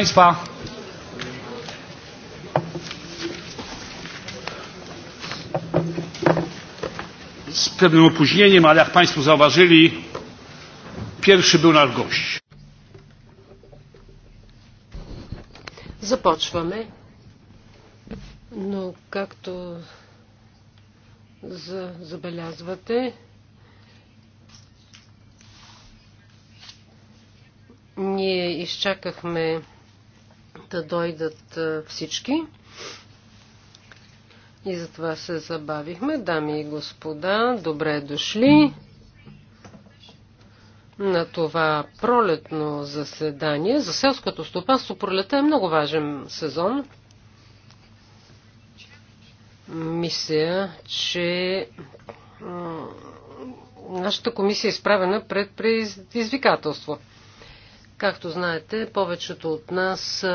Państwa, z pewnym opóźnieniem, ale jak Państwo zauważyli, pierwszy był nasz gość. Започваме. Но както за, забелязвате, ние изчакахме да дойдат всички. И затова се забавихме. Дами и господа, добре дошли на това пролетно заседание. За селското стопанство пролета е много важен сезон. Мисля, че нашата комисия е изправена пред предизвикателство. Както знаете, повечето от нас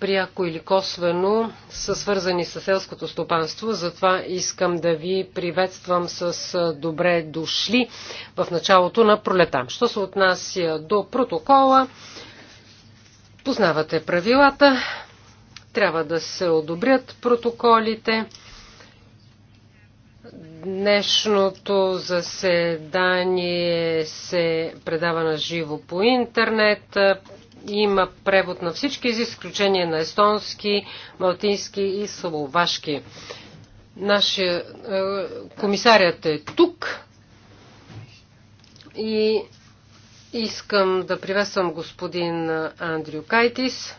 пряко или косвено са свързани с селското стопанство, затова искам да ви приветствам с добре дошли в началото на пролета. Що се отнася до протокола, познавате правилата, трябва да се одобрят протоколите. Днешното заседание се предава на живо по интернет. Има превод на всички, за изключение на естонски, малтински и словашки. Нашия е, комисарят е тук и искам да приветствам господин Андрю Кайтис.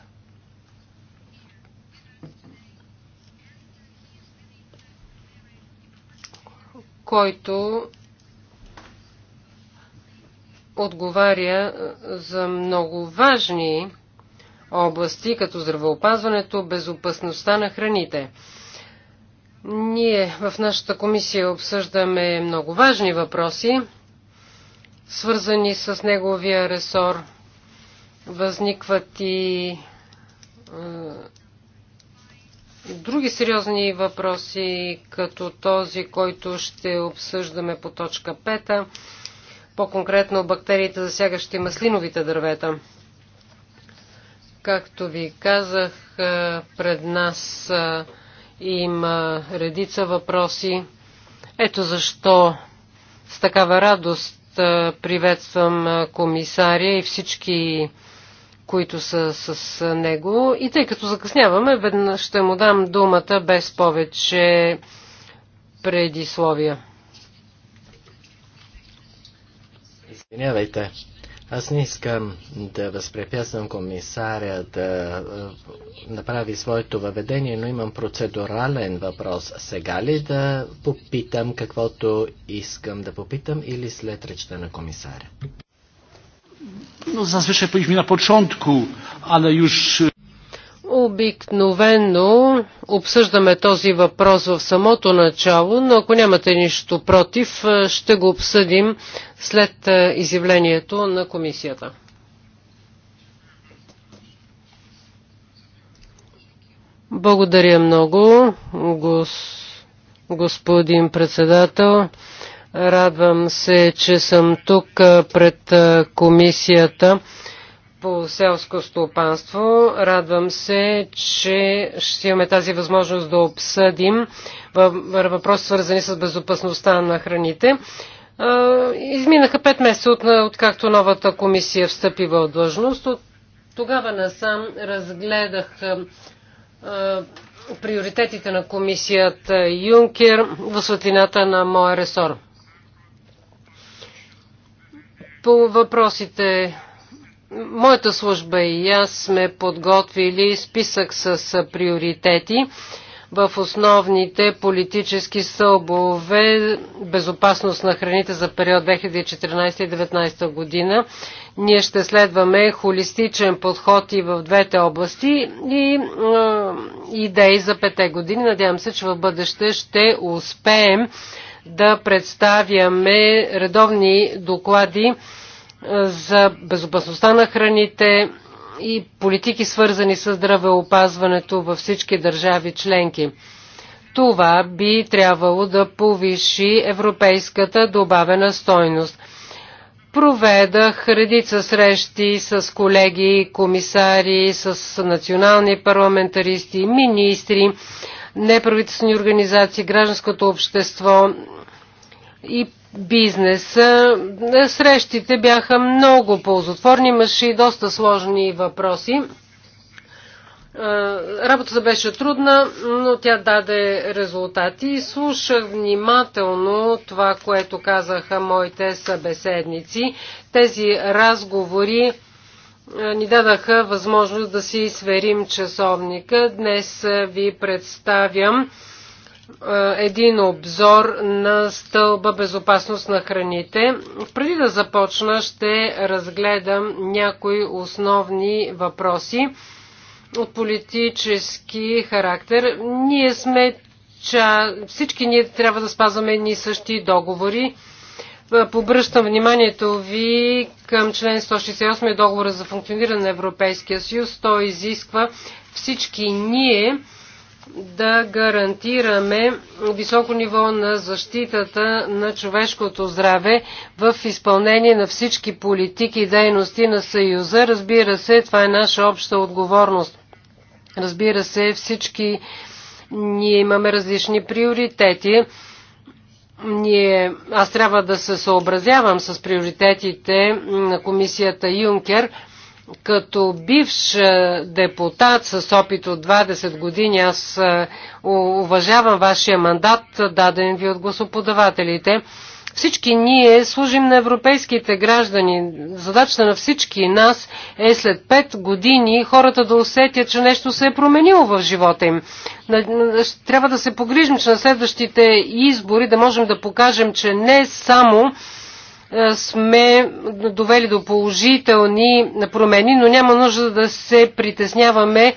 който отговаря за много важни области, като здравеопазването, безопасността на храните. Ние в нашата комисия обсъждаме много важни въпроси, свързани с неговия ресор. Възникват и други сериозни въпроси, като този, който ще обсъждаме по точка 5, по-конкретно бактериите, засягащи маслиновите дървета. Както ви казах, е, пред нас е, има редица въпроси. Ето защо с такава радост е, приветствам комисаря и всички които са с него. И тъй като закъсняваме, веднъж ще му дам думата без повече предисловия. Извинявайте, аз не искам да възпрепятствам комисаря да е, направи своето въведение, но имам процедурален въпрос. Сега ли да попитам каквото искам да попитам или след речта на комисаря? no, zazwyczaj powinniśmy na początku, ale już... Обикновено обсъждаме този въпрос в самото начало, но ако нямате нищо против, ще го обсъдим след изявлението на комисията. Благодаря много, гос... господин председател. Радвам се, че съм тук пред комисията по селско стопанство. Радвам се, че ще имаме тази възможност да обсъдим въпрос свързани с безопасността на храните. Изминаха 5 месеца от, откакто новата комисия встъпи в длъжност. От тогава насам разгледах приоритетите на комисията Юнкер в светлината на моя ресор. По въпросите, моята служба и аз сме подготвили списък с приоритети в основните политически стълбове безопасност на храните за период 2014-2019 година. Ние ще следваме холистичен подход и в двете области и е, идеи за пете години. Надявам се, че в бъдеще ще успеем да представяме редовни доклади за безопасността на храните и политики свързани с здравеопазването във всички държави членки. Това би трябвало да повиши европейската добавена стойност. Проведах редица срещи с колеги, комисари, с национални парламентаристи, министри, неправителствени организации, гражданското общество и бизнеса. Срещите бяха много ползотворни, имаше и доста сложни въпроси. Е, работата беше трудна, но тя даде резултати. Слушах внимателно това, което казаха моите събеседници. Тези разговори ни дадаха възможност да си сверим часовника. Днес ви представям един обзор на стълба безопасност на храните. Преди да започна ще разгледам някои основни въпроси от политически характер. Ние сме, че всички ние трябва да спазваме едни същи договори Побръщам вниманието ви към член 168 договора за функциониране на Европейския съюз. Той изисква всички ние да гарантираме високо ниво на защитата на човешкото здраве в изпълнение на всички политики и дейности на Съюза. Разбира се, това е наша обща отговорност. Разбира се, всички ние имаме различни приоритети ние, аз трябва да се съобразявам с приоритетите на комисията Юнкер. Като бивш е, депутат с опит от 20 години, аз е, уважавам вашия мандат, даден ви от гласоподавателите. Всички ние служим на европейските граждани. Задачата на всички нас е след 5 години хората да усетят, че нещо се е променило в живота им. Трябва да се погрижим, че на следващите избори да можем да покажем, че не само е, сме довели до положителни промени, но няма нужда да се притесняваме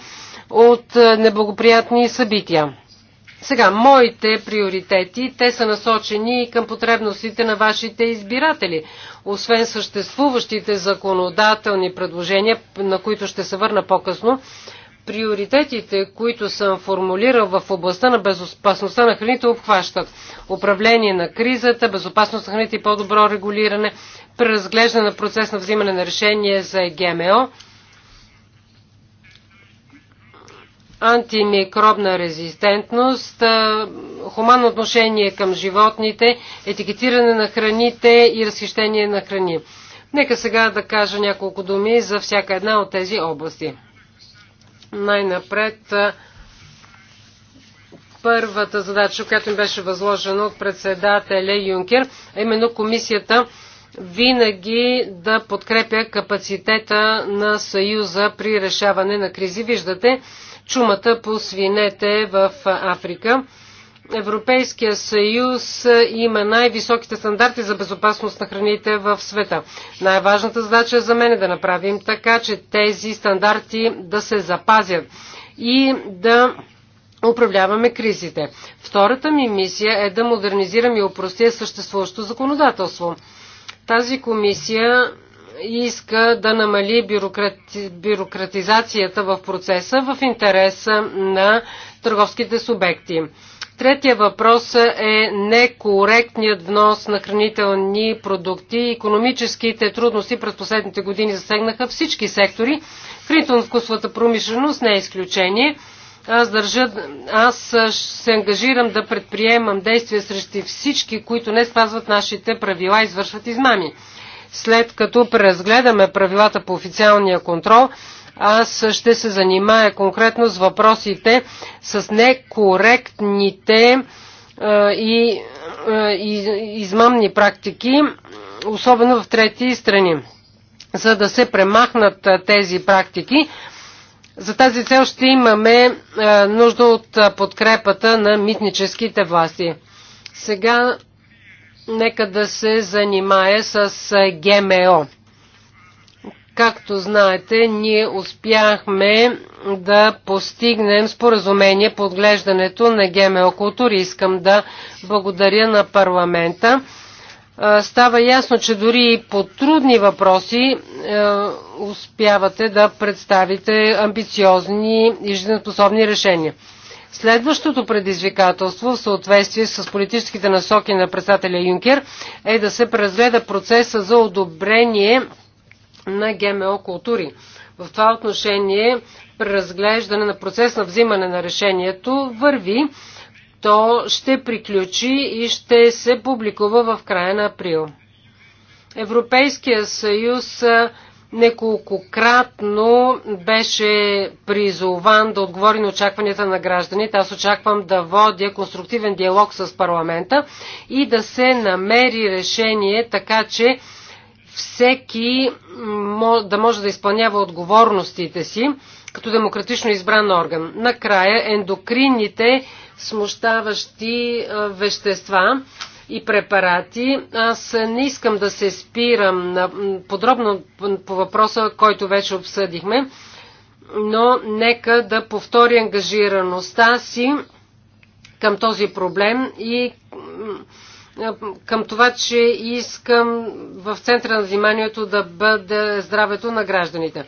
от е, неблагоприятни събития. Сега, моите приоритети, те са насочени към потребностите на вашите избиратели. Освен съществуващите законодателни предложения, на които ще се върна по-късно, приоритетите, които съм формулирал в областта на безопасността на храните, обхващат управление на кризата, безопасност на храните и по-добро регулиране, преразглеждане на процес на взимане на решение за ГМО, антимикробна резистентност, хуманно отношение към животните, етикетиране на храните и разхищение на храни. Нека сега да кажа няколко думи за всяка една от тези области. Най-напред първата задача, която им беше възложена от председателя Юнкер, а именно комисията винаги да подкрепя капацитета на Съюза при решаване на кризи. Виждате, чумата по свинете в Африка. Европейския съюз има най-високите стандарти за безопасност на храните в света. Най-важната задача за мен е да направим така, че тези стандарти да се запазят и да управляваме кризите. Втората ми мисия е да модернизирам и упростя съществуващото законодателство. Тази комисия иска да намали бюрократи... бюрократизацията в процеса в интереса на търговските субекти. Третия въпрос е некоректният внос на хранителни продукти. Економическите трудности през последните години засегнаха всички сектори. Хранително-вкусовата промишленост не е изключение. Аз, държа, аз се ангажирам да предприемам действия срещу всички, които не спазват нашите правила и извършват измами. След като преразгледаме правилата по официалния контрол, аз ще се занимая конкретно с въпросите с некоректните е, е, и, измамни практики, особено в трети страни. За да се премахнат е, тези практики, за тази цел ще имаме нужда от подкрепата на митническите власти. Сега нека да се занимае с ГМО. Както знаете, ние успяхме да постигнем споразумение по отглеждането на ГМО култури. Искам да благодаря на парламента. Става ясно, че дори и по трудни въпроси успявате да представите амбициозни и жизнеспособни решения. Следващото предизвикателство в съответствие с политическите насоки на председателя Юнкер е да се преразгледа процеса за одобрение на ГМО култури. В това отношение преразглеждане на процес на взимане на решението върви. То ще приключи и ще се публикува в края на април. Европейския съюз неколкократно беше призован да отговори на очакванията на гражданите. Аз очаквам да водя конструктивен диалог с парламента и да се намери решение, така че всеки да може да изпълнява отговорностите си като демократично избран орган. Накрая ендокринните смущаващи вещества и препарати. Аз не искам да се спирам на, подробно по въпроса, който вече обсъдихме, но нека да повтори ангажираността си към този проблем и към това, че искам в центъра на вниманието да бъде здравето на гражданите.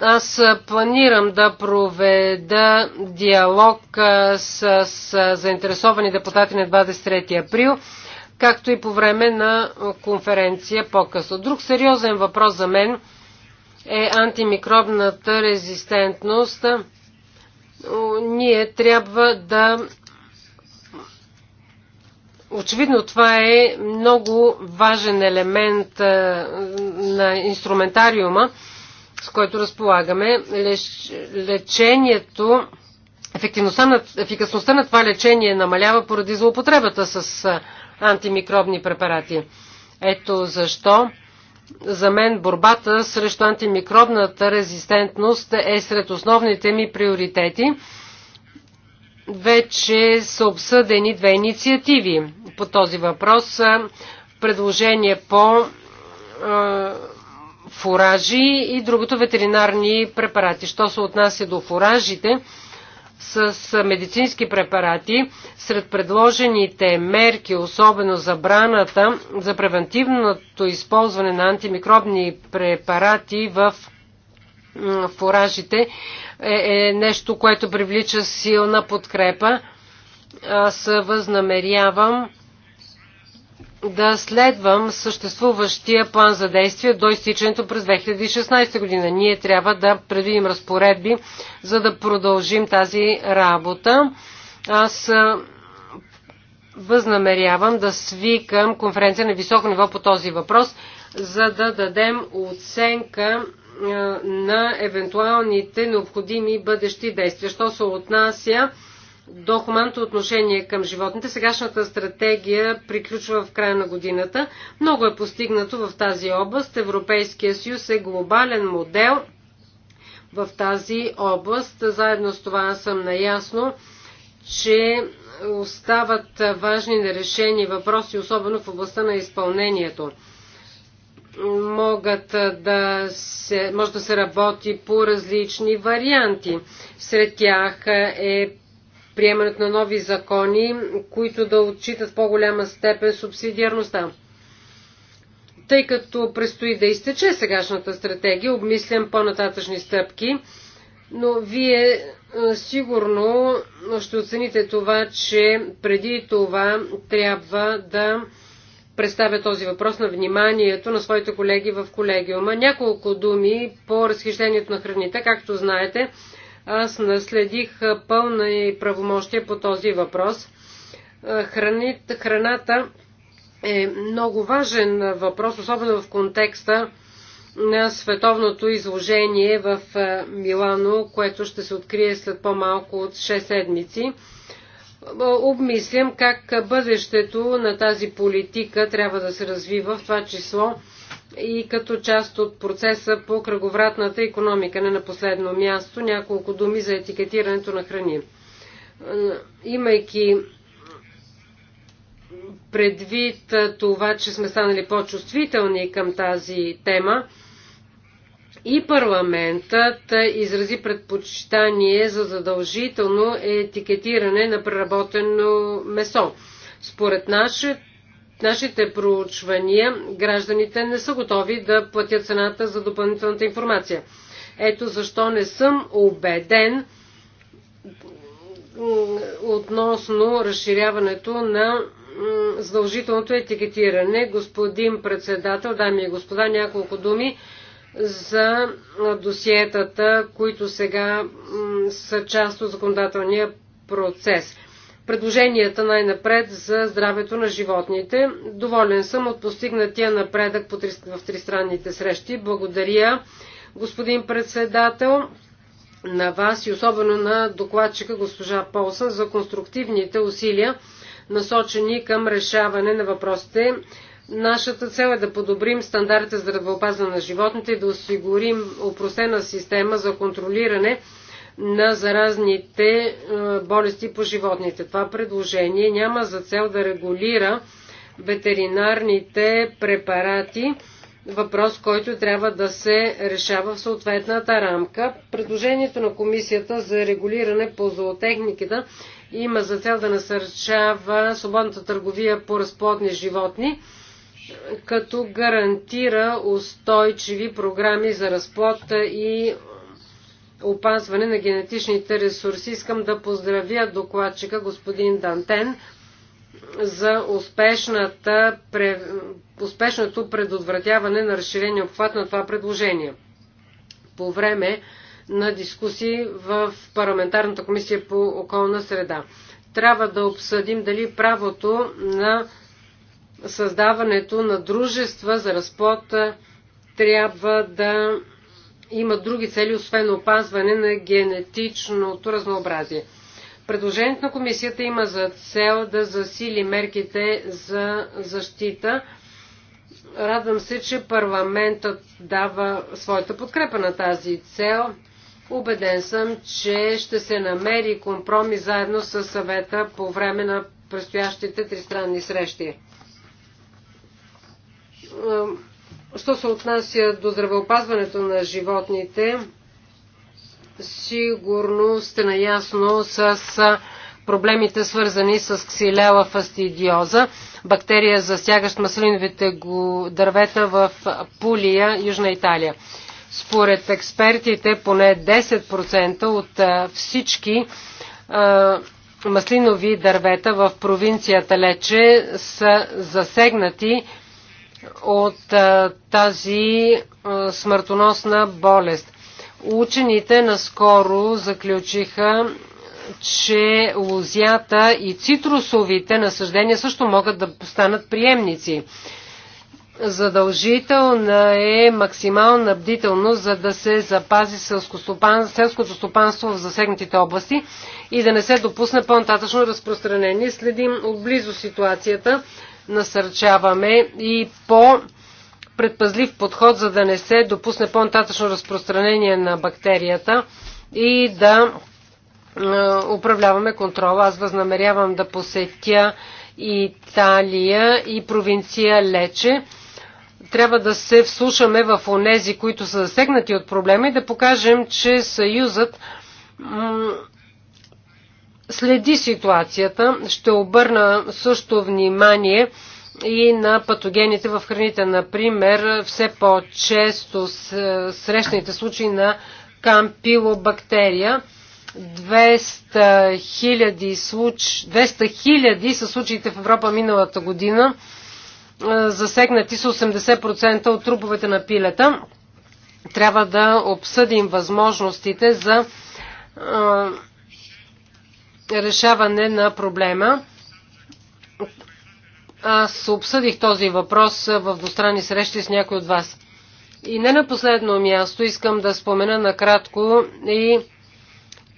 Аз планирам да проведа диалог с, с заинтересовани депутати на 23 април, както и по време на конференция по-късно. Друг сериозен въпрос за мен е антимикробната резистентност. Ние трябва да. Очевидно това е много важен елемент на инструментариума с който разполагаме. Лечението, ефективността на, ефикасността на това лечение намалява поради злоупотребата с антимикробни препарати. Ето защо за мен борбата срещу антимикробната резистентност е сред основните ми приоритети. Вече са обсъдени две инициативи по този въпрос. Предложение по фуражи и другото ветеринарни препарати. Що се отнася до фуражите, с медицински препарати, сред предложените мерки, особено забраната за превентивното използване на антимикробни препарати в фуражите, е, е нещо, което привлича силна подкрепа. Аз възнамерявам да следвам съществуващия план за действие до изтичането през 2016 година. Ние трябва да предвидим разпоредби, за да продължим тази работа. Аз възнамерявам да свикам конференция на високо ниво по този въпрос, за да дадем оценка на евентуалните необходими бъдещи действия. Що се отнася до хуманното отношение към животните. Сегашната стратегия приключва в края на годината. Много е постигнато в тази област. Европейския съюз е глобален модел в тази област. Заедно с това съм наясно, че остават важни нерешени въпроси, особено в областта на изпълнението. Могат да се, може да се работи по различни варианти. Сред тях е приемането на нови закони, които да отчитат по-голяма степен субсидиарността. Тъй като предстои да изтече сегашната стратегия, обмислям по-нататъчни стъпки, но вие е, сигурно ще оцените това, че преди това трябва да представя този въпрос на вниманието на своите колеги в колегиума. Няколко думи по разхищението на храните. Както знаете, аз наследих пълна и правомощия по този въпрос. храната е много важен въпрос, особено в контекста на световното изложение в Милано, което ще се открие след по-малко от 6 седмици. Обмислям как бъдещето на тази политика трябва да се развива, в това число и като част от процеса по кръговратната економика. Не на последно място няколко думи за етикетирането на храни. Е, имайки предвид е, това, че сме станали по-чувствителни към тази тема, и парламентът е, изрази предпочитание за задължително етикетиране на преработено месо. Според нашето нашите проучвания гражданите не са готови да платят цената за допълнителната информация. Ето защо не съм убеден относно разширяването на задължителното етикетиране. Господин председател, дами и господа, няколко думи за досиетата, които сега са част от законодателния процес предложенията най-напред за здравето на животните. Доволен съм от постигнатия напредък в тристранните срещи. Благодаря, господин председател, на вас и особено на докладчика госпожа Полсън за конструктивните усилия, насочени към решаване на въпросите. Нашата цел е да подобрим стандарта за здравеопазване на животните и да осигурим упростена система за контролиране на заразните е, болести по животните. Това предложение няма за цел да регулира ветеринарните препарати, въпрос, който трябва да се решава в съответната рамка. Предложението на Комисията за регулиране по зоотехниката има за цел да насърчава свободната търговия по разплодни животни, като гарантира устойчиви програми за разплод и е, опазване на генетичните ресурси. Искам да поздравя докладчика господин Дантен за успешната, пре, успешното предотвратяване на разширения обхват на това предложение. По време на дискусии в парламентарната комисия по околна среда. Трябва да обсъдим дали правото на създаването на дружества за разплод трябва да имат други цели, освен опазване на генетичното разнообразие. Предложението на комисията има за цел да засили мерките за защита. Радвам се, че парламентът дава своята подкрепа на тази цел. Убеден съм, че ще се намери компромис заедно с съвета по време на предстоящите тристранни срещи Що се отнася до здравеопазването на животните, сигурно сте наясно с проблемите свързани с ксилела фастидиоза, бактерия засягащ маслиновите дървета в Пулия, Южна Италия. Според експертите, поне 10% от всички маслинови дървета в провинцията Лече са засегнати от а, тази а, смъртоносна болест. Учените наскоро заключиха, че лозята и цитрусовите насъждения също могат да станат приемници. Задължителна е максимална бдителност, за да се запази селското стопанство в засегнатите области и да не се допусне по-нататъчно разпространение. Следим отблизо ситуацията насърчаваме и по предпазлив подход, за да не се допусне по-нататъчно разпространение на бактерията и да управляваме контрола. Аз възнамерявам да посетя Италия и провинция Лече. Трябва да се вслушаме в онези, които са засегнати от проблема и да покажем, че Съюзът следи ситуацията. Ще обърна също внимание и на патогените в храните. Например, все по-често срещаните случаи на кампилобактерия. 200 хиляди случ... са случаите в Европа миналата година. Засегнати са 80% от труповете на пилета. Трябва да обсъдим възможностите за решаване на проблема. Аз обсъдих този въпрос в двустранни срещи с някой от вас. И не на последно място искам да спомена накратко и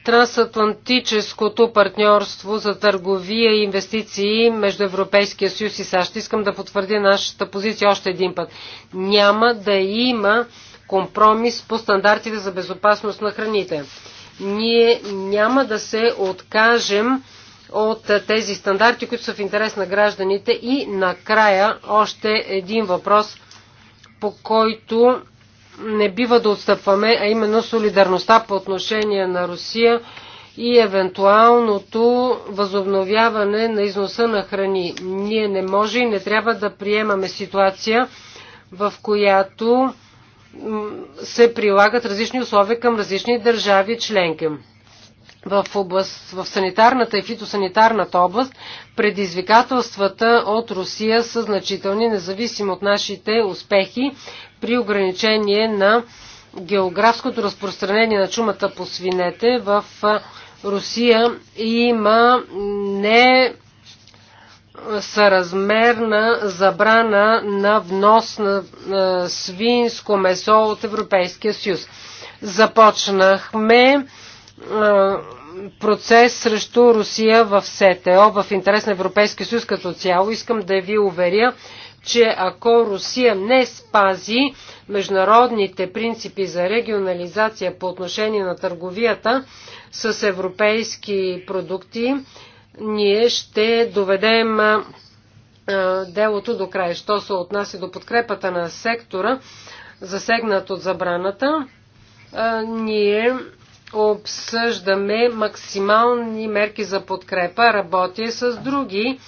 трансатлантическото партньорство за търговия и инвестиции между Европейския съюз и САЩ. Искам да потвърдя нашата позиция още един път. Няма да има компромис по стандартите за безопасност на храните. Ние няма да се откажем от тези стандарти, които са в интерес на гражданите. И накрая още един въпрос, по който не бива да отстъпваме, а именно солидарността по отношение на Русия и евентуалното възобновяване на износа на храни. Ние не може и не трябва да приемаме ситуация, в която се прилагат различни условия към различни държави членки. В, област, в санитарната и фитосанитарната област предизвикателствата от Русия са значителни, независимо от нашите успехи при ограничение на географското разпространение на чумата по свинете. В Русия има не съразмерна забрана на внос на свинско месо от Европейския съюз. Започнахме процес срещу Русия в СТО, в интерес на Европейския съюз като цяло. Искам да ви уверя, че ако Русия не спази международните принципи за регионализация по отношение на търговията с европейски продукти, ние ще доведем делото до край. Що се отнася до подкрепата на сектора, засегнат от забраната, ние обсъждаме максимални мерки за подкрепа, работи с други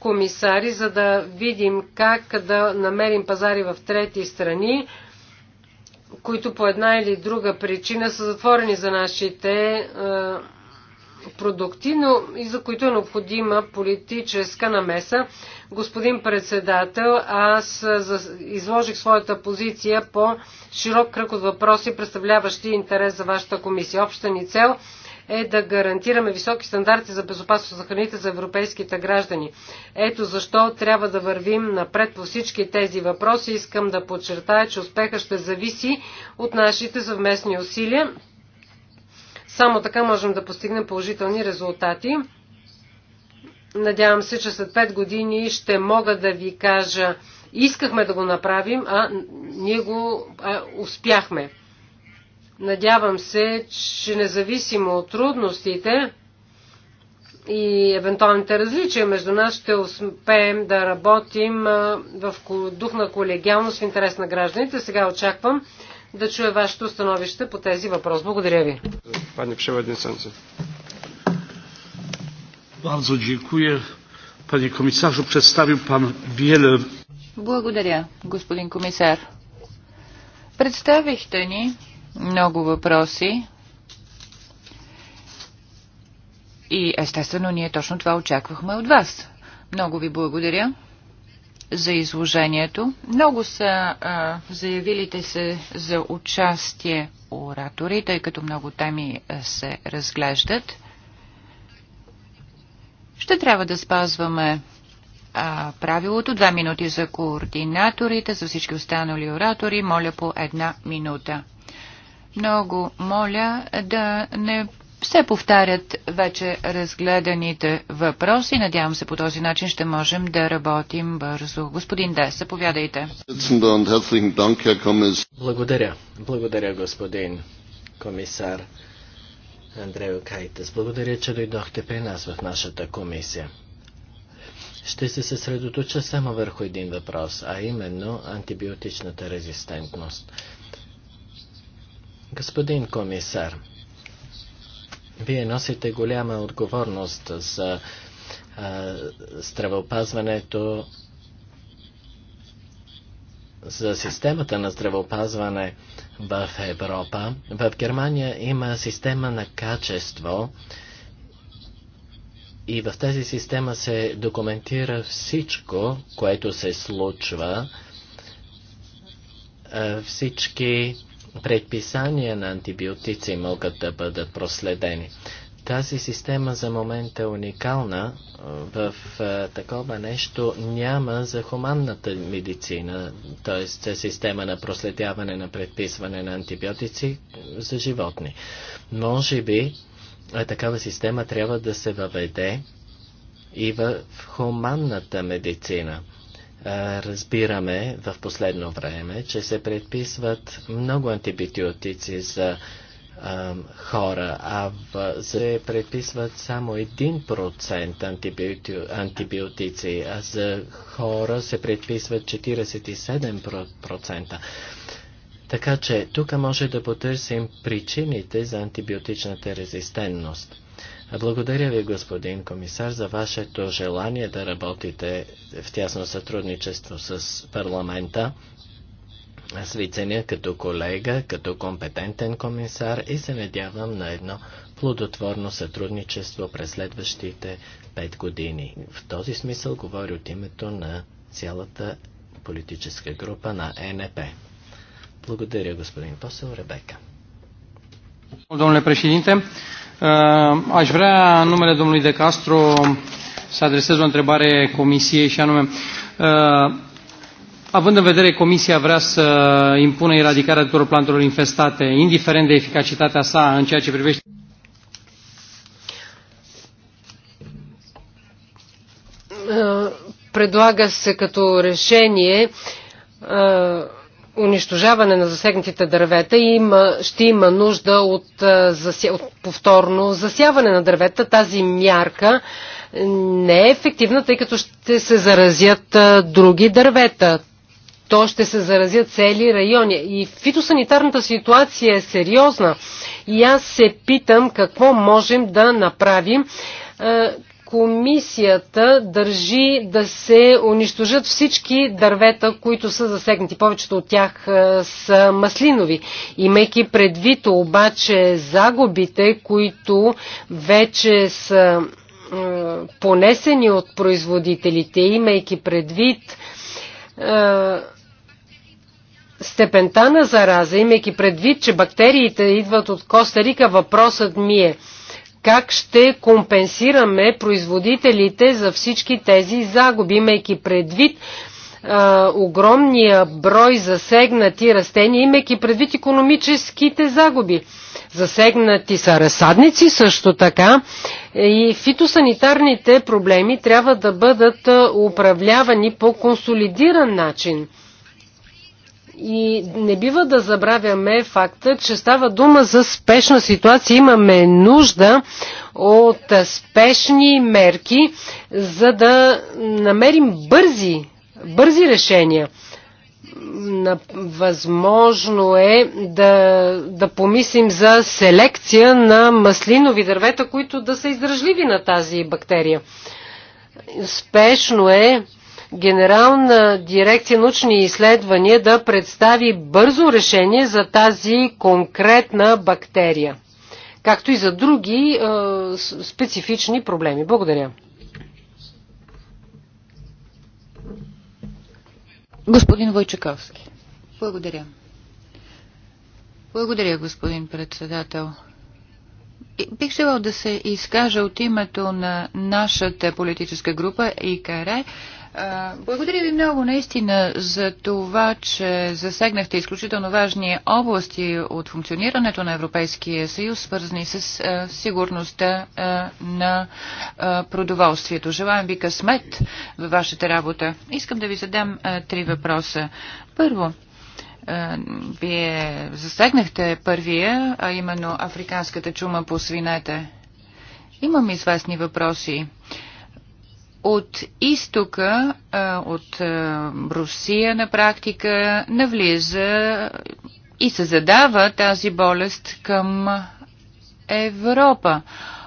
комисари, за да видим как да намерим пазари в трети страни, които по една или друга причина са затворени за нашите продукти, но и за които е необходима политическа намеса. Господин председател, аз изложих своята позиция по широк кръг от въпроси, представляващи интерес за вашата комисия. Обща ни цел е да гарантираме високи стандарти за безопасност на храните за европейските граждани. Ето защо трябва да вървим напред по всички тези въпроси. Искам да подчертая, че успеха ще зависи от нашите съвместни усилия. Само така можем да постигнем положителни резултати. Надявам се, че след 5 години ще мога да ви кажа, искахме да го направим, а ние го а, успяхме. Надявам се, че независимо от трудностите и евентуалните различия между нас, ще успеем да работим в дух на колегиалност в интерес на гражданите. Сега очаквам да чуя вашето становище по тези въпрос. Благодаря ви. Пане Przewodniczący. Bardzo dziękuję. Panie komisarzu, представил пан Биеле. Благодаря, господин комисар. Представихте ни много въпроси и естествено ние точно това очаквахме от вас. Много ви благодаря за изложението. Много са а, заявилите се за участие оратори, тъй като много теми се разглеждат. Ще трябва да спазваме а, правилото. Две минути за координаторите, за всички останали оратори. Моля по една минута. Много моля да не се повтарят вече разгледаните въпроси. Надявам се по този начин ще можем да работим бързо. Господин Дес, заповядайте. Благодаря. Благодаря, господин комисар Андрео Кайтес. Благодаря, че дойдохте при нас в нашата комисия. Ще се съсредоточа само върху един въпрос, а именно антибиотичната резистентност. Господин комисар, вие носите голяма отговорност за а, здравеопазването, за системата на здравеопазване в Европа. В Германия има система на качество и в тази система се документира всичко, което се случва, всички предписания на антибиотици могат да бъдат проследени. Тази система за момент е уникална. В такова нещо няма за хуманната медицина, т.е. система на проследяване на предписване на антибиотици за животни. Може би такава система трябва да се въведе и в хуманната медицина разбираме в последно време, че се предписват много антибиотици за хора, а в, се предписват само 1% антибиоти, антибиотици, а за хора се предписват 47%. Така че тук може да потърсим причините за антибиотичната резистентност. Благодаря ви, господин комисар, за вашето желание да работите в тясно сътрудничество с парламента. Аз ви ценя като колега, като компетентен комисар и се надявам на едно плодотворно сътрудничество през следващите пет години. В този смисъл говори от името на цялата политическа група на ЕНП. Благодаря, господин посел Ребека. Domnule președinte, Aș vrea, în numele domnului De Castro, să adresez o întrebare Comisiei și anume, având în vedere Comisia vrea să impună eradicarea tuturor plantelor infestate, indiferent de eficacitatea sa în ceea ce privește предлага се като решение унищожаване на засегнатите дървета има, ще има нужда от, от повторно засяване на дървета. Тази мярка не е ефективна, тъй като ще се заразят други дървета. То ще се заразят цели райони. И фитосанитарната ситуация е сериозна. И аз се питам какво можем да направим, комисията държи да се унищожат всички дървета, които са засегнати. Повечето от тях е, са маслинови. Имайки предвид обаче загубите, които вече са е, понесени от производителите, имайки предвид е, степента на зараза, имайки предвид, че бактериите идват от Коста Рика, въпросът ми е – как ще компенсираме производителите за всички тези загуби, имайки предвид а, огромния брой засегнати растения, имайки предвид економическите загуби. Засегнати са разсадници също така е, и фитосанитарните проблеми трябва да бъдат управлявани по консолидиран начин. И не бива да забравяме факта, че става дума за спешна ситуация. Имаме нужда от спешни мерки, за да намерим бързи, бързи решения. Възможно е да, да помислим за селекция на маслинови дървета, които да са издръжливи на тази бактерия. Спешно е Генерална дирекция научни изследвания да представи бързо решение за тази конкретна бактерия, както и за други е, специфични проблеми. Благодаря. Господин Войчаковски. Благодаря. Благодаря, господин председател. Бих желал да се изкажа от името на нашата политическа група ИКР благодаря ви много наистина за това, че засегнахте изключително важни области от функционирането на Европейския съюз, свързани с сигурността на продоволствието. Желаем ви късмет във вашата работа. Искам да ви задам три въпроса. Първо, вие засегнахте първия, а именно африканската чума по свинете. Имам известни въпроси от изтока, от Русия на практика, навлиза и се задава тази болест към Европа.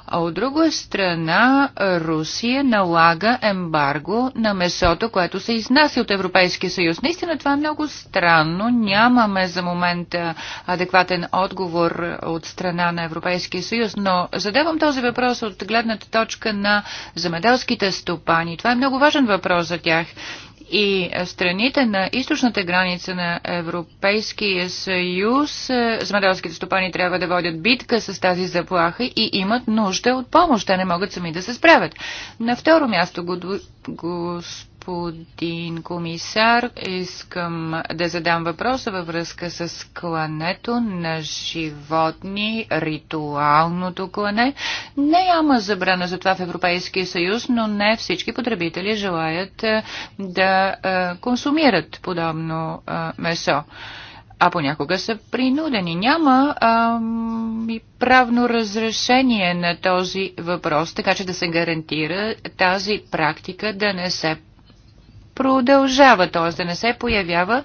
А от друга страна, Русия налага ембарго на месото, което се изнася от Европейския съюз. Наистина това е много странно. Нямаме за момента адекватен отговор от страна на Европейския съюз, но задавам този въпрос от гледната точка на земеделските стопани. Това е много важен въпрос за тях и страните на източната граница на Европейския съюз, е, земеделските стопани трябва да водят битка с тази заплаха и имат нужда от помощ. Те не могат сами да се справят. На второ място, господин господин комисар. Искам да задам въпроса във връзка с клането на животни, ритуалното клане. Няма забрана за това в Европейския съюз, но не всички потребители желаят е, да е, консумират подобно е, месо а понякога са принудени. Няма ам, и правно разрешение на този въпрос, така че да се гарантира тази практика да не се продължава, т.е. да не се появява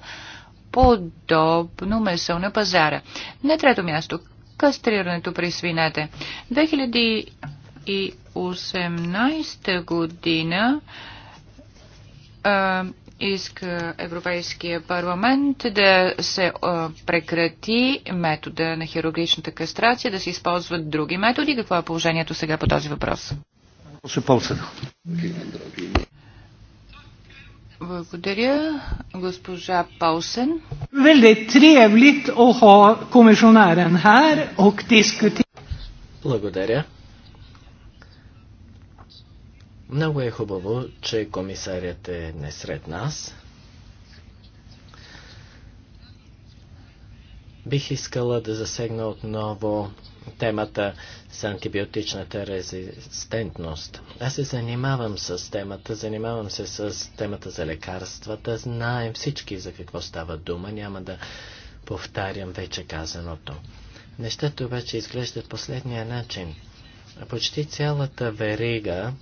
подобно месо на пазара. На трето място, кастрирането при свинете. 2018 година а, иска Европейския парламент да се а, прекрати метода на хирургичната кастрация, да се използват други методи. Какво е положението сега по този въпрос? Благодаря, госпожа Паусен. Väldigt тревлит att ha kommissionären här och diskutera. Благодаря. Много е хубаво, че комисарят е не сред нас. Бих искала да засегна отново темата с антибиотичната резистентност. Аз се занимавам с темата, занимавам се с темата за лекарствата, знаем всички за какво става дума, няма да повтарям вече казаното. Нещата обаче изглеждат последния начин. Почти цялата верига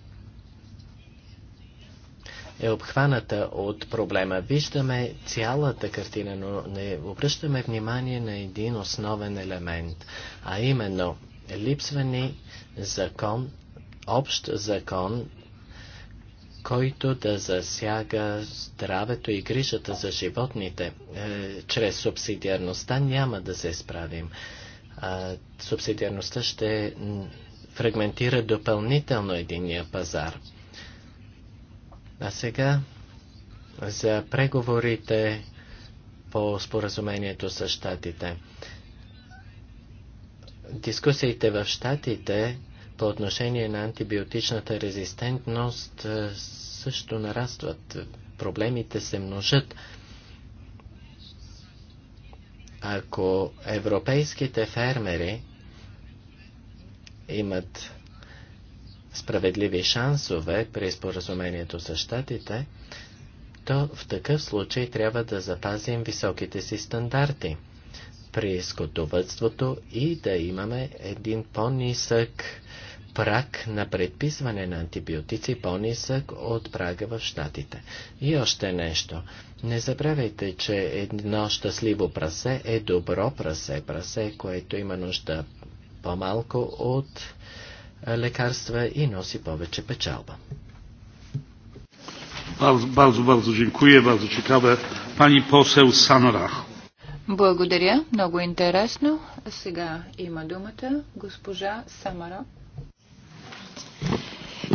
е обхваната от проблема. Виждаме цялата картина, но не обръщаме внимание на един основен елемент, а именно липсвани закон, общ закон, който да засяга здравето и грижата за животните. Е, чрез субсидиарността няма да се справим. Е, субсидиарността ще фрагментира допълнително единия пазар. А сега за преговорите по споразумението с щатите. Дискусиите в щатите по отношение на антибиотичната резистентност е, също нарастват. Проблемите се множат. Ако европейските фермери имат справедливи шансове при споразумението с щатите, то в такъв случай трябва да запазим високите си стандарти при скотовътството и да имаме един по-нисък прак на предписване на антибиотици, по-нисък от прага в щатите. И още нещо. Не забравяйте, че едно щастливо прасе е добро прасе, прасе, което има нужда по-малко от лекарства i nosi повече печалба. Bardzo, bardzo dziękuję, bardzo ciekawe. Pani poseł Sanorach. Благодаря, много интересно. А Сега има думата госпожа Самара.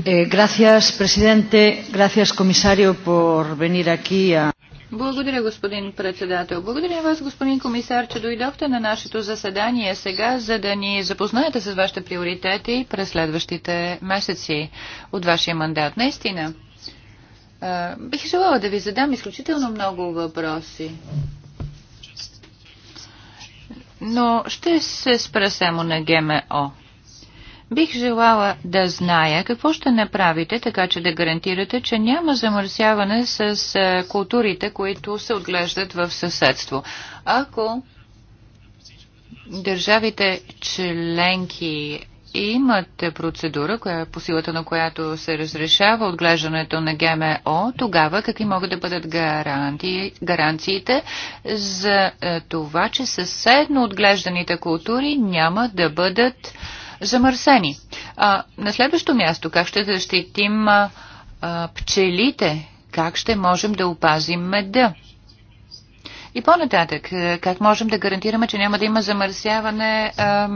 Eh, gracias, presidente. Gracias, comisario, por venir aquí a... Благодаря, господин председател. Благодаря вас, господин комисар, че дойдохте на нашето заседание сега, за да ни запознаете с вашите приоритети през следващите месеци от вашия мандат. Наистина, бих желала да ви задам изключително много въпроси. Но ще се спра само на ГМО. Бих желала да зная какво ще направите, така че да гарантирате, че няма замърсяване с културите, които се отглеждат в съседство. Ако държавите членки имат процедура, коя, по силата на която се разрешава отглеждането на ГМО, тогава какви могат да бъдат гаранти, гаранциите за това, че съседно отглежданите култури няма да бъдат замърсени. А, на следващо място, как ще защитим а, а, пчелите? Как ще можем да опазим меда? И по-нататък, е, как можем да гарантираме, че няма да има замърсяване а,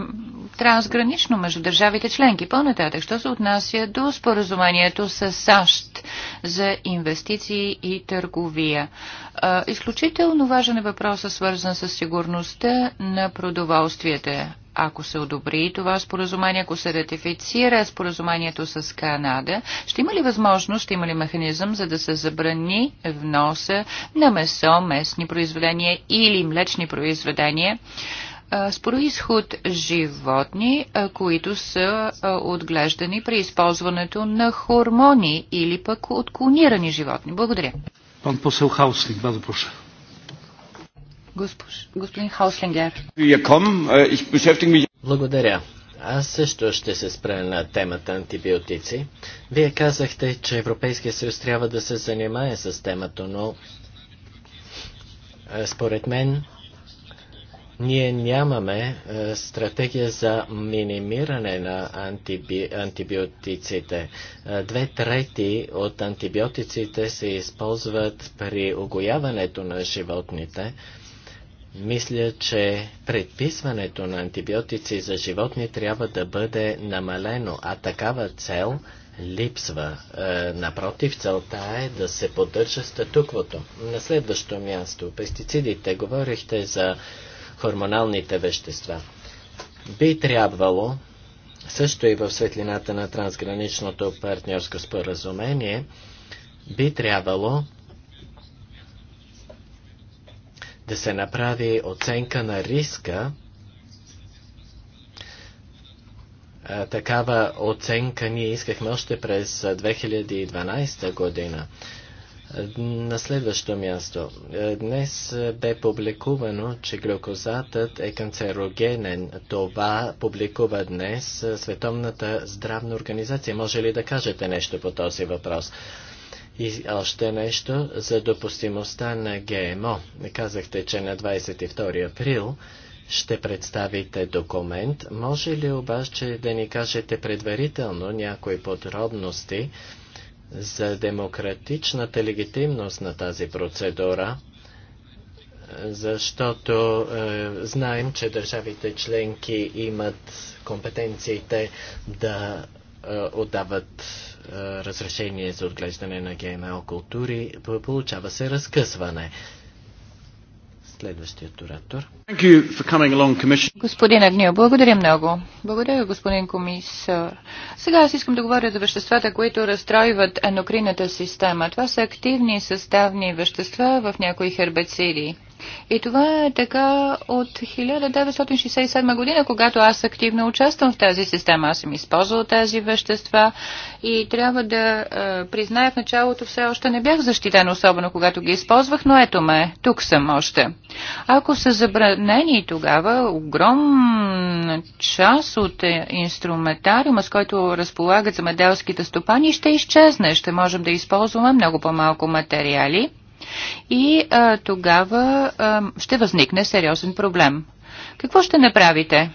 трансгранично между държавите членки? По-нататък, що се отнася до споразумението с САЩ за инвестиции и търговия? А, изключително важен е въпросът, свързан с сигурността на продоволствията ако се одобри това споразумение, ако се ратифицира споразумението с Канада, ще има ли възможност, ще има ли механизъм, за да се забрани вноса на месо, местни произведения или млечни произведения? с происход животни, които са отглеждани при използването на хормони или пък от клонирани животни. Благодаря. Пан посел Хауслик, базо проша. Господин äh, Благодаря. Аз също ще се спра на темата антибиотици. Вие казахте, че Европейския съюз трябва да се занимае с темата, но според мен ние нямаме стратегия за минимиране на антиби... антибиотиците. Две трети от антибиотиците се използват при огояването на животните. Мисля, че предписването на антибиотици за животни трябва да бъде намалено, а такава цел липсва. Е, напротив, целта е да се поддържа статуквото. На следващо място, пестицидите. Говорихте за хормоналните вещества. Би трябвало, също и в светлината на трансграничното партньорско споразумение, би трябвало да се направи оценка на риска. Такава оценка ние искахме още през 2012 година. На следващо място. Днес бе публикувано, че глюкозатът е канцерогенен. Това публикува днес Световната здравна организация. Може ли да кажете нещо по този въпрос? И още нещо за допустимостта на ГМО. Казахте, че на 22 април ще представите документ. Може ли обаче да ни кажете предварително някои подробности за демократичната легитимност на тази процедура? Защото е, знаем, че държавите членки имат компетенциите да е, отдават е, разрешение за отглеждане на ГМО култури, получава се разкъсване. Следващият оратор. Господин Агнио, благодаря много. Благодаря, господин комисар. Сега аз искам да говоря за веществата, които разстройват енокрината система. Това са активни съставни вещества в някои хербициди. И това е така от 1967 година, когато аз активно участвам в тази система. Аз съм използвал тези вещества и трябва да е, призная в началото все още не бях защитен, особено когато ги използвах, но ето ме, тук съм още. Ако са забранени тогава огромна част от е, инструментариума, с който разполагат замеделските стопани, ще изчезне. Ще можем да използваме много по-малко материали и а, тогава а, ще възникне сериозен проблем. Какво ще направите?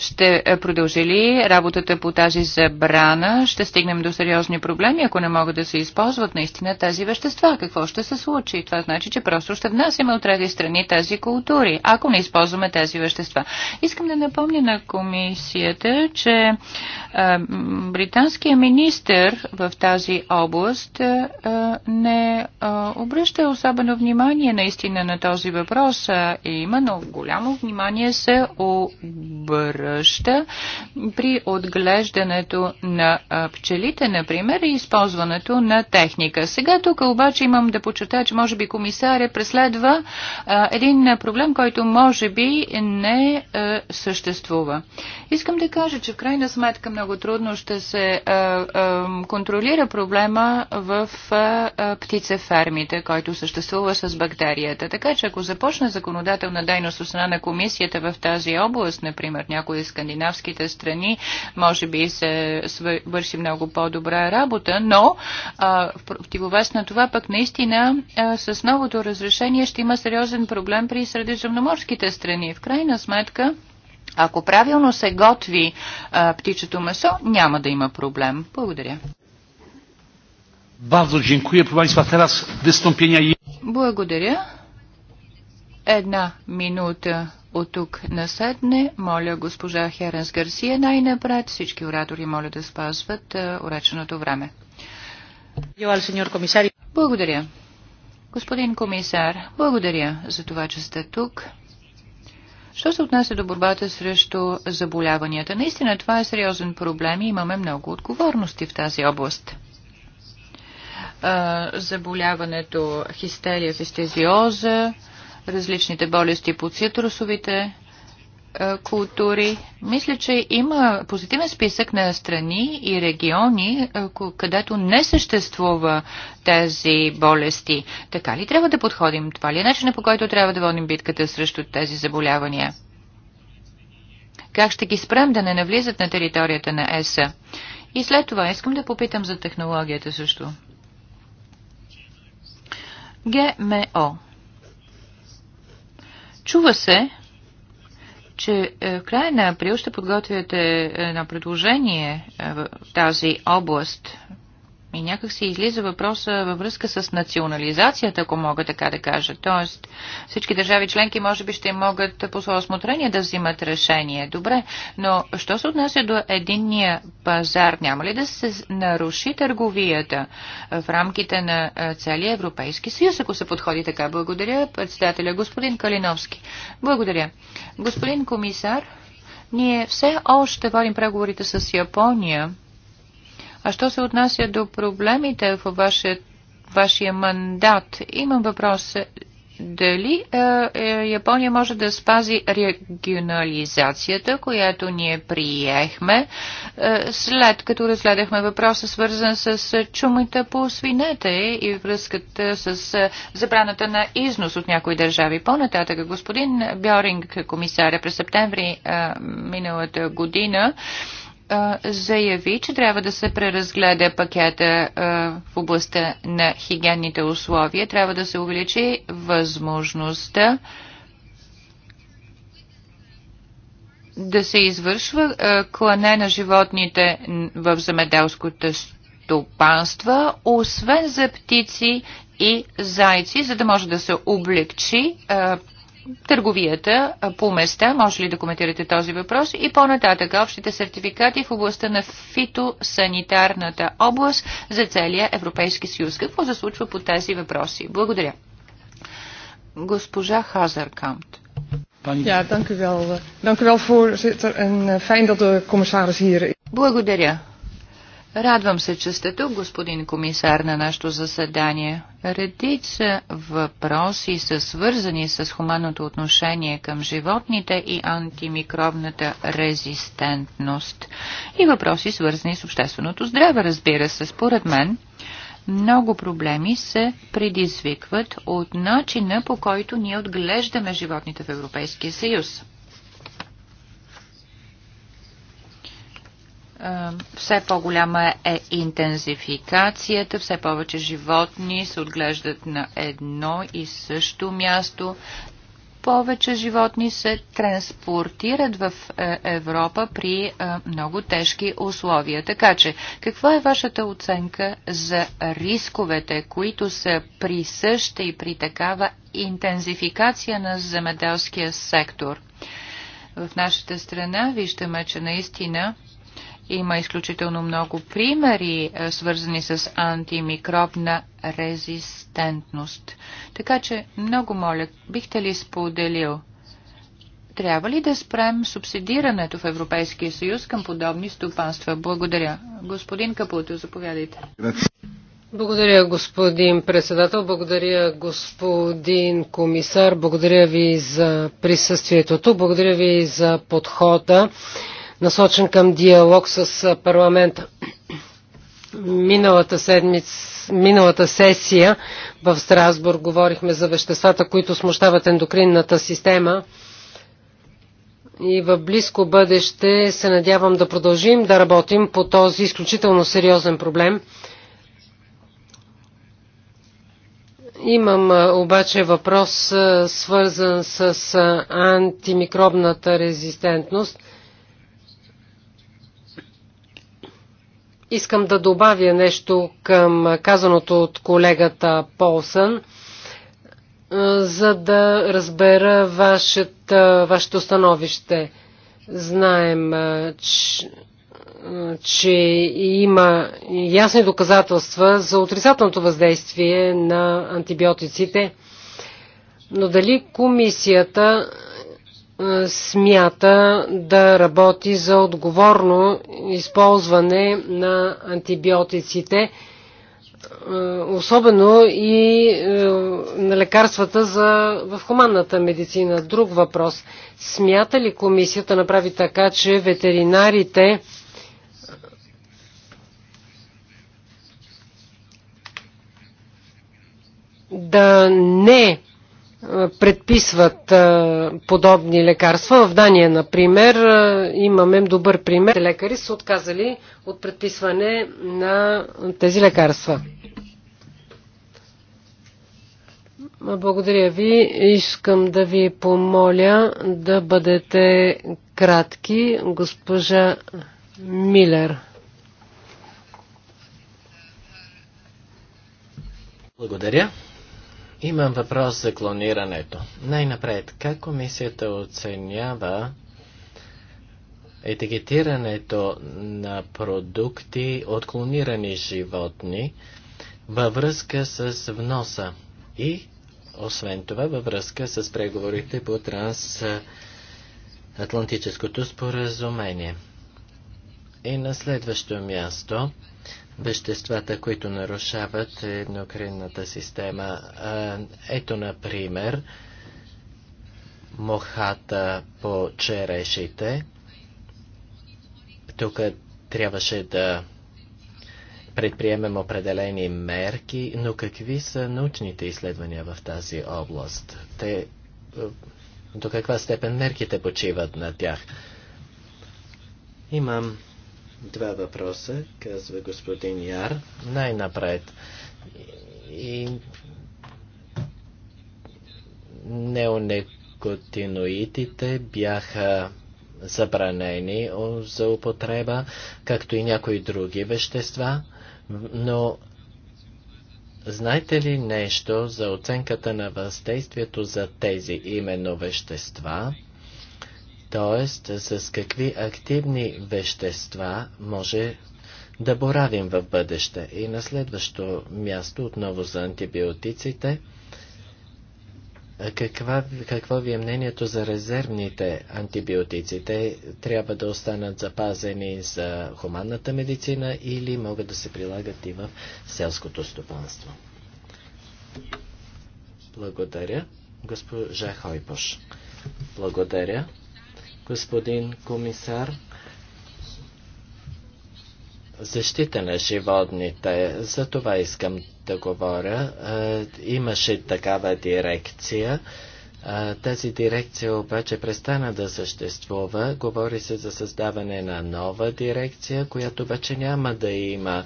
Ще продължи ли работата по тази забрана? Ще стигнем до сериозни проблеми, ако не могат да се използват наистина тези вещества. Какво ще се случи? Това значи, че просто ще внасяме от трети страни тези култури, ако не използваме тези вещества. Искам да напомня на комисията, че а, британският министр в тази област а, не а, обръща особено внимание наистина на този въпрос, а именно голямо внимание се обръща къща при отглеждането на пчелите, например, и използването на техника. Сега тук обаче имам да почета, че може би комисаря преследва един проблем, който може би не съществува. Искам да кажа, че в крайна сметка много трудно ще се контролира проблема в птицефермите, който съществува с бактерията. Така че ако започне законодателна дейност от страна на комисията в тази област, например, някои и скандинавските страни, може би се върши много по-добра работа, но а, в противовес на това пък наистина а, с новото разрешение ще има сериозен проблем при средиземноморските страни. В крайна сметка, ако правилно се готви а, птичето месо, няма да има проблем. Благодаря. Bardzo dziękuję. Proszę Państwa, teraz wystąpienia. Благодаря. Една минута от тук насетне, моля госпожа Херенс Гарсия най-напред. Всички оратори моля да спазват е, уреченото време. Благодаря. Господин комисар, благодаря за това, че сте тук. Що се отнася до борбата срещу заболяванията? Наистина това е сериозен проблем и имаме много отговорности в тази област е, заболяването хистерия, фестезиоза, различните болести по цитрусовите е, култури. Мисля, че има позитивен списък на страни и региони, е, където не съществува тези болести. Така ли трябва да подходим? Това ли е начинът по който трябва да водим битката срещу тези заболявания? Как ще ги спрем да не навлизат на територията на ЕСА? И след това искам да попитам за технологията също. ГМО Чува се, че е, в края на април ще подготвяте е, на предложение е, в тази област и някак се излиза въпроса във връзка с национализацията, ако мога така да кажа. Тоест, всички държави членки може би ще могат по своя осмотрение да взимат решение. Добре, но що се отнася до единния пазар? Няма ли да се наруши търговията в рамките на целия Европейски съюз, ако се подходи така? Благодаря, председателя господин Калиновски. Благодаря. Господин комисар, ние все още водим преговорите с Япония а що се отнася до проблемите в ваше, вашия мандат, имам въпрос. Дали е, е, Япония може да спази регионализацията, която ние приехме, е, след като разгледахме въпроса, свързан с чумата по свинете и връзката с е, забраната на износ от някои държави? По-нататък, господин Бьоринг, комисаря, през септември е, миналата година, заяви, че трябва да се преразгледа пакета в областта на хигиенните условия. Трябва да се увеличи възможността да се извършва клане на животните в земеделското стопанство, освен за птици и зайци, за да може да се облегчи търговията по места. Може ли да коментирате този въпрос? И по-нататък общите сертификати в областта на фитосанитарната област за целия Европейски съюз. Какво се случва по тези въпроси? Благодаря. Госпожа Хазаркамт. Ja, dank u wel. Eh, dank u wel, voorzitter. En eh, fijn dat de commissaris hier is. Благодаря, Радвам се, че сте тук, господин комисар, на нашето заседание. Редица въпроси са свързани с хуманното отношение към животните и антимикробната резистентност. И въпроси свързани с общественото здраве, разбира се. Според мен, много проблеми се предизвикват от начина по който ние отглеждаме животните в Европейския съюз. Е, все по-голяма е интензификацията, все повече животни се отглеждат на едно и също място. Повече животни се транспортират в е, Европа при е, много тежки условия. Така че, каква е вашата оценка за рисковете, които са присъщи и при такава интензификация на земеделския сектор? В нашата страна виждаме, че наистина има изключително много примери, е, свързани с антимикробна резистентност. Така че, много моля, бихте ли споделил? Трябва ли да спрем субсидирането в Европейския съюз към подобни стопанства? Благодаря. Господин Капуто, заповядайте. Благодаря, господин председател. Благодаря, господин комисар. Благодаря ви за присъствието тук. Благодаря ви за подхода насочен към диалог с парламента. Миналата, седмица, миналата сесия в Страсбург говорихме за веществата, които смущават ендокринната система. И в близко бъдеще се надявам да продължим да работим по този изключително сериозен проблем. Имам обаче въпрос, свързан с антимикробната резистентност – Искам да добавя нещо към казаното от колегата Полсън, за да разбера вашето, вашето становище. Знаем, че, че има ясни доказателства за отрицателното въздействие на антибиотиците, но дали комисията смята да работи за отговорно използване на антибиотиците, особено и на лекарствата за, в хуманната медицина. Друг въпрос. Смята ли комисията направи така, че ветеринарите да не предписват подобни лекарства. В Дания, например, имаме добър пример. Лекари са отказали от предписване на тези лекарства. Благодаря ви. Искам да ви помоля да бъдете кратки, госпожа Милер. Благодаря. Имам въпрос за клонирането. Най-напред, как комисията оценява етикетирането на продукти от клонирани животни във връзка с вноса и, освен това, във връзка с преговорите по трансатлантическото споразумение. И на следващо място, веществата, които нарушават еднокринната система. Ето, например, мохата по черешите. Тук трябваше да предприемем определени мерки, но какви са научните изследвания в тази област? Те, до каква степен мерките почиват на тях? Имам Два въпроса, казва господин Яр. Най-напред. И неонекотиноидите бяха забранени за употреба, както и някои други вещества, но знаете ли нещо за оценката на въздействието за тези именно вещества? Т.е. с какви активни вещества може да боравим в бъдеще. И на следващо място, отново за антибиотиците, каква, какво ви е мнението за резервните антибиотици? Те трябва да останат запазени за хуманната медицина или могат да се прилагат и в селското стопанство? Благодаря, госпожа Хойпош. Благодаря господин комисар. Защита на животните, за това искам да говоря. Е, имаше такава дирекция тази дирекция обаче престана да съществува. Говори се за създаване на нова дирекция, която вече няма да има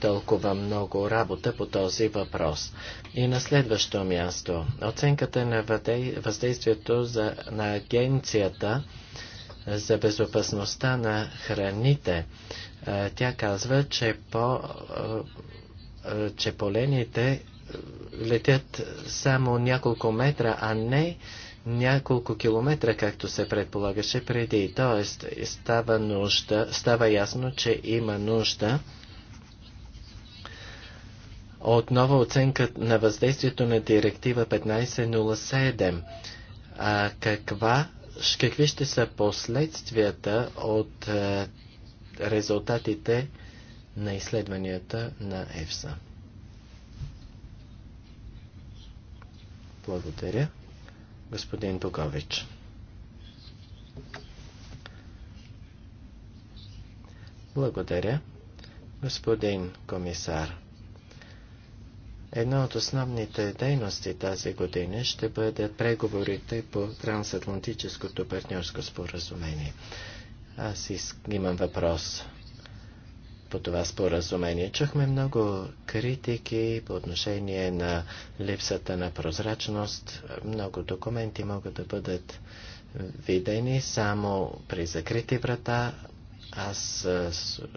толкова много работа по този въпрос. И на следващо място. Оценката на въздействието за, на агенцията за безопасността на храните. Тя казва, че по че полените летят само няколко метра, а не няколко километра, както се предполагаше преди. Тоест, става, нужда, става ясно, че има нужда отново оценка на въздействието на директива 1507. А каква, какви ще са последствията от е, резултатите на изследванията на ЕФСА? Благодаря. Господин Богович. Благодаря. Господин комисар, една от основните дейности тази година ще бъдат преговорите по трансатлантическото партньорско споразумение. Аз имам въпрос по това споразумение. Чухме много критики по отношение на липсата на прозрачност. Много документи могат да бъдат видени само при закрити врата. Аз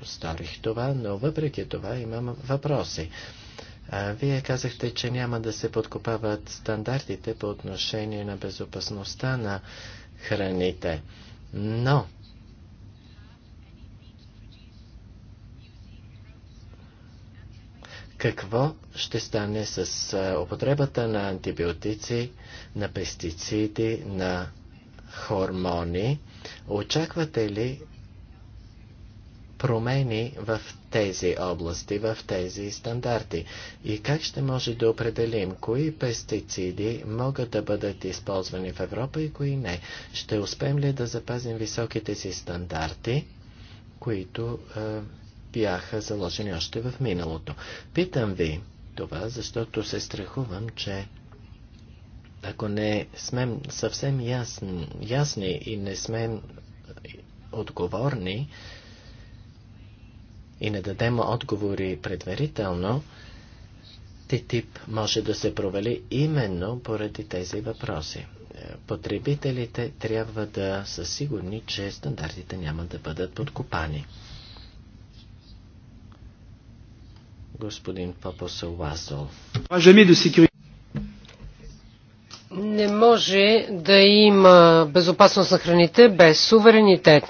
сторих това, но въпреки това имам въпроси. Вие казахте, че няма да се подкопават стандартите по отношение на безопасността на храните. Но какво ще стане с употребата на антибиотици, на пестициди, на хормони. Очаквате ли промени в тези области, в тези стандарти? И как ще може да определим кои пестициди могат да бъдат използвани в Европа и кои не? Ще успеем ли да запазим високите си стандарти, които бяха заложени още в миналото. Питам ви това, защото се страхувам, че ако не сме съвсем ясни, ясни и не сме отговорни и не дадем отговори предварително, тип може да се провали именно поради тези въпроси. Потребителите трябва да са сигурни, че стандартите няма да бъдат подкопани. господин Папасовазол. Не може да има безопасност на храните без суверенитет.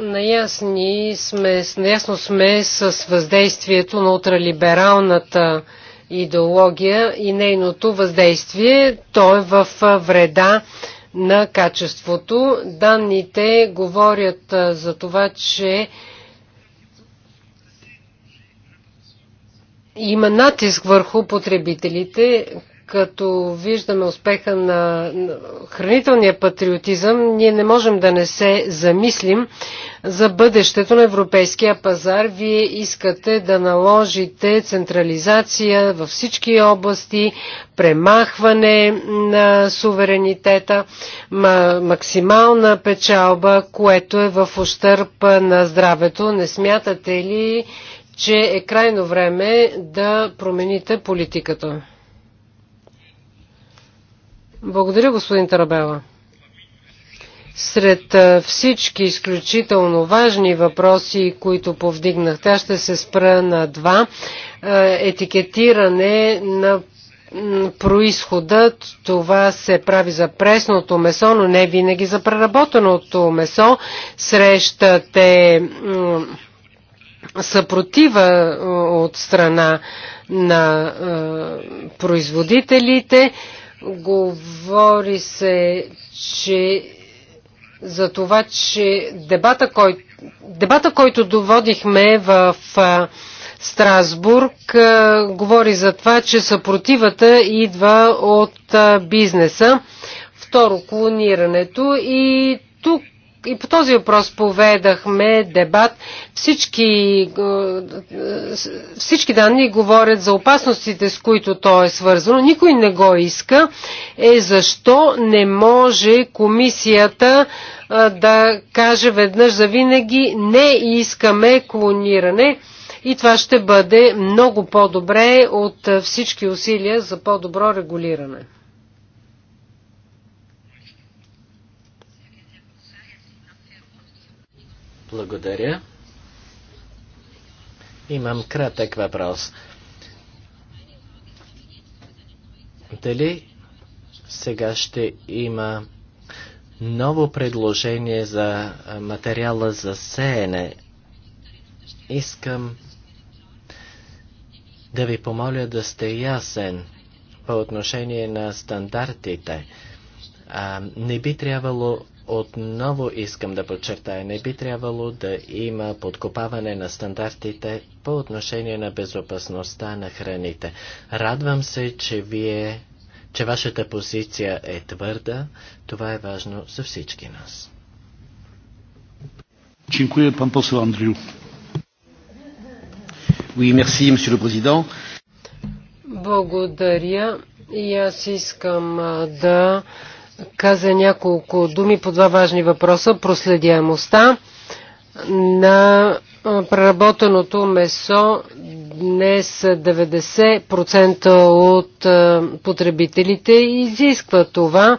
Наясни сме, наясно сме с въздействието на ултралибералната идеология и нейното въздействие. То е в вреда на качеството. Данните говорят за това, че има натиск върху потребителите, като виждаме успеха на хранителния патриотизъм, ние не можем да не се замислим за бъдещето на европейския пазар. Вие искате да наложите централизация във всички области, премахване на суверенитета, максимална печалба, което е в ущърп на здравето. Не смятате ли, че е крайно време да промените политиката. Благодаря, господин Тарабела. Сред всички изключително важни въпроси, които повдигнахте, ще се спра на два. Етикетиране на происхода, това се прави за пресното месо, но не винаги за преработеното месо. Срещате съпротива от страна на производителите. Говори се, че за това, че дебата, кой, дебата който доводихме в Страсбург, говори за това, че съпротивата идва от бизнеса. Второ, клонирането и тук и по този въпрос поведахме дебат. Всички, е, всички данни говорят за опасностите, с които то е свързано. Никой не го иска. Е защо не може комисията е, да каже веднъж за винаги не искаме клониране и това ще бъде много по-добре от всички усилия за по-добро регулиране. Благодаря. Имам кратък въпрос. Дали сега ще има ново предложение за материала за сеене? Искам да ви помоля да сте ясен по отношение на стандартите. А, не би трябвало отново искам да подчертая, не би трябвало да има подкопаване на стандартите по отношение на безопасността на храните. Радвам се, че вие, че вашата позиция е твърда. Това е важно за всички нас. Чинкуе, пан посол Андрю. Oui, merci, monsieur le président. Благодаря. И аз искам да каза няколко думи по два важни въпроса. Проследяемостта на преработеното месо днес 90% от потребителите изисква това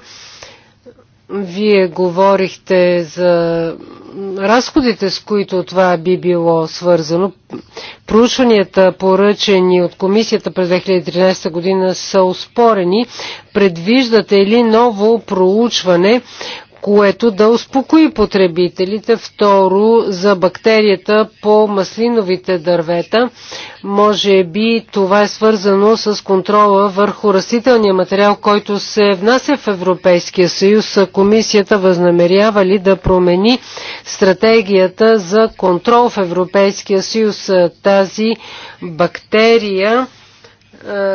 вие говорихте за разходите, с които това би било свързано. Проучванията, поръчени от комисията през 2013 година, са успорени. Предвиждате ли ново проучване, което да успокои потребителите. Второ, за бактерията по маслиновите дървета. Може би това е свързано с контрола върху растителния материал, който се внася в Европейския съюз. Комисията възнамерява ли да промени стратегията за контрол в Европейския съюз? Тази бактерия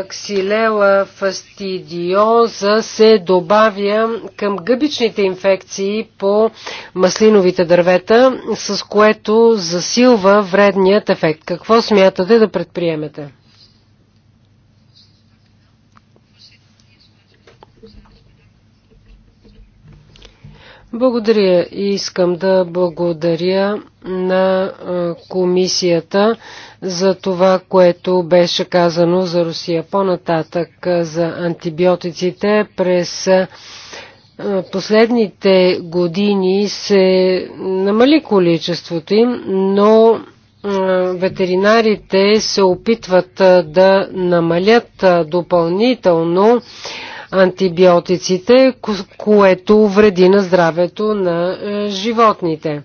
ксилела фастидиоза се добавя към гъбичните инфекции по маслиновите дървета, с което засилва вредният ефект. Какво смятате да предприемете? Благодаря и искам да благодаря на комисията за това, което беше казано за Русия. По-нататък за антибиотиците през последните години се намали количеството им, но ветеринарите се опитват да намалят допълнително антибиотиците, което вреди на здравето на животните.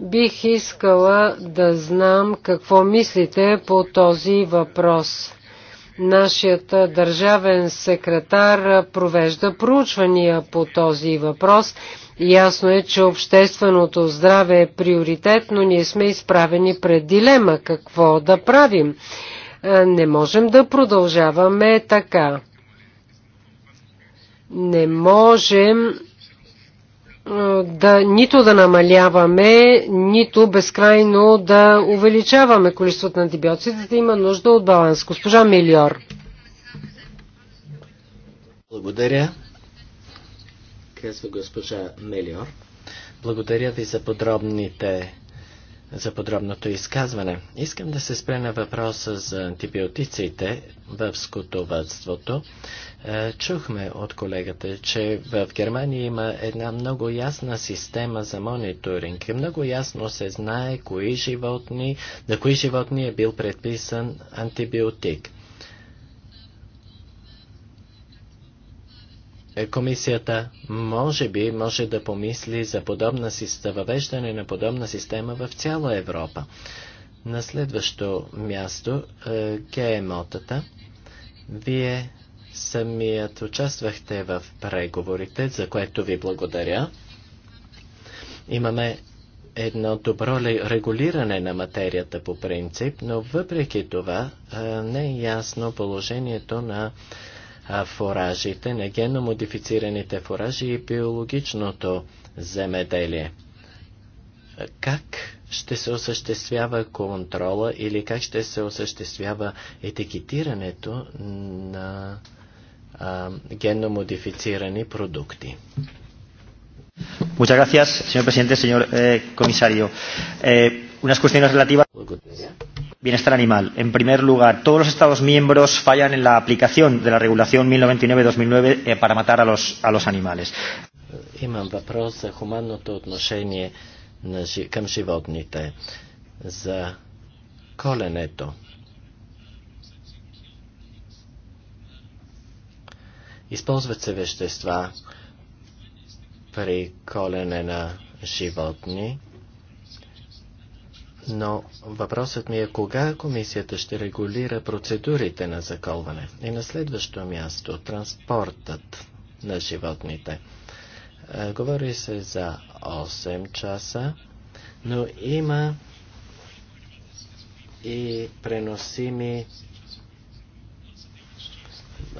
Бих искала да знам какво мислите по този въпрос. Нашият държавен секретар провежда проучвания по този въпрос. Ясно е, че общественото здраве е приоритет, но ние сме изправени пред дилема какво да правим. Не можем да продължаваме така. Не можем да, нито да намаляваме, нито безкрайно да увеличаваме количеството на антибиотиците. Има нужда от баланс. Госпожа Милиор. Благодаря, казва госпожа Мелиор. Благодаря ви за подробните за подробното изказване. Искам да се спре на въпроса за антибиотиците в скотовътството. Е, чухме от колегата, че в Германия има една много ясна система за мониторинг и много ясно се знае кои животни, на кои животни е бил предписан антибиотик. Е, комисията може би може да помисли за подобна система, въвеждане на подобна система в цяла Европа. На следващо място е, ГМО-тата. Вие самият участвахте в преговорите, за което ви благодаря. Имаме едно добро регулиране на материята по принцип, но въпреки това не е ясно положението на фуражите, на геномодифицираните фуражи и биологичното земеделие. Как ще се осъществява контрола или как ще се осъществява етикетирането на а, продукти. Muchas gracias, señor presidente, señor eh, comisario. Eh, unas cuestiones relativas al bienestar animal. En primer lugar, todos los Estados miembros fallan en la aplicación de la regulación 1099-2009 eh, para matar a los, a los animales. Имам въпрос за хуманното отношение на, към животните, за коленето. Използват се вещества при колене на животни, но въпросът ми е кога комисията ще регулира процедурите на заколване. И на следващо място транспортът на животните. Е, говори се за 8 часа, но има и преносими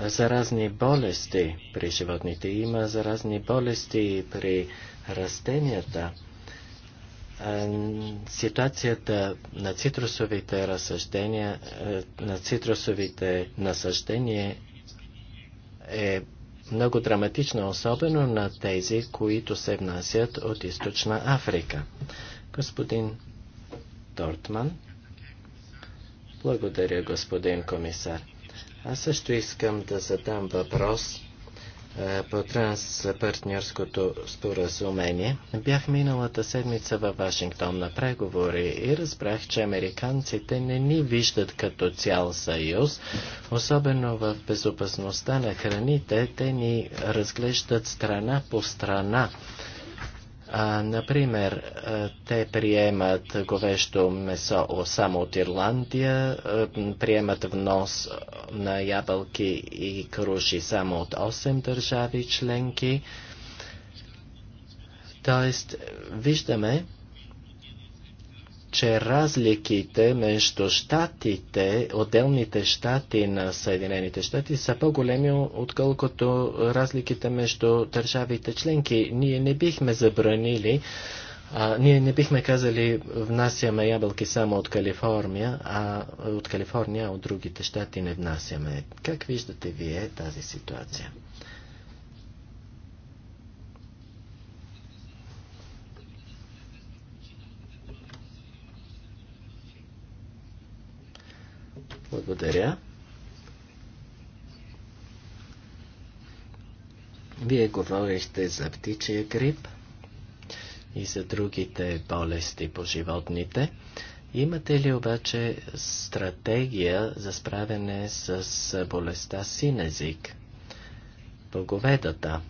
заразни болести при животните, има заразни болести при растенията. Ситуацията на цитрусовите разсъждения, на цитрусовите насъждения е много драматична, особено на тези, които се внасят от източна Африка. Господин Тортман. Благодаря, господин комисар. Аз също искам да задам въпрос е, по транспартньорското споразумение. Бях миналата седмица във Вашингтон на преговори и разбрах, че американците не ни виждат като цял съюз, особено в безопасността на храните. Те ни разглеждат страна по страна. А, например, те приемат говещо месо само от Ирландия, приемат внос на ябълки и круши само от 8 държави членки. Тоест, виждаме, че разликите между щатите, отделните щати на Съединените щати са по-големи, отколкото разликите между държавите членки. Ние не бихме забранили а, ние не бихме казали внасяме ябълки само от Калифорния, а от Калифорния, а от другите щати не внасяме. Как виждате вие тази ситуация? Благодаря. Вие говорихте за птичия грип и за другите болести по животните. Имате ли обаче стратегия за справяне с болестта син език? Боговедата.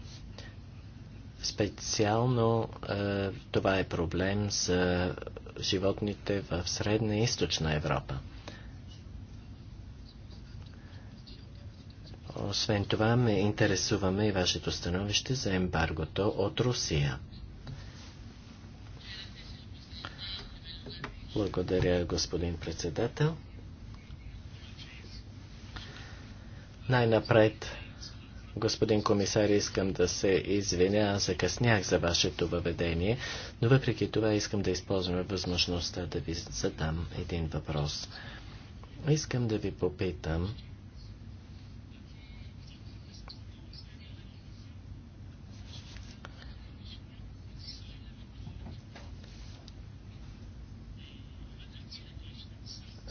Специално е, това е проблем за животните в Средна и Източна Европа. Освен това, ме интересуваме и вашето становище за ембаргото от Русия. Благодаря, господин председател. Най-напред, господин комисар, искам да се извиня, аз закъснях за вашето въведение, но въпреки това искам да използвам възможността да ви задам един въпрос. Искам да ви попитам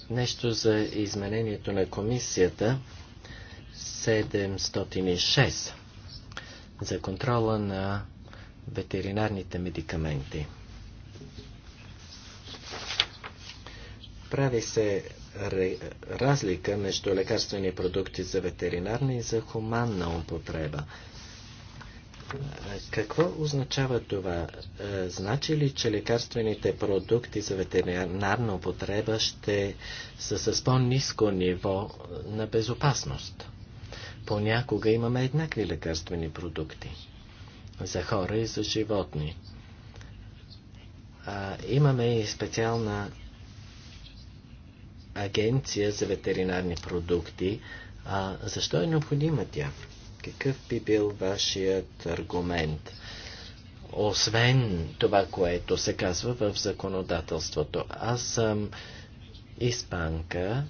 Нещо за изменението на комисията 706 за контрола на ветеринарните медикаменти. Прави се разлика между лекарствени продукти за ветеринарна и за хуманна употреба. Какво означава това? Е, значи ли, че лекарствените продукти за ветеринарна употреба ще са с по-низко ниво на безопасност? Понякога имаме еднакви лекарствени продукти за хора и за животни. А, имаме и специална агенция за ветеринарни продукти. А, защо е необходима тя? Какъв би бил вашият аргумент? Освен това, което се казва в законодателството. Аз съм испанка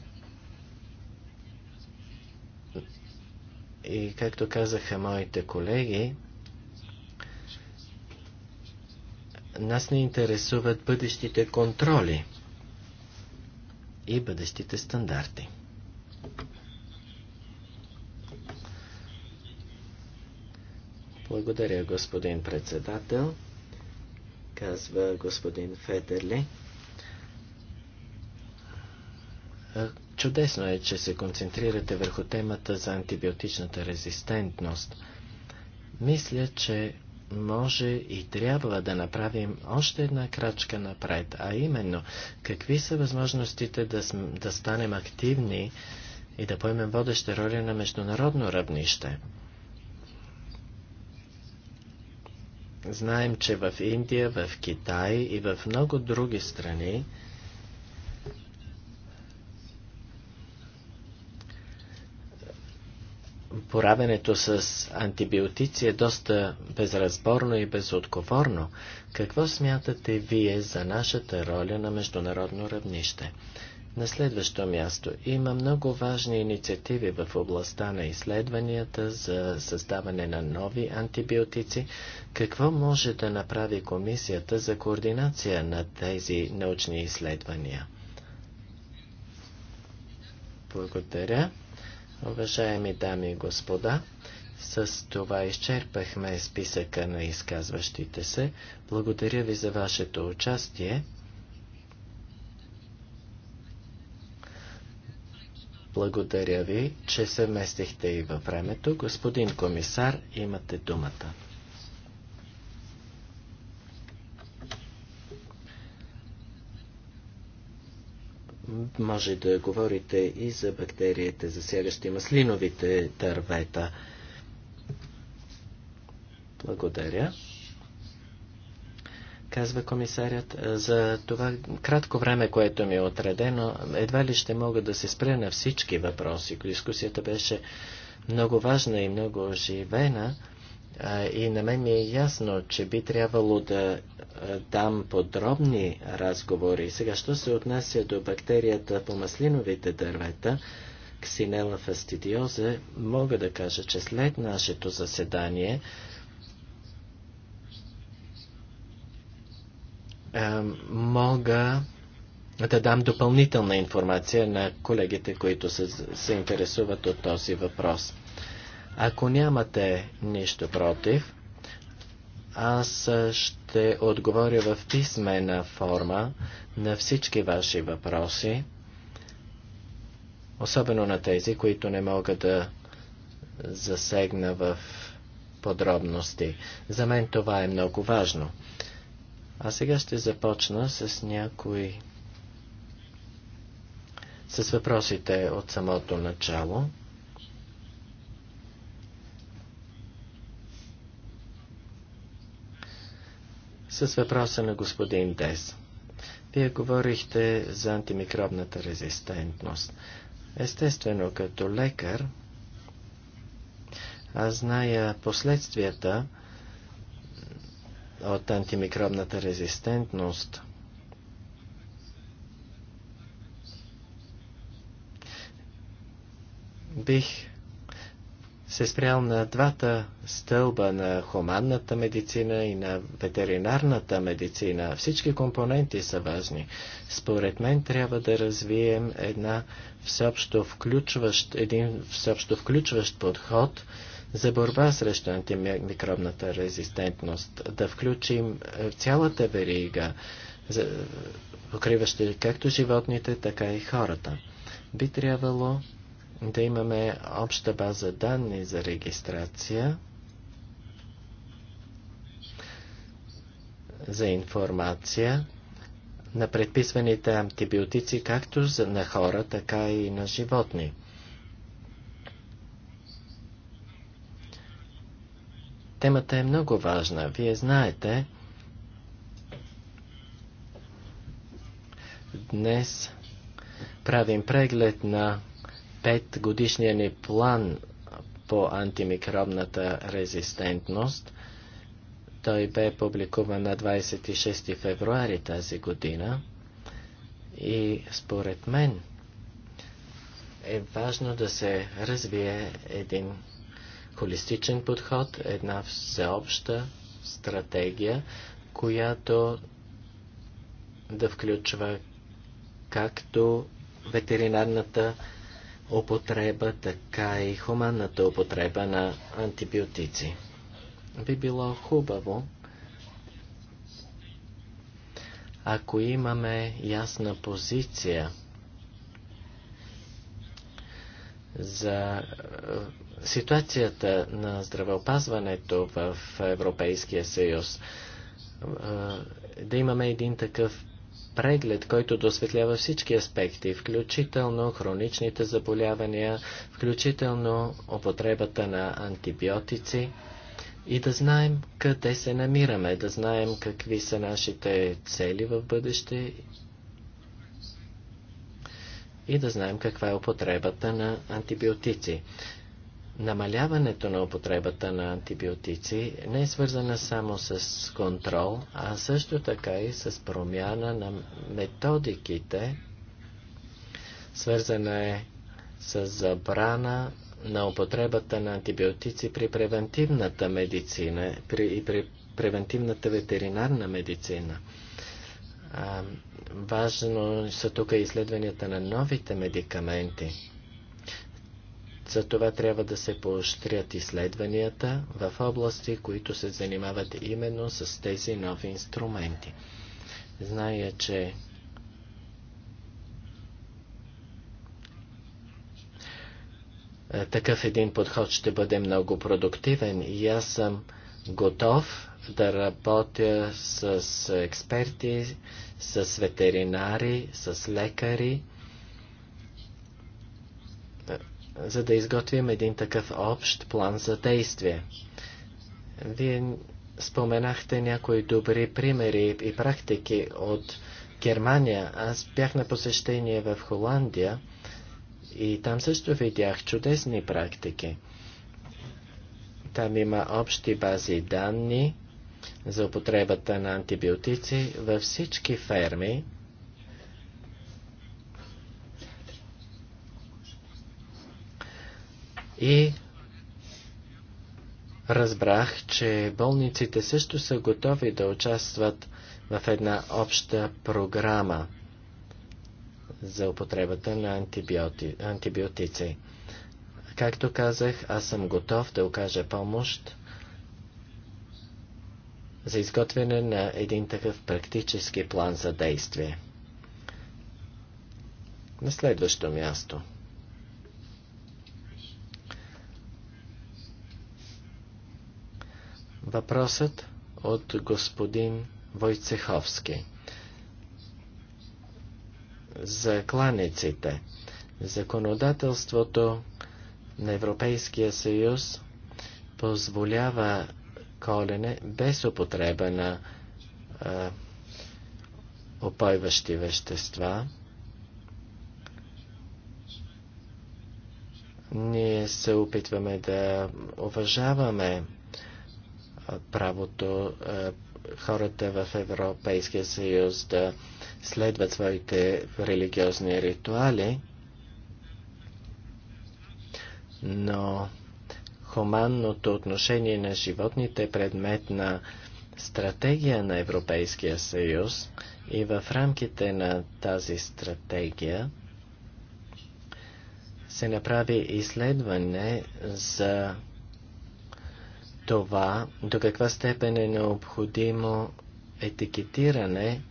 и както казаха моите колеги, нас не интересуват бъдещите контроли и бъдещите стандарти. Благодаря, господин председател, казва господин Федерли. Е, чудесно е, че се концентрирате върху темата за антибиотичната резистентност. Мисля, че може и трябва да направим още една крачка напред, а именно какви са възможностите да, да станем активни и да поемем водеща роля на международно равнище. Знаем, че в Индия, в Китай и в много други страни Поравенето с антибиотици е доста безразборно и безотговорно. Какво смятате вие за нашата роля на международно равнище? На следващо място има много важни инициативи в областта на изследванията за създаване на нови антибиотици. Какво може да направи комисията за координация на тези научни изследвания? Благодаря. Уважаеми дами и господа, с това изчерпахме списъка на изказващите се. Благодаря ви за вашето участие. Благодаря ви, че се вместихте и във времето. Господин комисар, имате думата. Може да говорите и за бактериите, засягащи маслиновите дървета. Благодаря казва комисарят, е, за това кратко време, което ми е отредено, едва ли ще мога да се спре на всички въпроси. Дискусията беше много важна и много оживена. И на мен ми е ясно, че би трябвало да е, дам подробни разговори. Сега, що се отнася до бактерията по маслиновите дървета, ксинела фастидиоза, мога да кажа, че след нашето заседание Е, мога да дам допълнителна информация на колегите, които се, се интересуват от този въпрос. Ако нямате нищо против, аз ще отговоря в писмена форма на всички ваши въпроси, особено на тези, които не мога да засегна в подробности. За мен това е много важно. А сега ще започна с някои с въпросите от самото начало. С въпроса на господин Дес. Вие говорихте за антимикробната резистентност. Естествено, като лекар, аз зная последствията от антимикробната резистентност. Бих се спрял на двата стълба на хуманната медицина и на ветеринарната медицина. Всички компоненти са важни. Според мен трябва да развием една всеобщо включващ, един всеобщо включващ подход – за борба срещу антимикробната резистентност, да включим е, цялата верига, покриваща както животните, така и хората. Би трябвало да имаме обща база данни за регистрация, за информация на предписваните антибиотици както на хора, така и на животни. Темата е много важна. Вие знаете, днес правим преглед на пет годишния ни план по антимикробната резистентност. Той бе публикуван на 26 февруари тази година и според мен е важно да се развие един холистичен подход, една всеобща стратегия, която да включва както ветеринарната употреба, така и хуманната употреба на антибиотици. Би било хубаво, ако имаме ясна позиция за ситуацията на здравеопазването в Европейския съюз. Да имаме един такъв преглед, който досветлява всички аспекти, включително хроничните заболявания, включително употребата на антибиотици и да знаем къде се намираме, да знаем какви са нашите цели в бъдеще и да знаем каква е употребата на антибиотици. Намаляването на употребата на антибиотици не е свързана само с контрол, а също така и с промяна на методиките. Свързана е с забрана на употребата на антибиотици при превентивната медицина при, и при превентивната ветеринарна медицина. А, важно са тук изследванията на новите медикаменти. За това трябва да се поощрят изследванията в области, които се занимават именно с тези нови инструменти. Зная, че такъв един подход ще бъде много продуктивен и аз съм готов да работя с експерти, с ветеринари, с лекари, за да изготвим един такъв общ план за действие. Вие споменахте някои добри примери и практики от Германия. Аз бях на посещение в Холандия и там също видях чудесни практики. Там има общи бази данни за употребата на антибиотици във всички ферми и разбрах, че болниците също са готови да участват в една обща програма за употребата на антибиоти... антибиотици. Както казах, аз съм готов да окажа помощ за изготвяне на един такъв практически план за действие. На следващо място – Въпросът от господин Войцеховски за кланиците. Законодателството на Европейския съюз позволява колене без употреба на а, опойващи вещества. Ние се опитваме да уважаваме правото е, хората в Европейския съюз да следват своите религиозни ритуали, но хуманното отношение на животните е предмет на стратегия на Европейския съюз и в рамките на тази стратегия се направи изследване за това до каква степен е необходимо етикетиране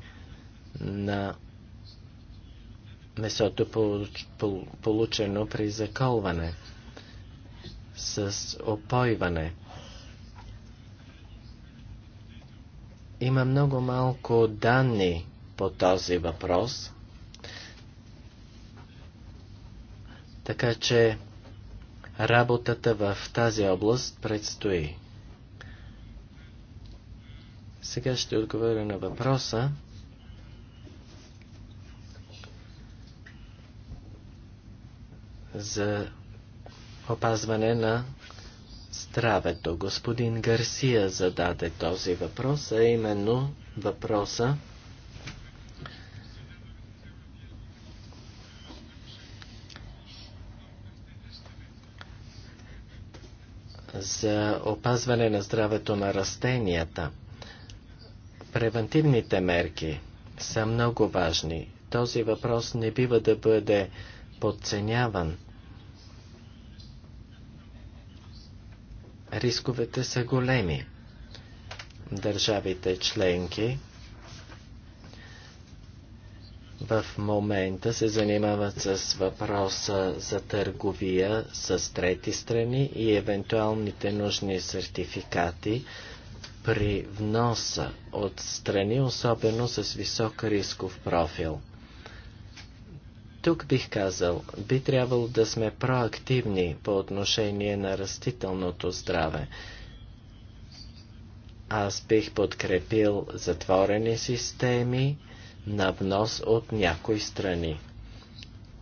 на месото получено при заколване с опойване. Има много малко данни по този въпрос, така че работата в тази област предстои. Сега ще отговоря на въпроса. за опазване на здравето. Господин Гарсия зададе този въпрос, а именно въпроса за опазване на здравето на растенията – Превентивните мерки са много важни. Този въпрос не бива да бъде подценяван. Рисковете са големи. Държавите членки в момента се занимават с въпроса за търговия с трети страни и евентуалните нужни сертификати при вноса от страни, особено с висок рисков профил. Тук бих казал, би трябвало да сме проактивни по отношение на растителното здраве. Аз бих подкрепил затворени системи на внос от някои страни.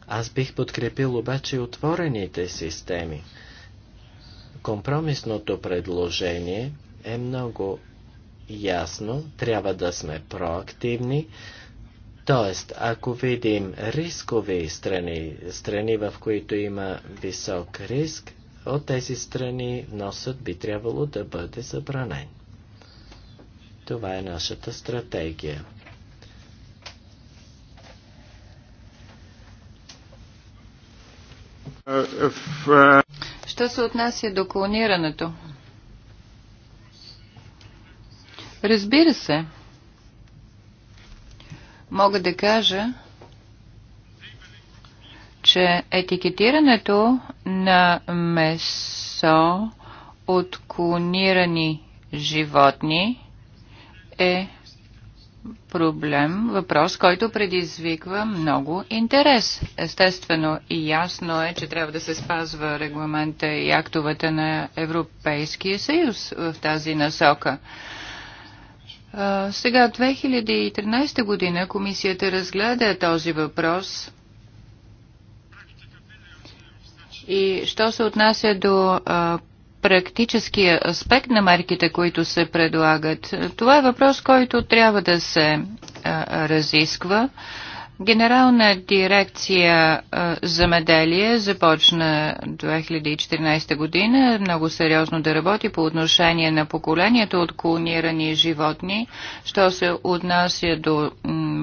Аз бих подкрепил обаче отворените системи. Компромисното предложение – е много ясно. Трябва да сме проактивни. Тоест, ако видим рискови страни, страни в които има висок риск, от тези страни носът би трябвало да бъде забранен. Това е нашата стратегия. Е, е, е, Що се отнася до клонирането? Разбира се, мога да кажа, че етикетирането на месо от клонирани животни е проблем, въпрос, който предизвиква много интерес. Естествено и ясно е, че трябва да се спазва регламента и актовете на Европейския съюз в тази насока. Сега, 2013 година комисията разгледа този въпрос и що се отнася до практическия аспект на мерките, които се предлагат, това е въпрос, който трябва да се разисква. Генерална дирекция замеделие започна 2014 година много сериозно да работи по отношение на поколението от клонирани животни, що се отнася до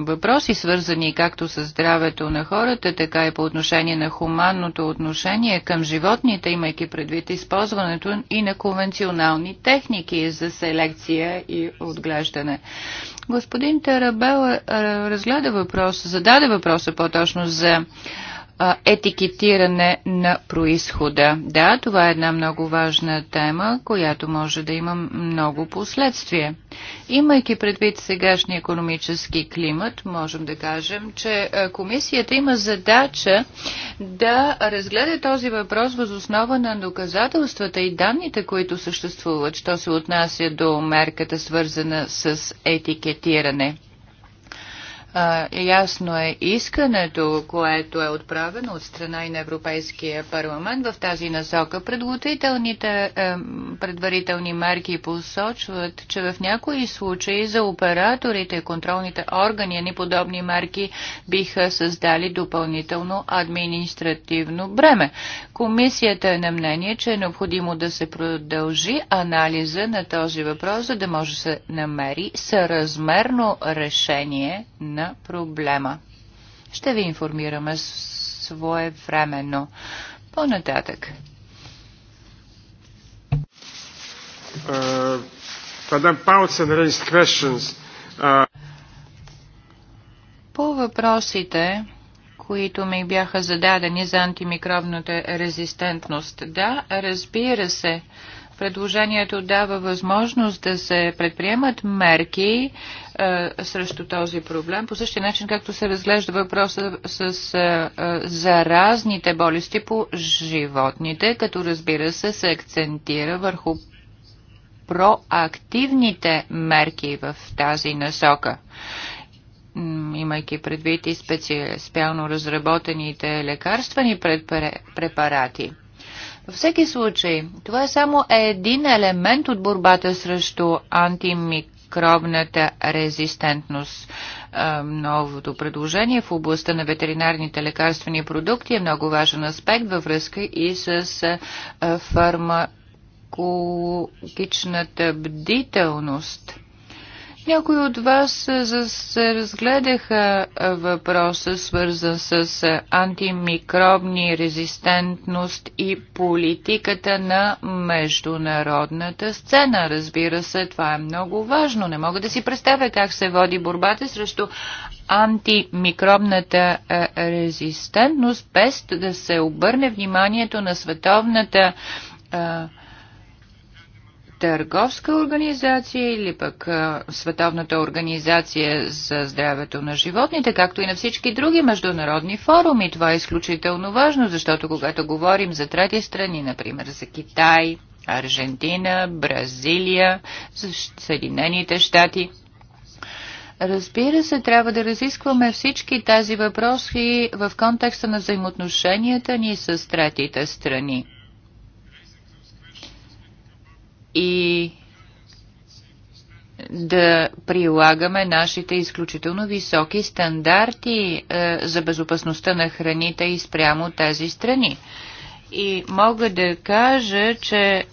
въпроси, свързани както с здравето на хората, така и по отношение на хуманното отношение към животните, имайки предвид използването и на конвенционални техники за селекция и отглеждане. Господин Тарабел разгледа въпроса, зададе въпроса по-точно за етикетиране на происхода. Да, това е една много важна тема, която може да има много последствия. Имайки предвид сегашния економически климат, можем да кажем, че комисията има задача да разгледа този въпрос възоснова на доказателствата и данните, които съществуват, що се отнася до мерката свързана с етикетиране ясно е искането, което е отправено от страна и на Европейския парламент в тази насока. Предготвителните е, предварителни мерки посочват, че в някои случаи за операторите и контролните органи ни подобни мерки биха създали допълнително административно бреме. Комисията е на мнение, че е необходимо да се продължи анализа на този въпрос, за да може да се намери съразмерно решение на на проблема. Ще ви информираме своевременно. По-нататък. Uh, uh... По въпросите, които ми бяха зададени за антимикробната резистентност. Да, разбира се. Uh, Предложението дава възможност да се предприемат мерки е, срещу този проблем, по същия начин както се разглежда въпроса с а, е, заразните болести по животните, като разбира се се акцентира върху проактивните мерки в тази насока имайки предвид и специално разработените лекарствени препарати. Във всеки случай, това е само един елемент от борбата срещу антимикробната резистентност. Е, новото предложение в областта на ветеринарните лекарствени продукти е много важен аспект във връзка и с е, фармакологичната бдителност. Някои от вас е, се разгледаха е, въпроса, свързан с е, антимикробни резистентност и политиката на международната сцена. Разбира се, това е много важно. Не мога да си представя как се води борбата срещу антимикробната резистентност, без да се обърне вниманието на световната а, търговска организация или пък Световната организация за здравето на животните, както и на всички други международни форуми. Това е изключително важно, защото когато говорим за трети страни, например за Китай, Аржентина, Бразилия, Съединените щати, Разбира се, трябва да разискваме всички тези въпроси в контекста на взаимоотношенията ни с третите страни и да прилагаме нашите изключително високи стандарти е, за безопасността на храните и спрямо тези страни. И мога да кажа, че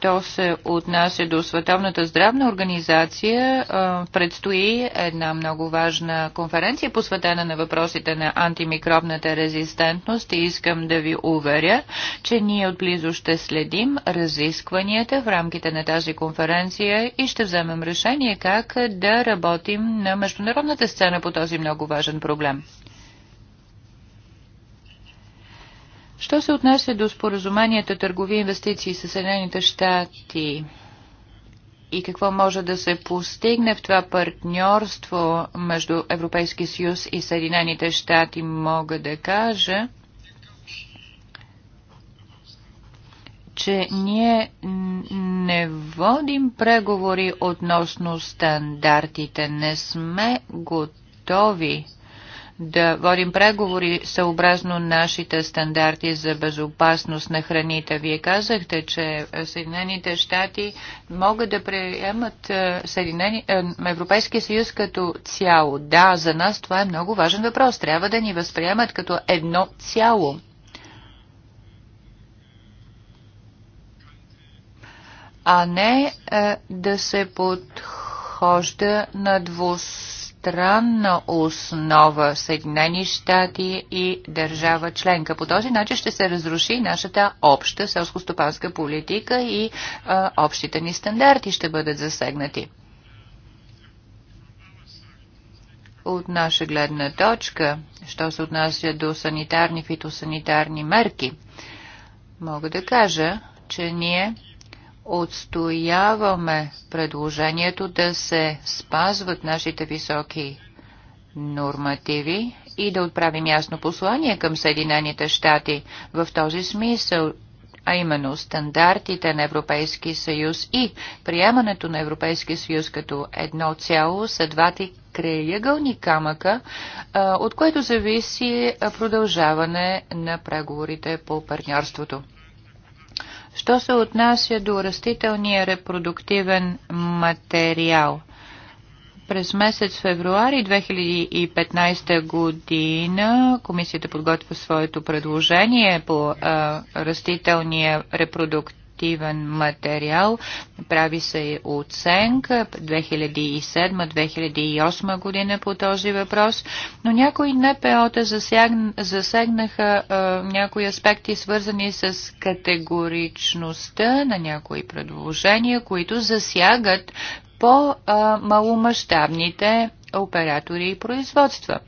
то е, се отнася до Световната здравна организация. Е, предстои една много важна конференция, посветена на въпросите на антимикробната резистентност и искам да ви уверя, че ние отблизо ще следим разискванията в рамките на тази конференция и ще вземем решение как да работим на международната сцена по този много важен проблем. Що се отнася до споразуменията търгови инвестиции с Съединените щати и какво може да се постигне в това партньорство между Европейския съюз и Съединените щати, мога да кажа, че ние не водим преговори относно стандартите. Не сме готови да водим преговори съобразно нашите стандарти за безопасност на храните. Вие казахте, че Съединените щати могат да приемат е, Съединени... Е, Европейския съюз като цяло. Да, за нас това е много важен въпрос. Трябва да ни възприемат като едно цяло. а не е, да се подхожда на двус двустранна основа Съединени щати и държава членка. По този начин ще се разруши нашата обща селско-стопанска политика и а, общите ни стандарти ще бъдат засегнати. От наша гледна точка, що се отнася до санитарни, фитосанитарни мерки, мога да кажа, че ние отстояваме предложението да се спазват нашите високи нормативи и да отправим ясно послание към Съединените щати в този смисъл, а именно стандартите на Европейски съюз и приемането на Европейски съюз като едно цяло са двата крайъгълни камъка, от което зависи продължаване на преговорите по партньорството. Що се отнася до растителния репродуктивен материал? През месец февруари 2015 година комисията подготвя своето предложение по а, растителния репродуктивен конструктивен материал. Прави се и оценка 2007-2008 година по този въпрос, но някои НПО-та засегнаха а, някои аспекти, свързани с категоричността на някои предложения, които засягат по-маломащабните оператори и производства.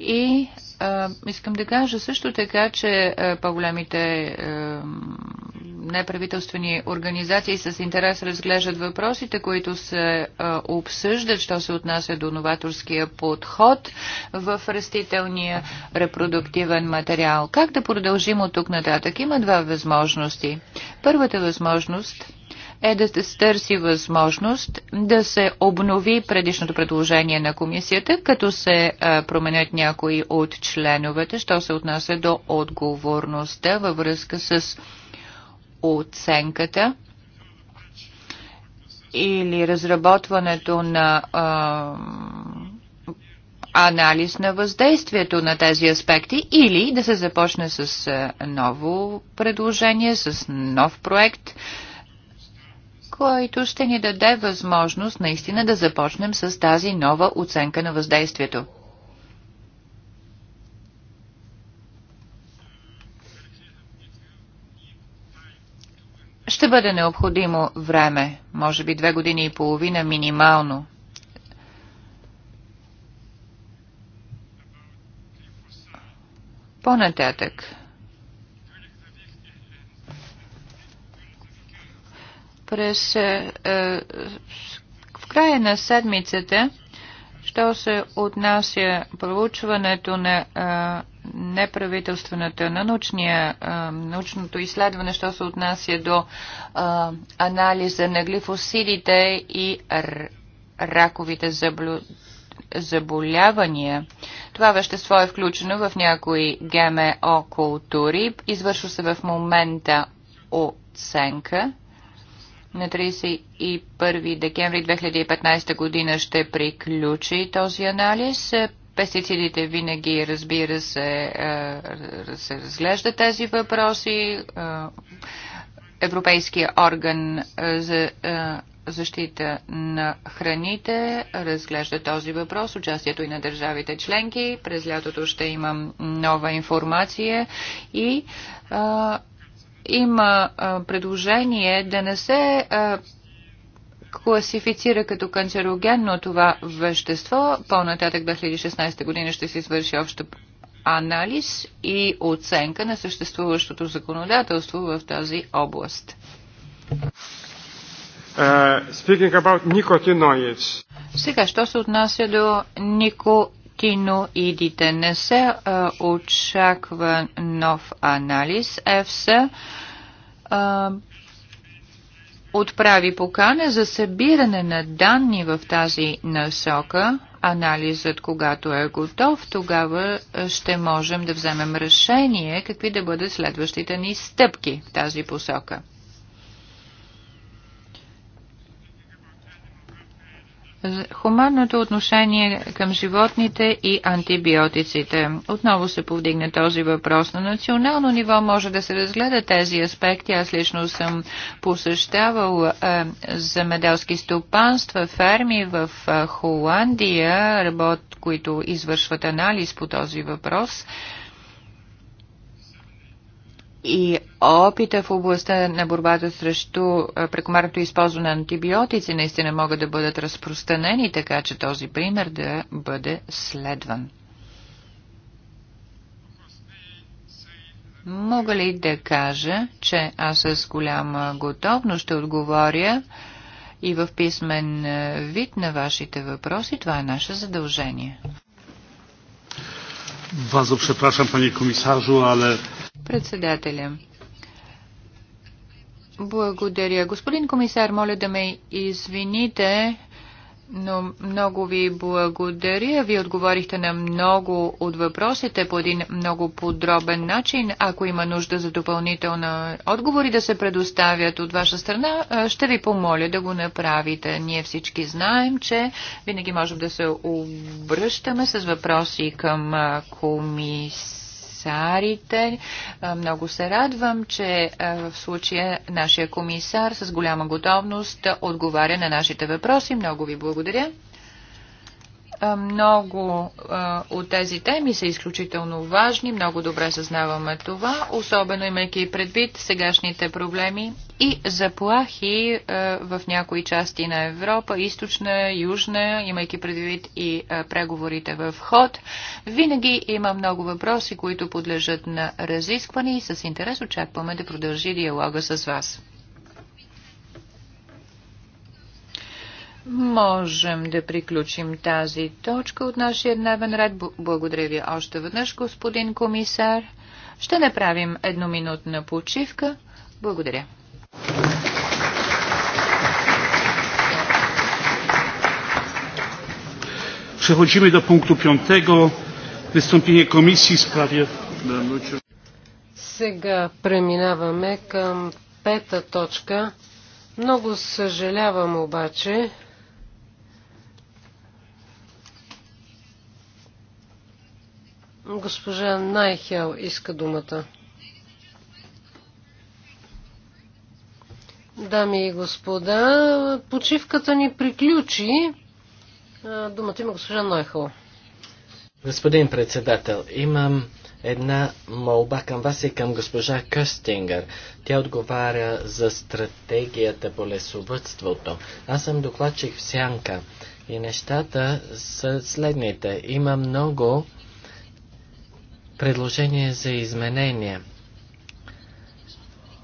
И а, искам да кажа също така, че по-големите неправителствени организации с интерес разглеждат въпросите, които се обсъждат, що се отнася до новаторския подход в растителния репродуктивен материал. Как да продължим от тук нататък? Има два възможности. Първата възможност е да се търси възможност да се обнови предишното предложение на комисията, като се променят някои от членовете, що се отнася до отговорността във връзка с оценката или разработването на анализ на въздействието на тези аспекти или да се започне с ново предложение, с нов проект, който ще ни даде възможност наистина да започнем с тази нова оценка на въздействието. Ще бъде необходимо време, може би две години и половина минимално. Понататък. През е, е в края на седмицата, що се отнася проучването на е, неправителствената, на научния, научното изследване, що се отнася до анализа на глифосидите и раковите заболявания. Това вещество е включено в някои ГМО култури. Извършва се в момента оценка. На 31 декември 2015 година ще приключи този анализ пестицидите винаги, разбира се, е, се разглежда тези въпроси. Е, Европейския орган е, за защита на храните разглежда този въпрос, участието и на държавите членки. През лятото ще имам нова информация и а, има а, предложение да не се а, класифицира като канцерогенно това вещество. По-нататък 2016 година ще се извърши общо анализ и оценка на съществуващото законодателство в тази област. Uh, Сега, що се отнася до никотиноидите? Не се uh, очаква нов анализ. ЕФСА uh, е, отправи покана за събиране на данни в тази насока. Анализът, когато е готов, тогава ще можем да вземем решение какви да бъдат следващите ни стъпки в тази посока. хуманното отношение към животните и антибиотиците. Отново се повдигне този въпрос. На национално ниво може да се разгледа тези аспекти. Аз лично съм посещавал е, замеделски стопанства, ферми в е, Холандия, работ, които извършват анализ по този въпрос. Е, и опита в областта на борбата срещу прекомарното използване на антибиотици наистина могат да бъдат разпространени, така че този пример да бъде следван. Мога ли да кажа, че аз с голяма готовност ще отговоря и в писмен вид на вашите въпроси? Това е наше задължение. Bardzo przepraszam, panie komisarzu, ale Председателя. Благодаря. Господин комисар, моля да ме извините, но много ви благодаря. Вие отговорихте на много от въпросите по един много подробен начин. Ако има нужда за допълнителна отговори да се предоставят от ваша страна, ще ви помоля да го направите. Ние всички знаем, че винаги можем да се обръщаме с въпроси към комисар комисарите. Много се радвам, че в случая нашия комисар с голяма готовност отговаря на нашите въпроси. Много ви благодаря. Много от тези теми са изключително важни, много добре съзнаваме това, особено имайки предвид сегашните проблеми и заплахи в някои части на Европа, източна, южна, имайки предвид и преговорите в ход. Винаги има много въпроси, които подлежат на разискване и с интерес очакваме да продължи диалога с вас. Можем да приключим тази точка от нашия дневен ред. Благодаря ви още веднъж, господин комисар. Ще направим едноминутна почивка. Благодаря. Przechodzimy do punktu piątego. Wystąpienie komisji w sprawie. Сега преминаваме към пета точка. Много съжалявам обаче, Госпожа Найхел иска думата. Дами и господа, почивката ни приключи. Думата има госпожа Найхел. Господин председател, имам една молба към вас и към госпожа Къстингър. Тя отговаря за стратегията по лесовътството. Аз съм докладчик в Сянка и нещата са следните. Има много предложение за изменение.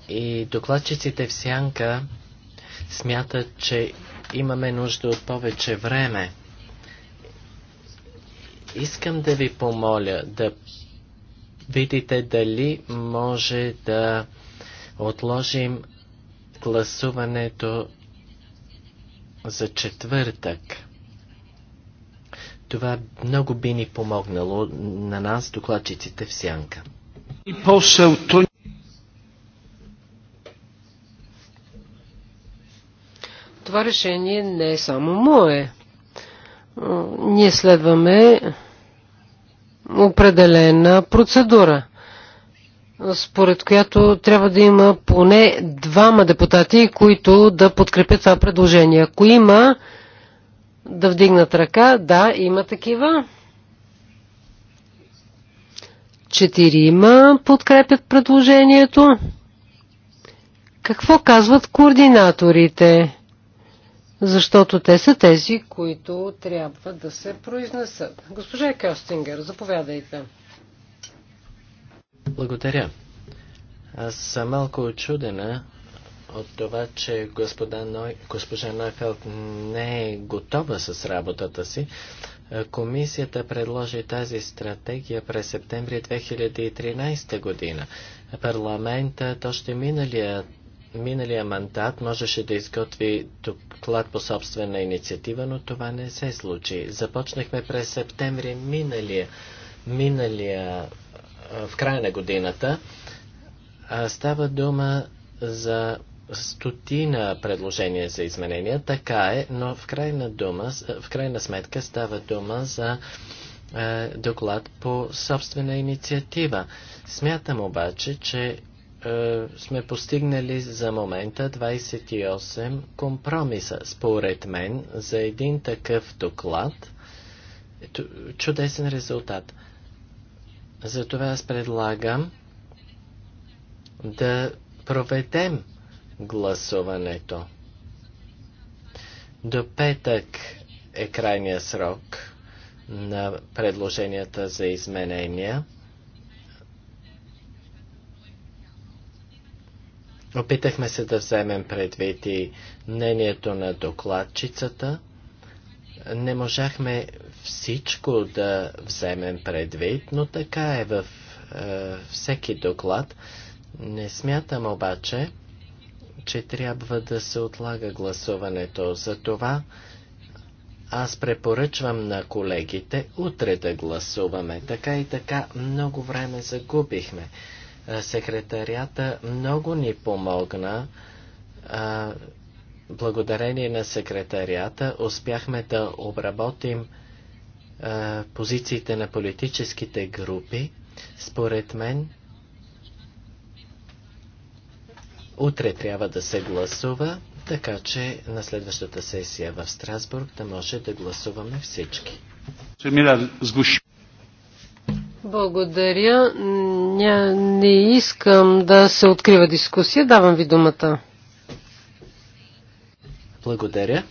И докладчиците в Сянка смятат, че имаме нужда от повече време. Искам да ви помоля да видите дали може да отложим гласуването за четвъртък това много би ни помогнало на нас, докладчиците в сянка. И посъл, той... Това решение не е само мое. Ние следваме определена процедура, според която трябва да има поне двама депутати, които да подкрепят това предложение. Ако има да вдигнат ръка. Да, има такива. Четирима подкрепят предложението. Какво казват координаторите? Защото те са тези, които трябва да се произнесат. Госпожа Кьостингер, заповядайте. Благодаря. Аз съм малко очудена от това, че Ной, госпожа Нойфелд не е готова с работата си. Комисията предложи тази стратегия през септември 2013 година. Парламентът още миналия миналия мандат можеше да изготви доклад по собствена инициатива, но това не се случи. Започнахме през септември миналия, миналия в края на годината. Става дума за стотина предложения за изменения, така е, но в крайна, дума, в крайна сметка става дума за е, доклад по собствена инициатива. Смятам обаче, че е, сме постигнали за момента 28 компромиса. Според мен, за един такъв доклад, е, чудесен резултат. Затова аз предлагам да проведем гласуването. До петък е крайния срок на предложенията за изменения. Опитахме се да вземем предвид и мнението на докладчицата. Не можахме всичко да вземем предвид, но така е в е, всеки доклад. Не смятам обаче, че трябва да се отлага гласуването. За това аз препоръчвам на колегите утре да гласуваме. Така и така много време загубихме. Секретарията много ни помогна. Благодарение на секретарията успяхме да обработим позициите на политическите групи. Според мен Утре трябва да се гласува, така че на следващата сесия в Страсбург да може да гласуваме всички. Благодаря. Ня, не искам да се открива дискусия. Давам ви думата. Благодаря.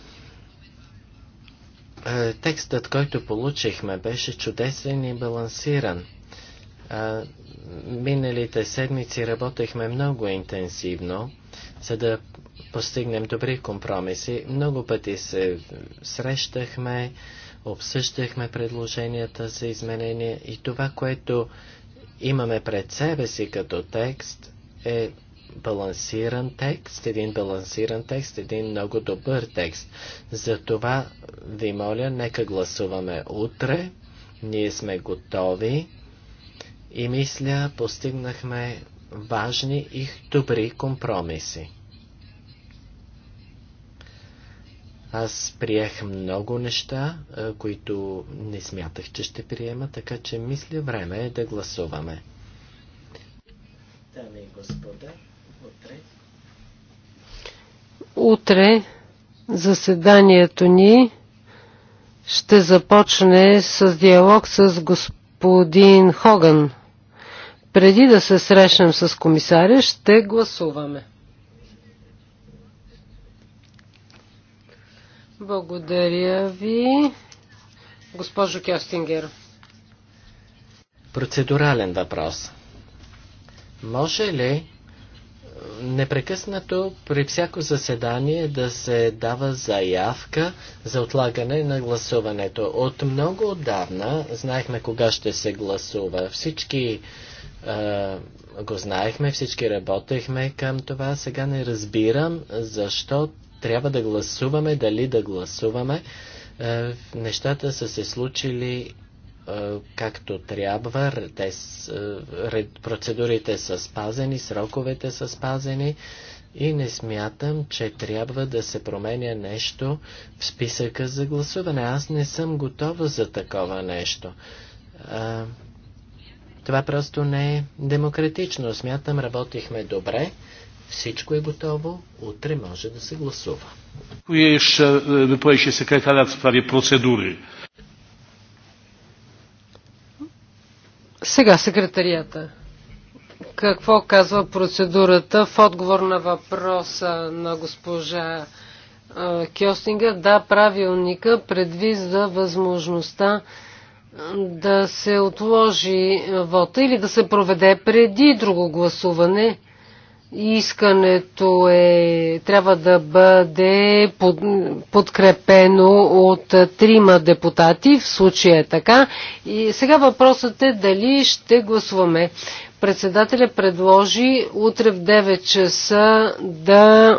Е, текстът, който получихме, беше чудесен и балансиран миналите седмици работехме много интенсивно, за да постигнем добри компромиси. Много пъти се срещахме, обсъждахме предложенията за изменения и това, което имаме пред себе си като текст е балансиран текст, един балансиран текст, един много добър текст. Затова ви моля, нека гласуваме утре. Ние сме готови и мисля постигнахме важни и добри компромиси. Аз приех много неща, е, които не смятах, че ще приема, така че мисля време е да гласуваме. Дами и господа, утре. Утре заседанието ни ще започне с диалог с господин Хоган. Преди да се срещнем с комисаря, ще гласуваме. Благодаря ви, госпожо Кестингер. Процедурален въпрос. Може ли е, непрекъснато при всяко заседание да се дава заявка за отлагане на гласуването. От много отдавна знаехме кога ще се гласува. Всички го знаехме, всички работехме към това. Сега не разбирам защо трябва да гласуваме, дали да гласуваме. Нещата са се случили както трябва, те, процедурите са спазени, сроковете са спазени и не смятам, че трябва да се променя нещо в списъка за гласуване. Аз не съм готова за такова нещо. Това просто не е демократично. Смятам, работихме добре. Всичко е готово. Утре може да се гласува. Dziękuję ще e, wypowiedzi sekretariat w sprawie Сега секретарията. Какво казва процедурата в отговор на въпроса на госпожа е, Кьостинга? Да, правилника предвижда възможността да се отложи вота или да се проведе преди друго гласуване. Искането е, трябва да бъде под, подкрепено от трима депутати, в случая е така. И сега въпросът е дали ще гласуваме. Председателя предложи утре в 9 часа да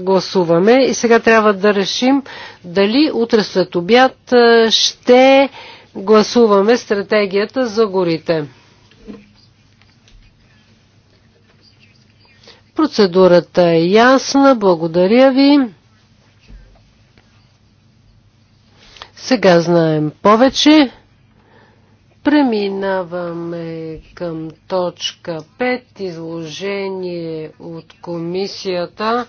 гласуваме и сега трябва да решим дали утре след обяд ще гласуваме стратегията за горите. Процедурата е ясна. Благодаря ви. Сега знаем повече. Преминаваме към точка 5. Изложение от комисията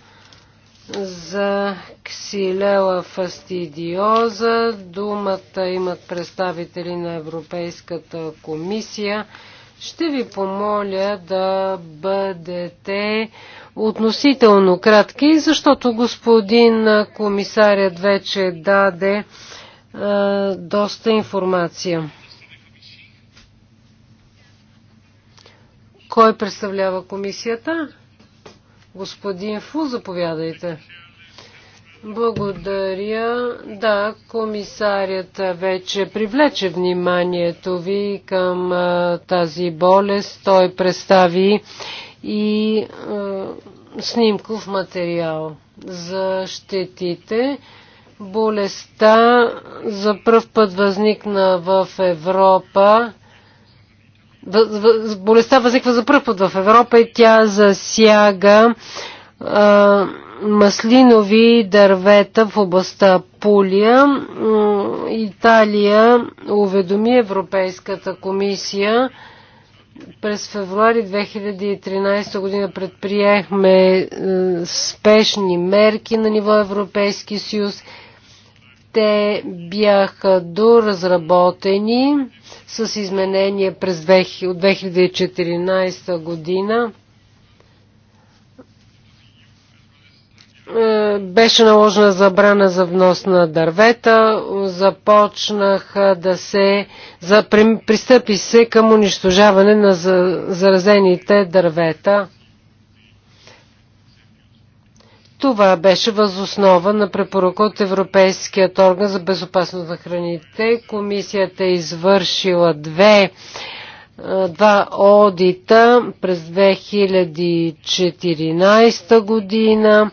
за ксилела фастидиоза. Думата имат представители на Европейската комисия. Ще ви помоля да бъдете относително кратки, защото господин комисарят вече даде е, доста информация. Кой представлява комисията? Господин Фу, заповядайте. Благодаря. Да, комисарят вече привлече вниманието ви към а, тази болест. Той представи и а, снимков материал за щетите. Болестта за пръв път възникна в Европа болестта възниква за първ път в Европа и тя засяга а, маслинови дървета в областта Пулия. Италия уведоми Европейската комисия през февруари 2013 година предприехме е, спешни мерки на ниво Европейски съюз – те бяха доразработени с изменение през 2000, от 2014 година. Е, беше наложена забрана за внос на дървета, започнаха да се, за, пристъпи се към унищожаване на заразените дървета. Това беше възоснова на препоръка от Европейският орган за безопасност на храните. Комисията е извършила две, два одита през 2014 година.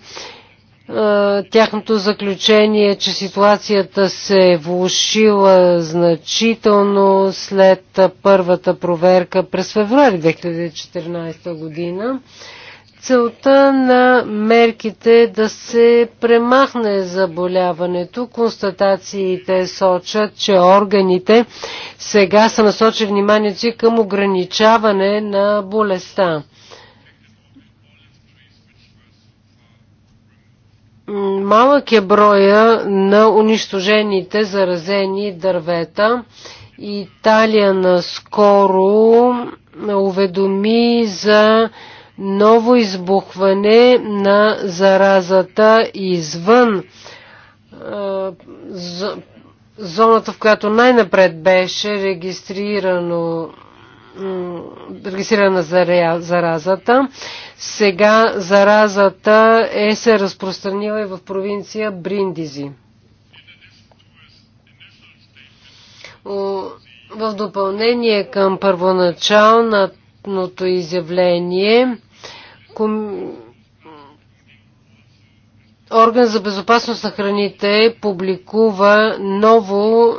Тяхното заключение е, че ситуацията се е влушила значително след първата проверка през февруари 2014 година целта на мерките е да се премахне заболяването. Констатациите сочат, че органите сега са насочили вниманието си към ограничаване на болестта. Малък е броя на унищожените заразени дървета. Италия наскоро уведоми за ново избухване на заразата извън зоната, в която най-напред беше регистрирано регистрирана заразата. Сега заразата е се разпространила и в провинция Бриндизи. В допълнение към първоначалното изявление, ком... орган за безопасност на храните публикува ново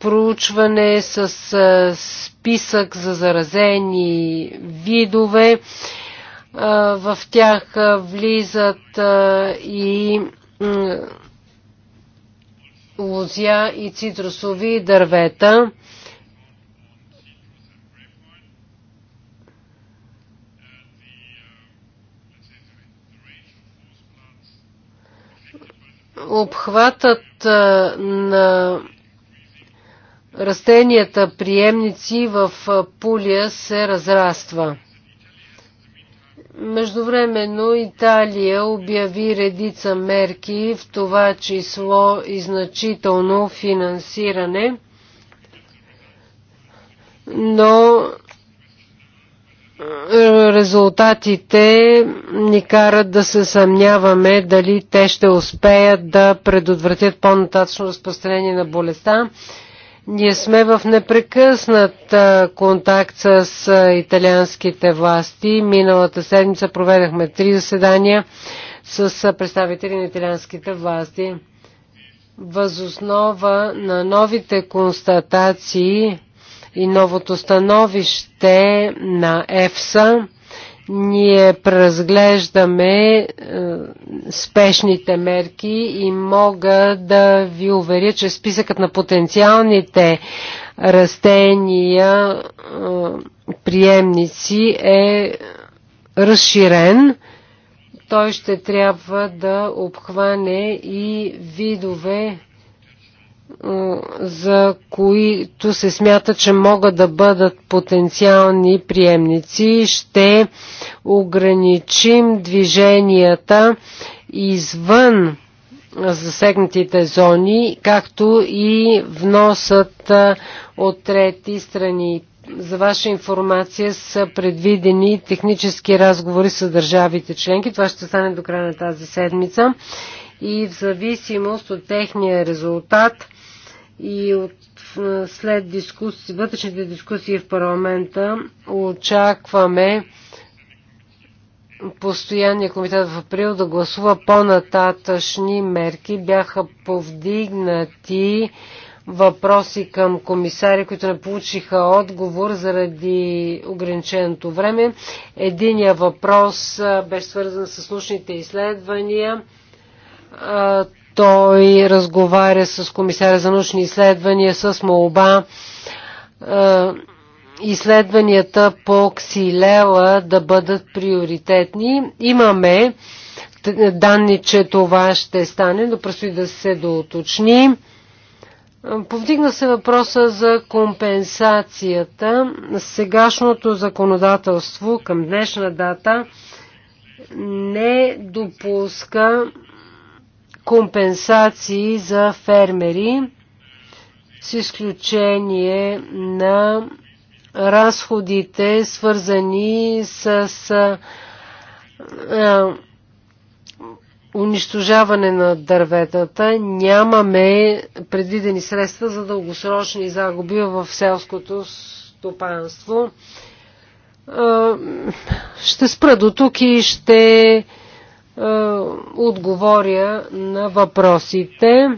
проучване с списък за заразени видове. В тях влизат и лузя и цитрусови дървета. Обхватът на растенията приемници в Пулия се разраства. Междувременно Италия обяви редица мерки, в това число и значително финансиране, но резултатите ни карат да се съмняваме дали те ще успеят да предотвратят по-нататъчно разпространение на болестта. Ние сме в непрекъснат контакт с италианските власти. Миналата седмица проведахме три заседания с представители на италианските власти. Възоснова на новите констатации и новото становище на ЕФСА ние преразглеждаме е, спешните мерки и мога да ви уверя, че списъкът на потенциалните растения е, приемници е разширен. Той ще трябва да обхване и видове за които се смята, че могат да бъдат потенциални приемници. Ще ограничим движенията извън засегнатите зони, както и вносът от трети страни. За ваша информация са предвидени технически разговори с държавите членки. Това ще стане до края на тази седмица. И в зависимост от техния резултат и от, след дискуси, вътрешните дискусии в парламента очакваме постоянния комитет в април да гласува по-нататъчни мерки. Бяха повдигнати въпроси към комисари, които не получиха отговор заради ограниченото време. Единия въпрос беше свързан с научните изследвания той разговаря с комисаря за научни изследвания с молба е, изследванията по ксилела да бъдат приоритетни. Имаме данни, че това ще стане, но предстои да се доуточни. Е, повдигна се въпроса за компенсацията. Сегашното законодателство към днешна дата не допуска компенсации за фермери, с изключение на разходите, свързани с унищожаване на дърветата, нямаме предвидени средства за дългосрочни загуби в селското стопанство. Ще спра до тук и ще е, отговоря на въпросите.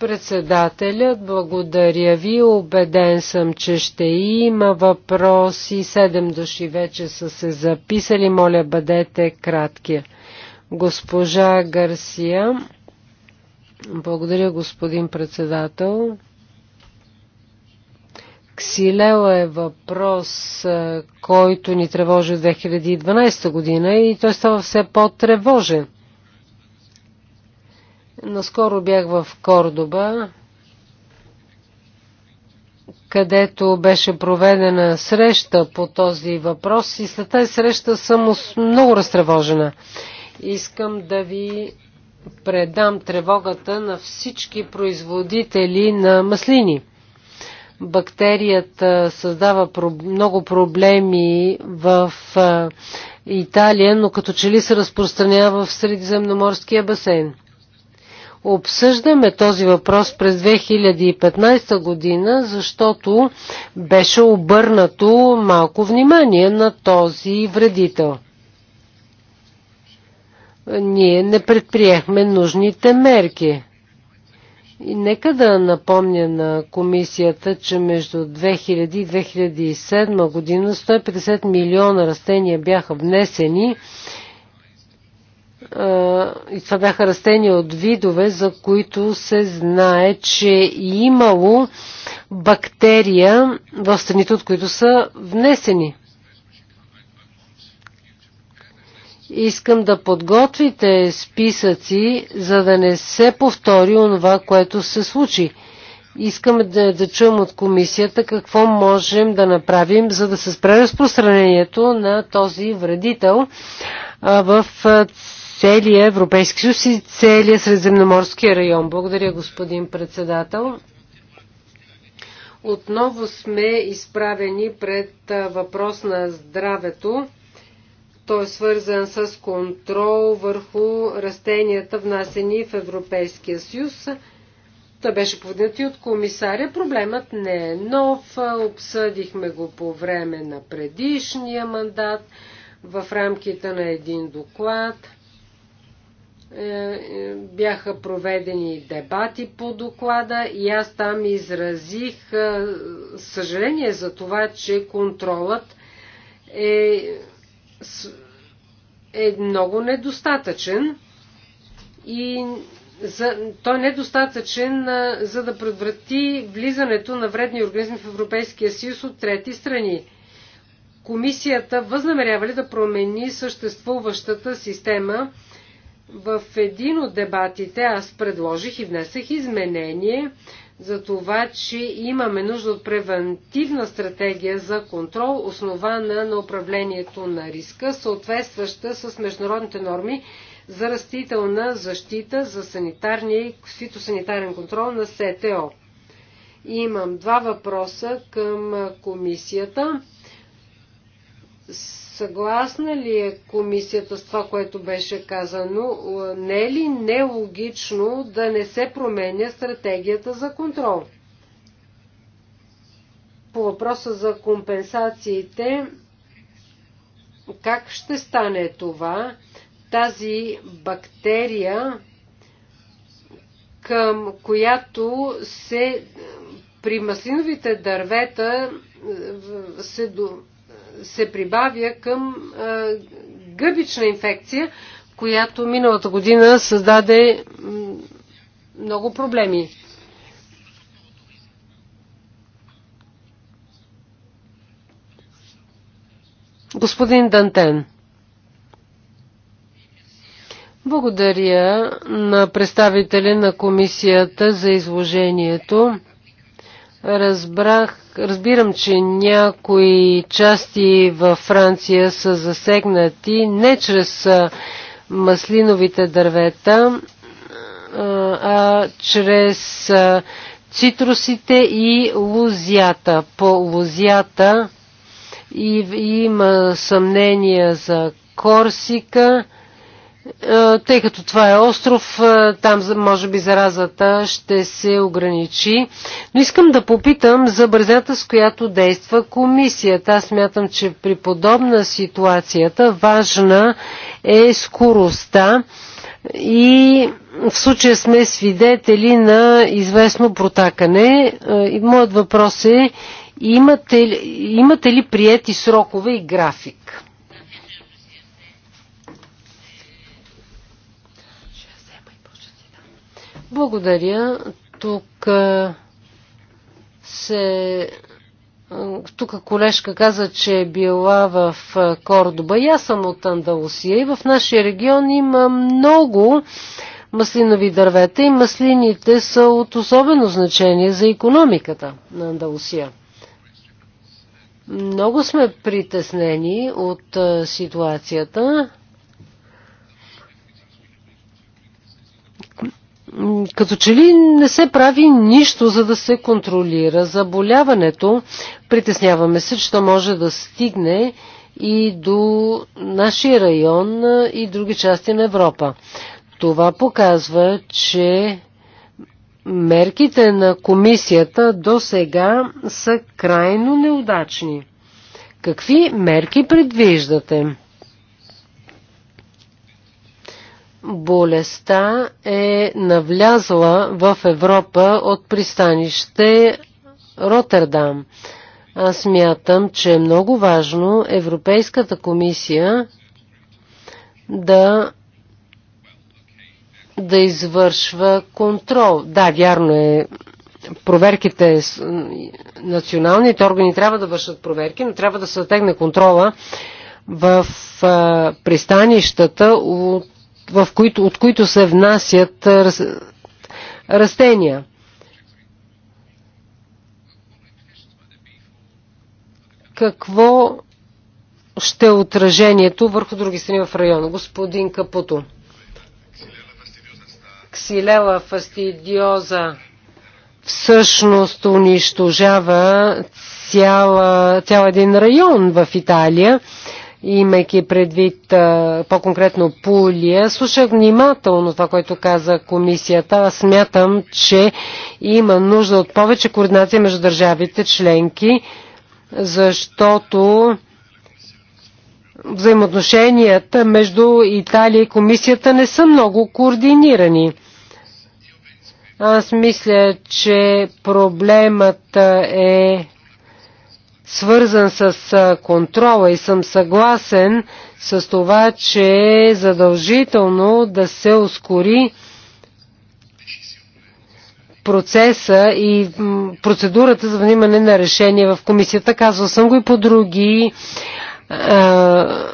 Председателят, благодаря ви. Обеден съм, че ще има въпроси. Седем души вече са се записали. Моля, бъдете кратки. Госпожа Гарсия. Благодаря, господин председател. Ксилела е въпрос, който ни тревожи от 2012 година и той става все по-тревожен. Наскоро бях в Кордоба, където беше проведена среща по този въпрос и след тази среща съм много разтревожена. Искам да ви предам тревогата на всички производители на маслини – Бактерията създава много проблеми в Италия, но като че ли се разпространява в Средиземноморския басейн. Обсъждаме този въпрос през 2015 година, защото беше обърнато малко внимание на този вредител. Ние не предприехме нужните мерки. И нека да напомня на комисията, че между 2000 и 2007 година 150 милиона растения бяха внесени и това бяха растения от видове, за които се знае, че е имало бактерия в страните, от които са внесени. Искам да подготвите списъци, за да не се повтори онова, което се случи. Искаме да, да чуем от комисията какво можем да направим, за да се спре разпространението на този вредител а, в целия Европейски съюз и целия Средземноморски район. Благодаря, господин председател. Отново сме изправени пред въпрос на здравето той е свързан с контрол върху растенията, внасени в Европейския съюз. Той беше повдигнат и от комисаря. Проблемът не е нов. Обсъдихме го по време на предишния мандат в рамките на един доклад. Е, е, бяха проведени дебати по доклада и аз там изразих е, съжаление за това, че контролът е е много недостатъчен и за, той е недостатъчен а, за да предврати влизането на вредни организми в Европейския съюз от трети страни. Комисията възнамерява ли да промени съществуващата система? В един от дебатите аз предложих и внесех изменение за това, че имаме нужда от превентивна стратегия за контрол, основана на управлението на риска, съответстваща с международните норми за растителна защита за санитарния и фитосанитарен контрол на СТО. Имам два въпроса към комисията Съгласна ли е комисията с това, което беше казано? Не е ли нелогично да не се променя стратегията за контрол? По въпроса за компенсациите, как ще стане това? Тази бактерия, към която се при маслиновите дървета се се прибавя към гъбична инфекция, която миналата година създаде много проблеми. Господин Дантен. Благодаря на представителя на комисията за изложението. Разбрах Разбирам, че някои части във Франция са засегнати не чрез маслиновите дървета, а чрез цитрусите и лузята. По лузята има съмнения за Корсика е, тъй като това е остров, е, там може би заразата ще се ограничи. Но искам да попитам за бързината, с която действа комисията. Аз смятам, че при подобна ситуацията важна е скоростта и в случая сме свидетели на известно протакане. Е, моят въпрос е, имате, имате ли приети срокове и график? Благодаря. Тук се тук колежка каза, че е била в Кордоба. И аз съм от Андалусия и в нашия регион има много маслинови дървета и маслините са от особено значение за економиката на Андалусия. Много сме притеснени от ситуацията. като че ли не се прави нищо, за да се контролира заболяването. Притесняваме се, че то може да стигне и до нашия район и други части на Европа. Това показва, че мерките на комисията до сега са крайно неудачни. Какви мерки предвиждате? Болестта е навлязла в Европа от пристанище Роттердам. Аз мятам, че е много важно Европейската комисия да да извършва контрол. Да, вярно е, проверките, националните органи трябва да вършат проверки, но трябва да се отегне контрола в пристанищата от в които, от които се внасят растения. Какво ще е отражението върху други страни в района? Господин Капуто. Ксилела фастидиоза всъщност унищожава цяла, цял един район в Италия имайки предвид по-конкретно Пулия. Слушах внимателно това, което каза комисията. Аз смятам, че има нужда от повече координация между държавите членки, защото взаимоотношенията между Италия и комисията не са много координирани. Аз мисля, че проблемът е свързан с контрола и съм съгласен с това, че е задължително да се ускори процеса и процедурата за внимане на решение в комисията. Казвал съм го и по други а,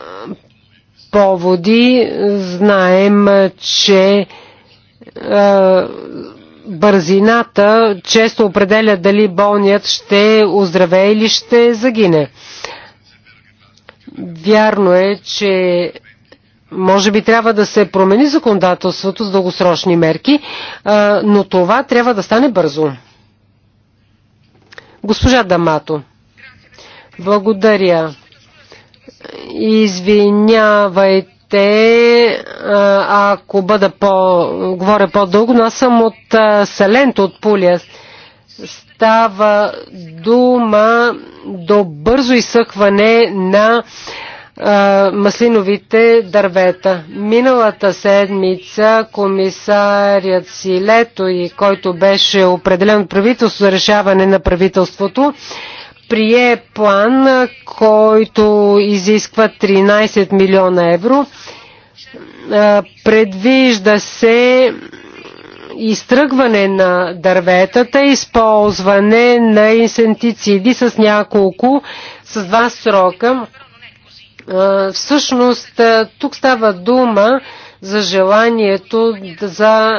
поводи. Знаем, че а, бързината често определя дали болният ще оздравее или ще загине. Вярно е, че може би трябва да се промени законодателството с дългосрочни мерки, но това трябва да стане бързо. Госпожа Дамато, благодаря. Извинявайте ще, ако бъда по, говоря по-дълго, но аз съм от Селент, от Пулия. Става дума до бързо изсъхване на маслиновите дървета. Миналата седмица комисарят Силето, и който беше определен от правителство за решаване на правителството, прие план, който изисква 13 милиона евро. Предвижда се изтръгване на дърветата, използване на инсентициди с няколко, с два срока. Всъщност, тук става дума за желанието за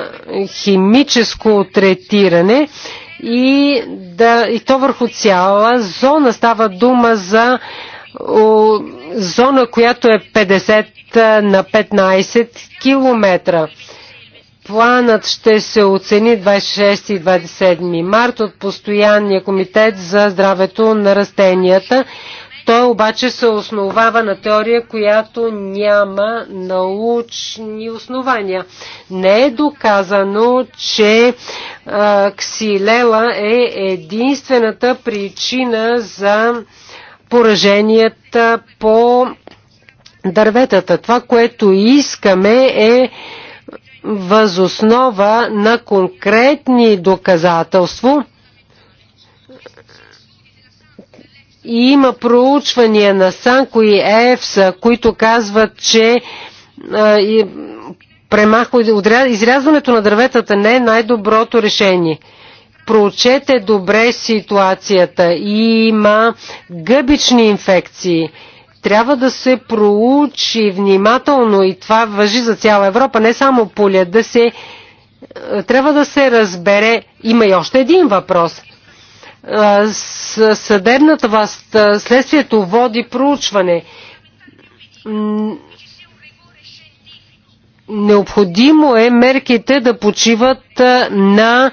химическо третиране и, да, и то върху цяла зона. Става дума за о, зона, която е 50 на 15 километра. Планът ще се оцени 26 и 27 март от Постоянния комитет за здравето на растенията. Той обаче се основава на теория, която няма научни основания. Не е доказано, че а, ксилела е единствената причина за пораженията по дърветата. Това, което искаме е възоснова на конкретни доказателства И има проучвания на Санко и ЕФСА, които казват, че изрязването на дърветата не е най-доброто решение. Проучете добре ситуацията. Има гъбични инфекции. Трябва да се проучи внимателно и това въжи за цяла Европа, не само поля, да се трябва да се разбере. Има и още един въпрос – съдебната власт, следствието води проучване. Необходимо е мерките да почиват на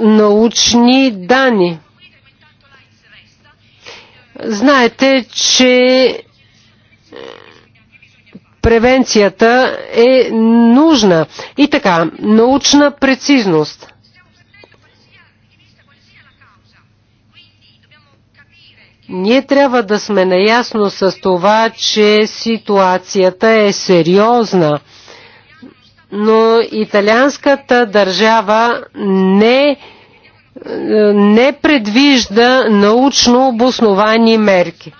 научни данни. Знаете, че превенцията е нужна. И така, научна прецизност. Ние трябва да сме наясно с това, че ситуацията е сериозна, но италианската държава не, не предвижда научно обосновани мерки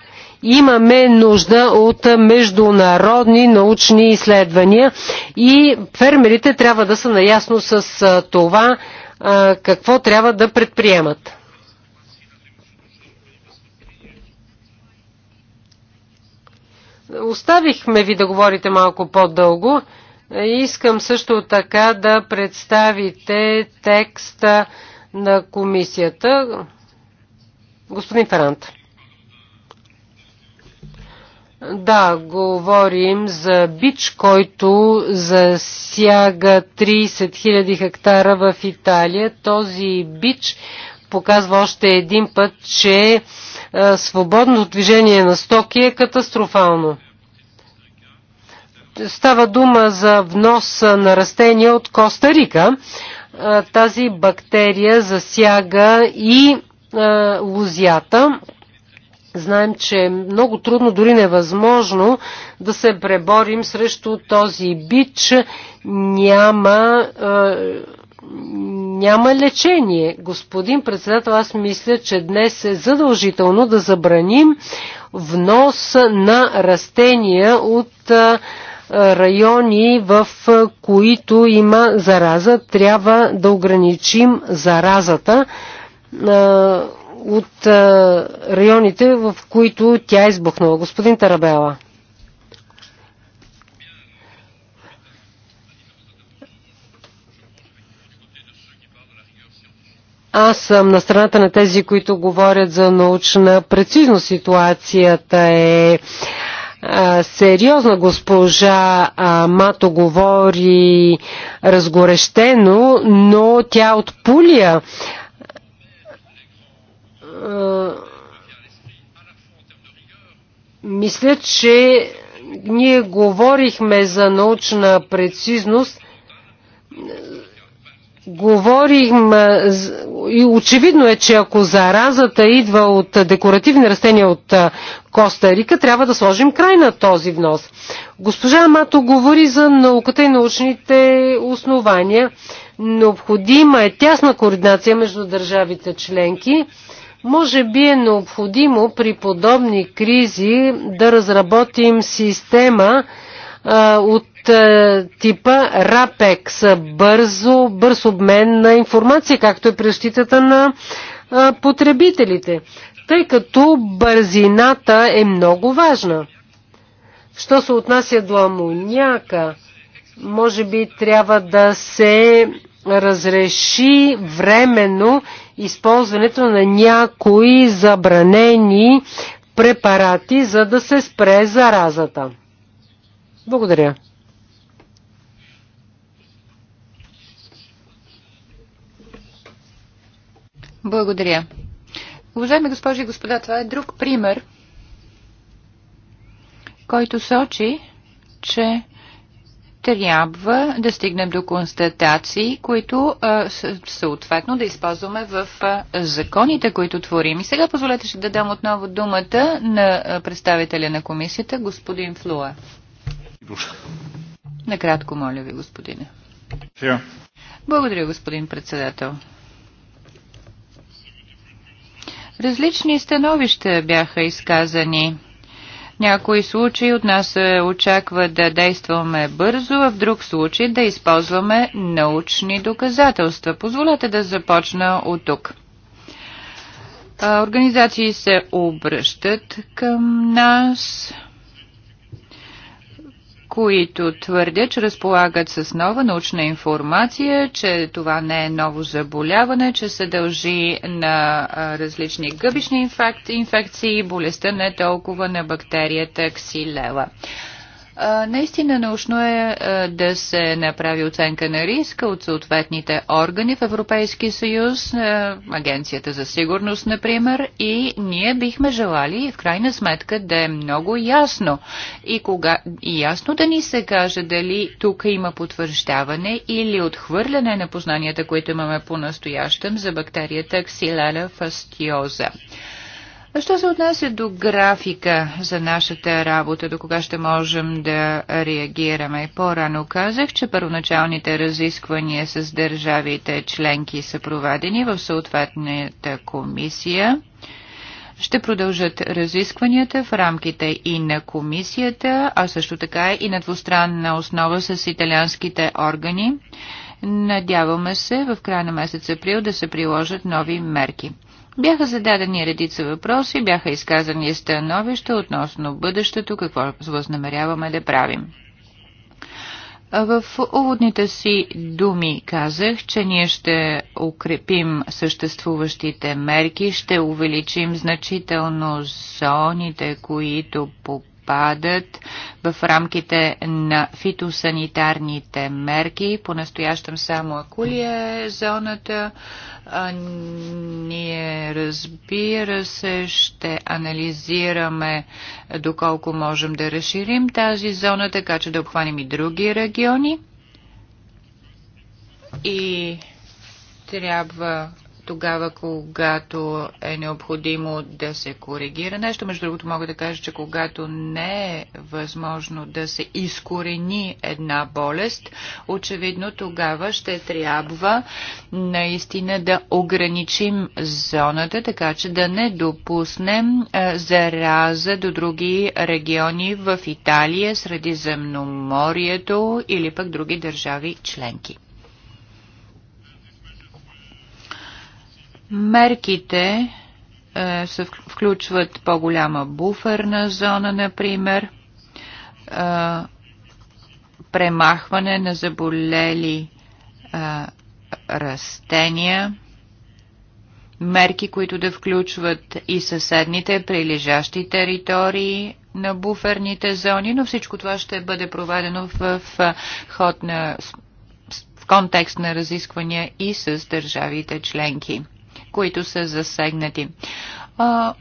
имаме нужда от международни научни изследвания и фермерите трябва да са наясно с това какво трябва да предприемат. Оставихме ви да говорите малко по-дълго. Искам също така да представите текста на комисията. Господин Ферант. Да, говорим за бич, който засяга 30 000 хектара в Италия. Този бич показва още един път, че е, свободно движение на стоки е катастрофално. Става дума за внос на растения от Коста Рика. Е, тази бактерия засяга и е, лузята. Знаем, че е много трудно, дори невъзможно да се преборим срещу този бич. Няма няма лечение. Господин председател, аз мисля, че днес е задължително да забраним внос на растения от райони, в които има зараза. Трябва да ограничим заразата от районите, в които тя е избухнала. Господин Тарабела. Аз съм на страната на тези, които говорят за научна прецизност. Ситуацията е сериозна госпожа Мато говори разгорещено, но тя от пуля мисля, че ние говорихме за научна прецизност Говорим и очевидно е, че ако заразата идва от декоративни растения от Коста Рика, трябва да сложим край на този внос. Госпожа Мато говори за науката и научните основания. Необходима е тясна координация между държавите членки. Може би е необходимо при подобни кризи да разработим система, от е, типа са бързо, бърз обмен на информация, както е при защитата на потребителите, тъй като бързината е много важна. Що се отнася до амоняка, може би трябва да се разреши временно използването на някои забранени препарати, за да се спре заразата. Благодаря. Благодаря. Уважаеми госпожи и господа, това е друг пример, който сочи, че трябва да стигнем до констатации, които съответно да използваме в законите, които творим. И сега позволете ще да дам отново думата на представителя на комисията, господин Флуа. Накратко, моля ви, господине. Yeah. Благодаря, господин председател. Различни становища бяха изказани. Някои случаи от нас очаква да действаме бързо, а в друг случай да използваме научни доказателства. Позволете да започна от тук. Организации се обръщат към нас които твърдят, че разполагат с нова научна информация, че това не е ново заболяване, че се дължи на различни гъбични инфекции, болестта не е толкова на бактерията ксилела. Наистина научно е да се направи оценка на риска от съответните органи в Европейския съюз, Агенцията за сигурност, например, и ние бихме желали в крайна сметка да е много ясно и, кога, и ясно да ни се каже дали тук има потвърждаване или отхвърляне на познанията, които имаме по-настоящем за бактерията ксилера фастиоза. Що се отнася до графика за нашата работа, до кога ще можем да реагираме? По-рано казах, че първоначалните разисквания с държавите членки са проведени в съответната комисия. Ще продължат разискванията в рамките и на комисията, а също така и на двустранна основа с италианските органи. Надяваме се в края на месец април да се приложат нови мерки. Бяха зададени редица въпроси, бяха изказани становища относно бъдещето, какво възнамеряваме да правим. В уводните си думи казах, че ние ще укрепим съществуващите мерки, ще увеличим значително зоните, които по попадат в рамките на фитосанитарните мерки. По-настоящем само Акулия е зоната. А, ние, разбира се, ще анализираме доколко можем да разширим тази зона, така че да обхванем и други региони. И трябва тогава, когато е необходимо да се коригира нещо. Между другото, мога да кажа, че когато не е възможно да се изкорени една болест, очевидно тогава ще трябва наистина да ограничим зоната, така че да не допуснем зараза до други региони в Италия, Средиземноморието или пък други държави членки. Мерките е, се включват по-голяма буферна зона, например, е, премахване на заболели е, растения, мерки, които да включват и съседните прилежащи територии на буферните зони, но всичко това ще бъде проведено в, в е, ход на в контекст на разисквания и с държавите членки които са засегнати. А,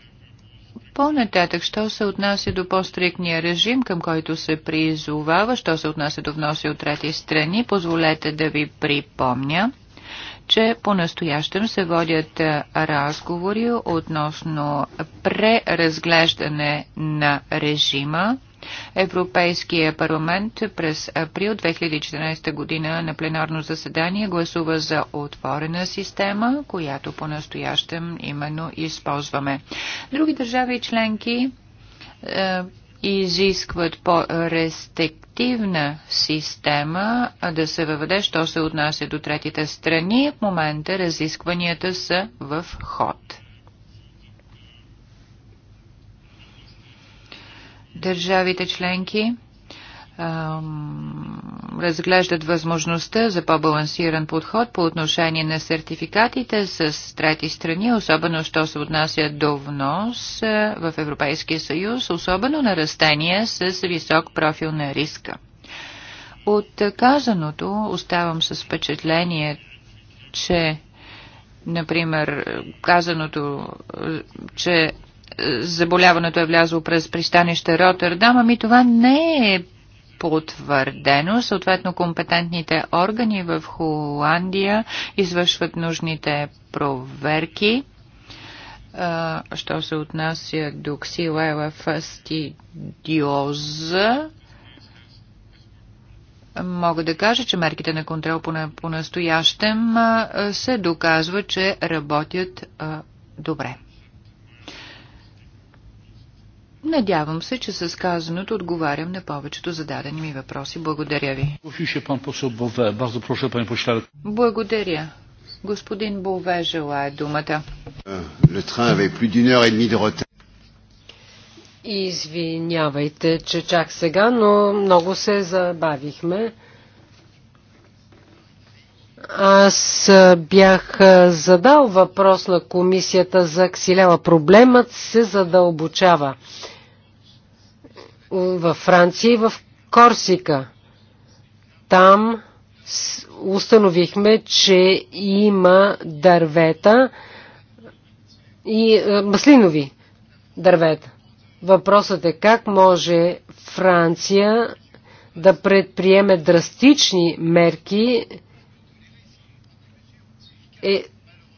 по-нататък, що се отнася до по-стрикния режим, към който се призовава, що се отнася до вноси от трети страни, позволете да ви припомня, че по-настоящем се водят разговори относно преразглеждане на режима Европейския парламент през април 2014 година на пленарно заседание гласува за отворена система, която по-настоящем именно използваме. Други държави и членки е, изискват по-рестриктивна система да се въведе, що се отнася до третите страни. В момента разискванията са в ход. държавите членки разглеждат възможността за по-балансиран подход по отношение на сертификатите с трети страни, особено що се отнася до внос в Европейския съюз, особено на растения с висок профил на риска. От казаното оставам с впечатление, че например казаното, че заболяването е влязло през пристанище Роттердам, ами това не е потвърдено. Съответно, компетентните органи в Холандия извършват нужните проверки. Що се отнася до ксилела фастидиоза, е мога да кажа, че мерките на контрол по-настоящем се доказва, че работят добре. Надявам се, че с казаното отговарям на повечето зададени ми въпроси. Благодаря ви. Благодаря. Господин Бове желая думата. Извинявайте, че чак сега, но много се забавихме. Аз бях задал въпрос на комисията за ксиляма. Проблемът се задълбочава във Франция и в Корсика. Там установихме, че има дървета и маслинови дървета. Въпросът е как може Франция да предприеме драстични мерки е,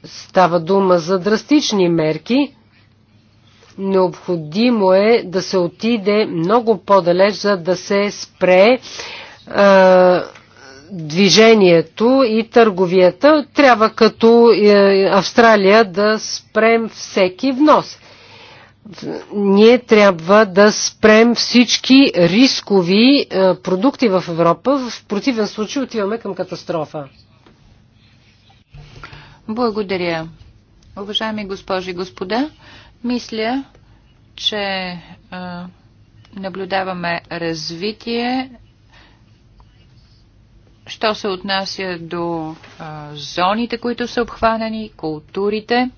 става дума за драстични мерки. Необходимо е да се отиде много по-далеч, за да се спре е, движението и търговията. Трябва като е, Австралия да спрем всеки внос. Ние трябва да спрем всички рискови е, продукти в Европа. В противен случай отиваме към катастрофа. Благодаря. Уважаеми госпожи и господа, мисля, че а, наблюдаваме развитие. Що се отнася до а, зоните, които са обхванани, културите,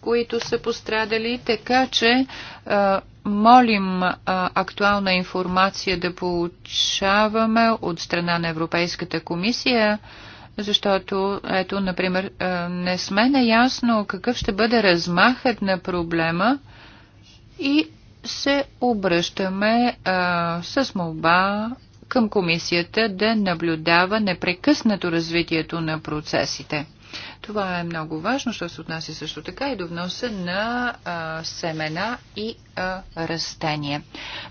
които са пострадали, така че а, молим а, актуална информация да получаваме от страна на Европейската комисия защото, ето, например, не сме наясно какъв ще бъде размахът на проблема и се обръщаме а, с молба към комисията да наблюдава непрекъснато развитието на процесите. Това е много важно, що се отнася също така и до вноса на а, семена и а, растения.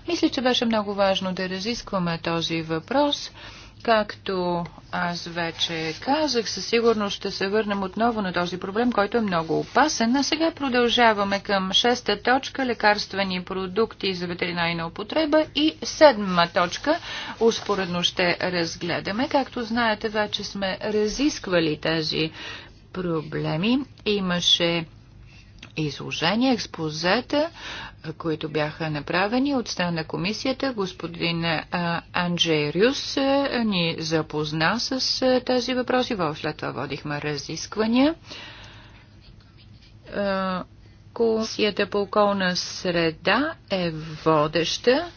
Мисля, че беше много важно да разискваме този въпрос. Както аз вече казах, със сигурност ще се върнем отново на този проблем, който е много опасен. А сега продължаваме към шеста точка – лекарствени продукти за ветеринарна употреба и седма точка – успоредно ще разгледаме. Както знаете, вече сме разисквали тези проблеми. Имаше изложения, експозета, които бяха направени от страна на комисията. Господин Анджей Рюс ни запозна с тези въпроси. След това водихме разисквания. Комисията по околна среда е водеща,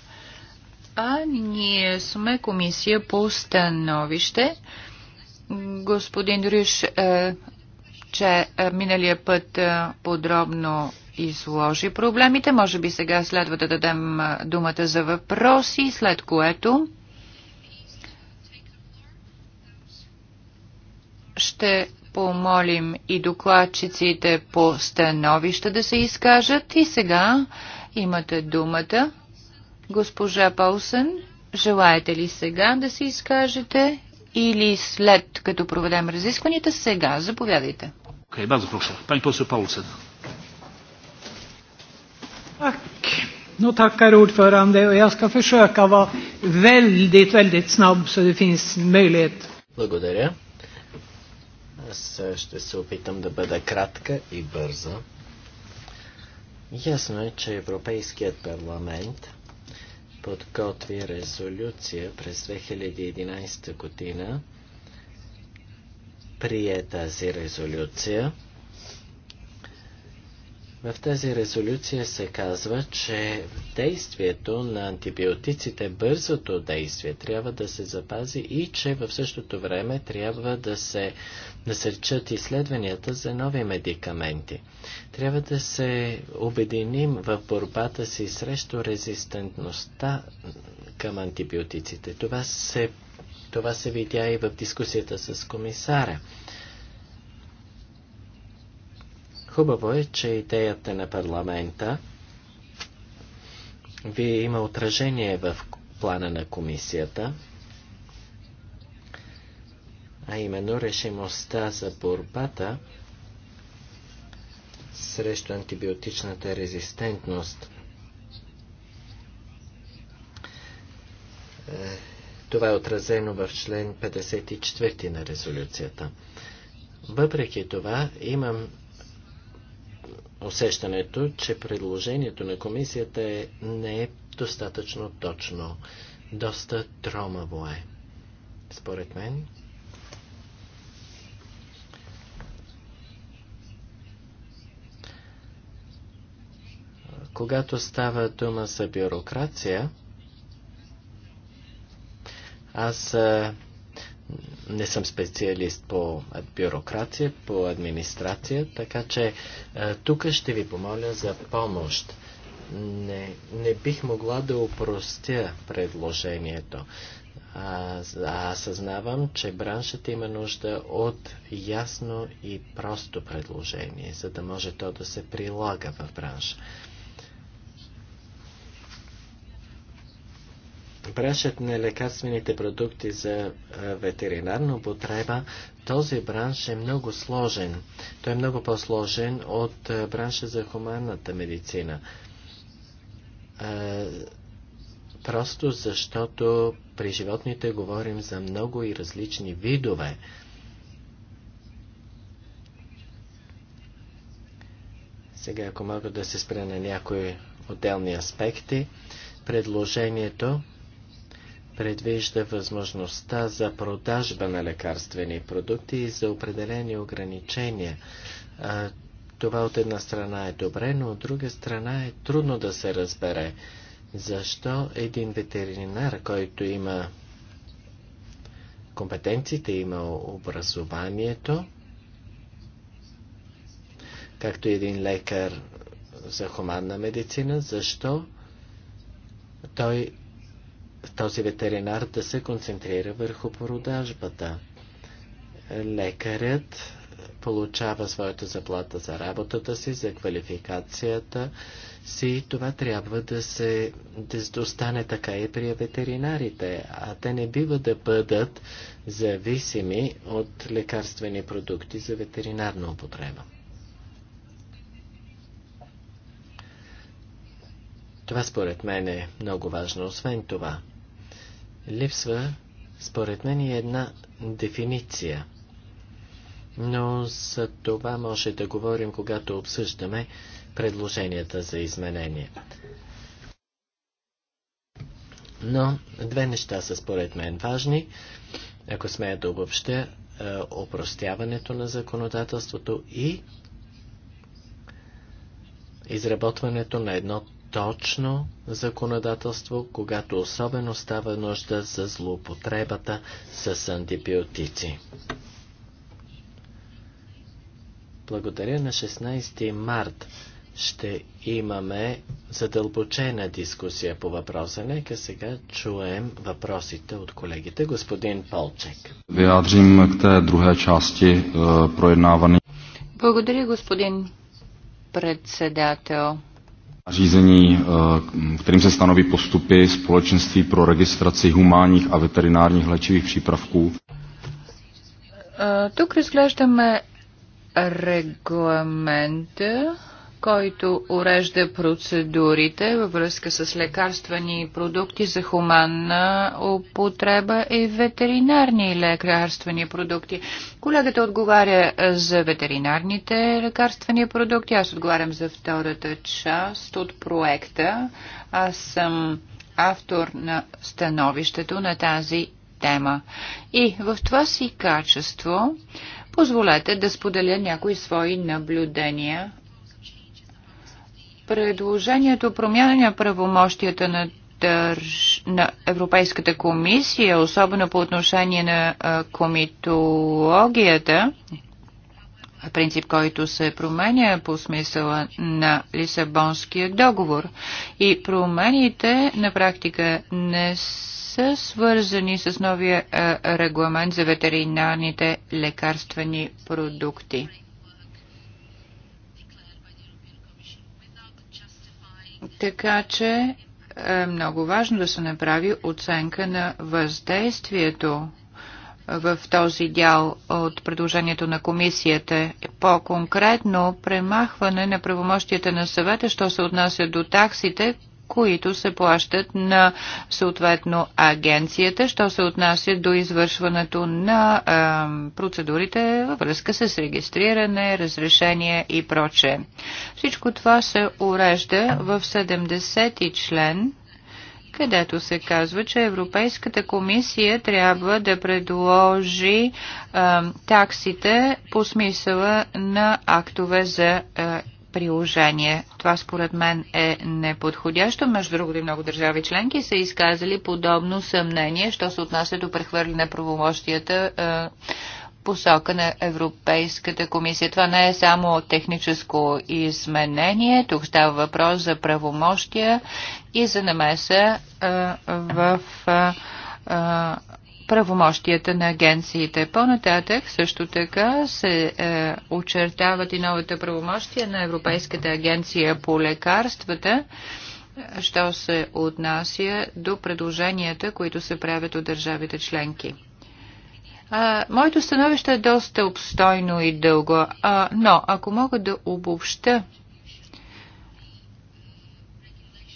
а ние сме комисия по становище. Господин Рюш е че е, миналия път е, подробно изложи проблемите. Може би сега следва да дадем е, думата за въпроси, след което ще помолим и докладчиците по становища да се изкажат. И сега имате думата. Госпожа Паусен, желаете ли сега да се изкажете? или след като проведем разискванията? Сега, заповядайте. Окей, okay, bardzo proszę. Pani poseł Paulsen. Tack. No, tackar ордфъранде, и аз ska försöka ва väldigt, väldigt snabb så det finns möjlighet. Благодаря. Аз ще се опитам да бъда кратка и бърза. Ясно е, че Европейският парламент подготви резолюция през 2011 година. Прие тази резолюция. В тази резолюция се казва, че действието на антибиотиците, бързото действие трябва да се запази и че в същото време трябва да се насърчат изследванията за нови медикаменти. Трябва да се обединим в борбата си срещу резистентността към антибиотиците. Това се, това се видя и в дискусията с комисаря. Хубаво е, че идеята на парламента ви има отражение в плана на комисията а именно решимостта за борбата срещу антибиотичната резистентност. Е, това е отразено в член 54 на резолюцията. Въпреки това, имам усещането, че предложението на комисията е, не е достатъчно точно. Доста тромаво е. Според мен, Когато става дума за бюрокрация, аз не съм специалист по бюрокрация, по администрация, така че тук ще ви помоля за помощ. Не, не бих могла да упростя предложението. А, а съзнавам, че браншът има нужда от ясно и просто предложение, за да може то да се прилага в бранша. браншът на лекарствените продукти за ветеринарна употреба, този бранш е много сложен. Той е много по-сложен от бранша за хуманната медицина. Просто защото при животните говорим за много и различни видове. Сега, ако мога да се спра на някои отделни аспекти, предложението предвижда възможността за продажба на лекарствени продукти и за определени ограничения. Това от една страна е добре, но от друга страна е трудно да се разбере защо един ветеринар, който има компетенциите, има образованието, както един лекар за хуманна медицина, защо той този ветеринар да се концентрира върху продажбата. Лекарят получава своята заплата за работата си, за квалификацията си. Това трябва да се да остане така и при ветеринарите, а те не бива да бъдат зависими от лекарствени продукти за ветеринарна употреба. Това според мен е много важно. Освен това, Липсва, според мен, и една дефиниция. Но за това може да говорим, когато обсъждаме предложенията за изменение. Но две неща са според мен важни. Ако смея да обобщя, е, опростяването на законодателството и изработването на едно точно законодателство, когато особено става нужда за злоупотребата с антибиотици. Благодаря на 16 март ще имаме задълбочена дискусия по въпроса. Нека сега чуем въпросите от колегите. Господин Полчек. Eh, Благодаря, господин председател. Řízení, kterým se stanoví postupy společenství pro registraci humánních a veterinárních léčivých přípravků. Тук разглеждаме регламента който урежда процедурите във връзка с лекарствени продукти за хуманна употреба и ветеринарни лекарствени продукти. Колегата отговаря за ветеринарните лекарствени продукти, аз отговарям за втората част от проекта. Аз съм автор на становището на тази тема. И в това си качество Позволете да споделя някои свои наблюдения Предложението промяна правомощията на държ... на Европейската комисия, особено по отношение на комитологията, принцип, който се променя по смисъла на Лисабонския договор. И промените на практика не са свързани с новия регламент за ветеринарните лекарствени продукти. Така че е много важно да се направи оценка на въздействието в този дял от предложението на комисията. По-конкретно, премахване на правомощията на съвета, що се отнася до таксите, които се плащат на съответно агенцията, що се отнася до извършването на е, процедурите във връзка с регистриране, разрешение и прочее. Всичко това се урежда в 70 член където се казва, че Европейската комисия трябва да предложи е, таксите по смисъла на актове за е, приложение. Това според мен е неподходящо. Между другото и много държави членки са изказали подобно съмнение, що се отнася до прехвърляне правомощията е, посока на Европейската комисия. Това не е само техническо изменение, тук става въпрос за правомощия и за намеса е, в е, правомощията на агенциите. По-нататък също така се е, очертават и новите правомощия на Европейската агенция по лекарствата, що се отнася до предложенията, които се правят от държавите членки. А, моето становище е доста обстойно и дълго, а, но ако мога да обобща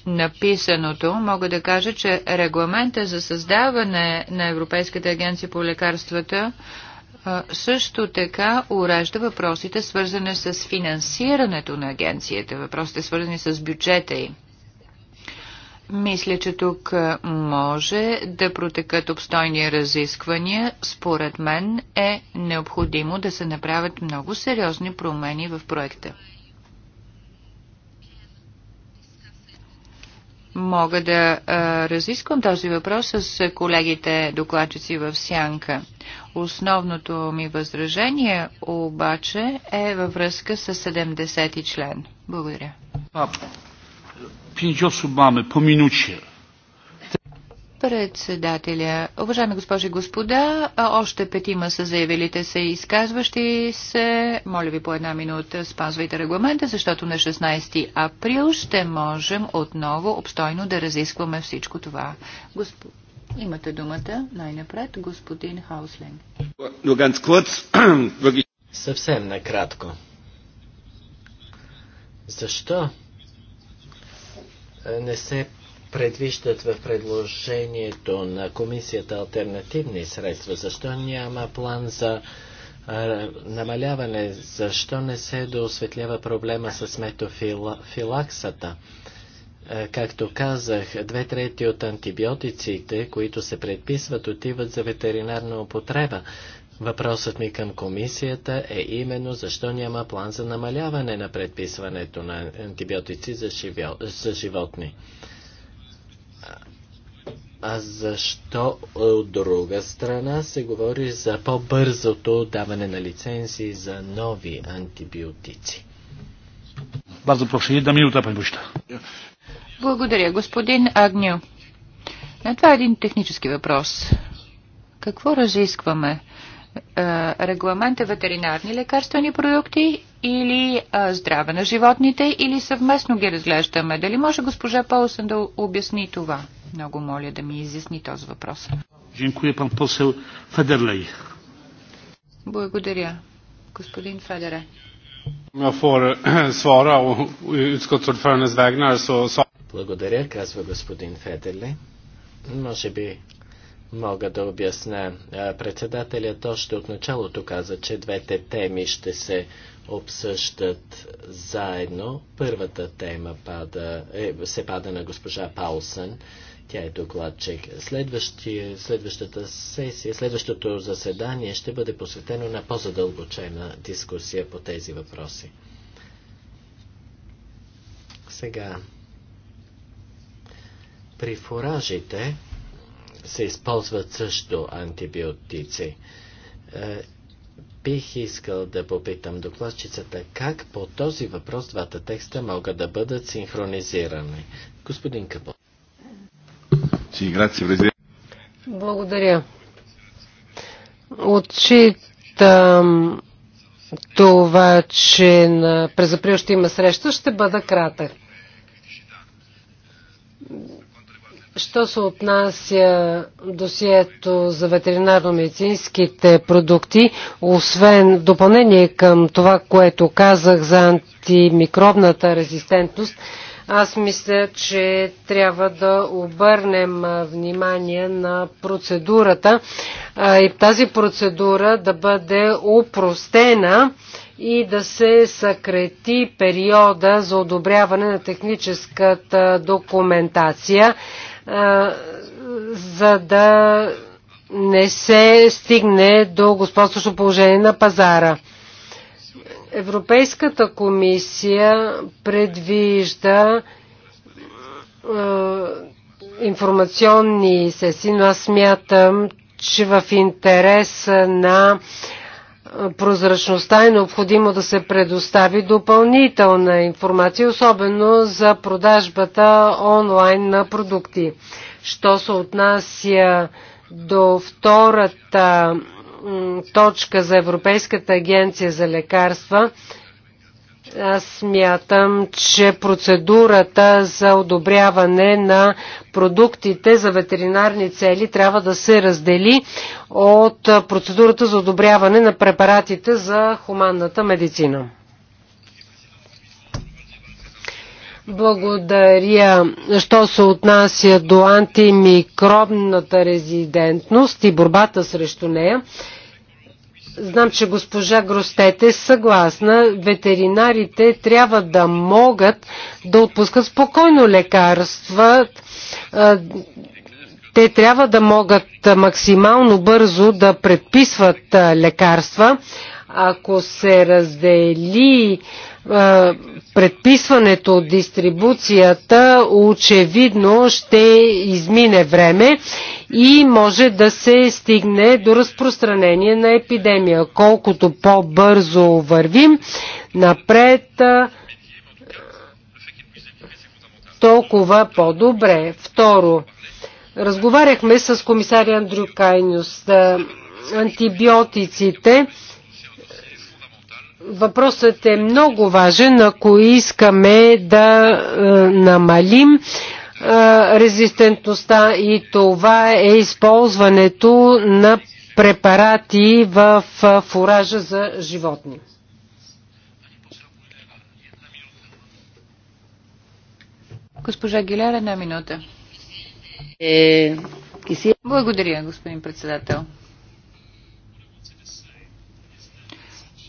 написаното, мога да кажа, че регламента за създаване на Европейската агенция по лекарствата също така урежда въпросите, свързани с финансирането на агенцията, въпросите, свързани с бюджета й. Мисля, че тук може да протекат обстойни разисквания. Според мен е необходимо да се направят много сериозни промени в проекта. мога да а, разисквам този въпрос с колегите докладчици в Сянка. Основното ми възражение обаче е във връзка с 70 ти член. Благодаря. Пинч маме по минуче. Председателя, уважаеми госпожи и господа, още петима са заявилите се изказващи се. Моля ви по една минута спазвайте регламента, защото на 16 април ще можем отново обстойно да разискваме всичко това. Госп... Имате думата най-напред, господин Хауслен. Съвсем накратко. Защо не се предвиждат в предложението на комисията альтернативни средства? Защо няма план за а, намаляване? Защо не се доосветлява проблема с метофилаксата? Както казах, две трети от антибиотиците, които се предписват, отиват за ветеринарна употреба. Въпросът ми към комисията е именно защо няма план за намаляване на предписването на антибиотици за, живо... за животни. А защо от друга страна се говори за по-бързото даване на лицензии за нови антибиотици? Бързо proszę, jedna минута pani Благодаря, господин Агню. А това е един технически въпрос. Какво разискваме? Е, регламента ветеринарни лекарствени продукти или е, здраве на животните, или съвместно ги разглеждаме? Дали може госпожа Паусен да обясни това? Много моля да ми изясни този въпрос. Благодаря, господин Федере. Eh, Благодаря, казва господин Федерле. Може би мога да обясня. Е, председателят още от началото каза, че двете теми ще се обсъждат заедно. Първата тема пада, е, се пада на госпожа Паусън. Тя е докладчик. следващата сесия, следващото заседание ще бъде посветено на по-задълбочена дискусия по тези въпроси. Сега, при фуражите се използват също антибиотици. Е, бих искал да попитам докладчицата как по този въпрос двата текста могат да бъдат синхронизирани. Господин Капо. Благодаря. Отчитам това, че на... през април ще има среща, ще бъда кратък. Що се отнася досието за ветеринарно-медицинските продукти, освен допълнение към това, което казах за антимикробната резистентност, аз мисля, че трябва да обърнем внимание на процедурата и тази процедура да бъде упростена и да се съкрети периода за одобряване на техническата документация, за да не се стигне до господстващо положение на пазара. Европейската комисия предвижда информационни сесии, но аз смятам, че в интерес на прозрачността е необходимо да се предостави допълнителна информация, особено за продажбата онлайн на продукти. Що се отнася до втората точка за Европейската агенция за лекарства, аз смятам, че процедурата за одобряване на продуктите за ветеринарни цели трябва да се раздели от процедурата за одобряване на препаратите за хуманната медицина. Благодаря. Що се отнася до антимикробната резидентност и борбата срещу нея, знам, че госпожа Гростет е съгласна. Ветеринарите трябва да могат да отпускат спокойно лекарства. Те трябва да могат максимално бързо да предписват лекарства. Ако се раздели е, предписването, дистрибуцията очевидно ще измине време и може да се стигне до разпространение на епидемия. Колкото по-бързо вървим напред, е, толкова по-добре. Второ, разговаряхме с комисария Андрю Кайнюс. Е, антибиотиците Въпросът е много важен, ако искаме да е, намалим е, резистентността и това е използването на препарати в е, фуража за животни. Госпожа Гиляр, една минута. Благодаря, господин председател.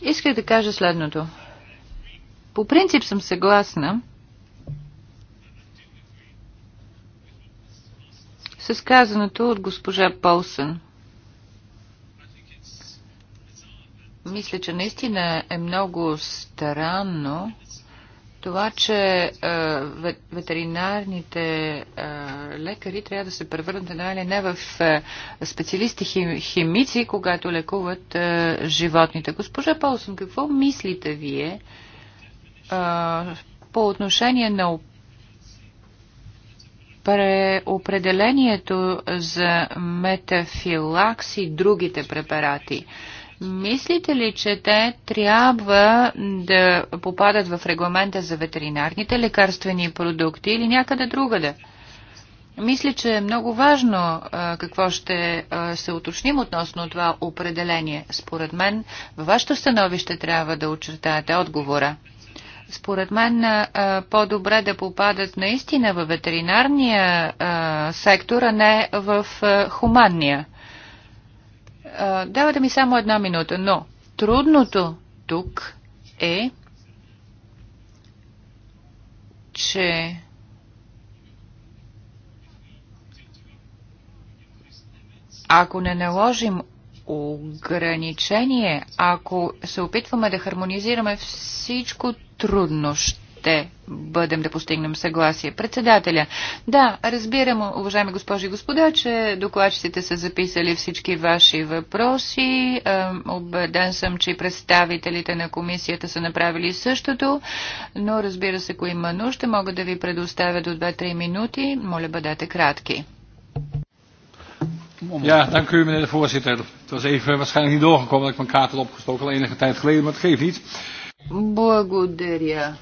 Исках да кажа следното. По принцип съм съгласна с казаното от госпожа Полсън. Мисля, че наистина е много странно, това, че е, ветеринарните е, лекари трябва да се превърнат една или не в е, специалисти химици, когато лекуват животните. Госпожа Полсон, какво мислите вие по отношение на преопределението за метафилакси и другите препарати? Мислите ли, че те трябва да попадат в регламента за ветеринарните лекарствени продукти или някъде другаде? Мисля, че е много важно какво ще се уточним относно това определение. Според мен, във вашето становище трябва да очертаете отговора. Според мен по-добре да попадат наистина във ветеринарния сектор, а не в хуманния. Давате ми само една минута, но трудното тук е, че ако не наложим ограничение, ако се опитваме да хармонизираме всичко трудно, ще бъдем да постигнем съгласие. Председателя, да, разбирам, уважаеми госпожи и господа, че докладчиците са записали всички ваши въпроси. Обеден съм, че представителите на комисията са направили същото, но разбира се, ако има нужда, мога да ви предоставя до 2-3 минути. Моля, бъдете кратки. Ja, dank u meneer de voorzitter. Het was even eh, waarschijnlijk niet doorgekomen dat ik mijn kaart had opgestoken al enige tijd geleden, maar het geeft niet. Благодаря.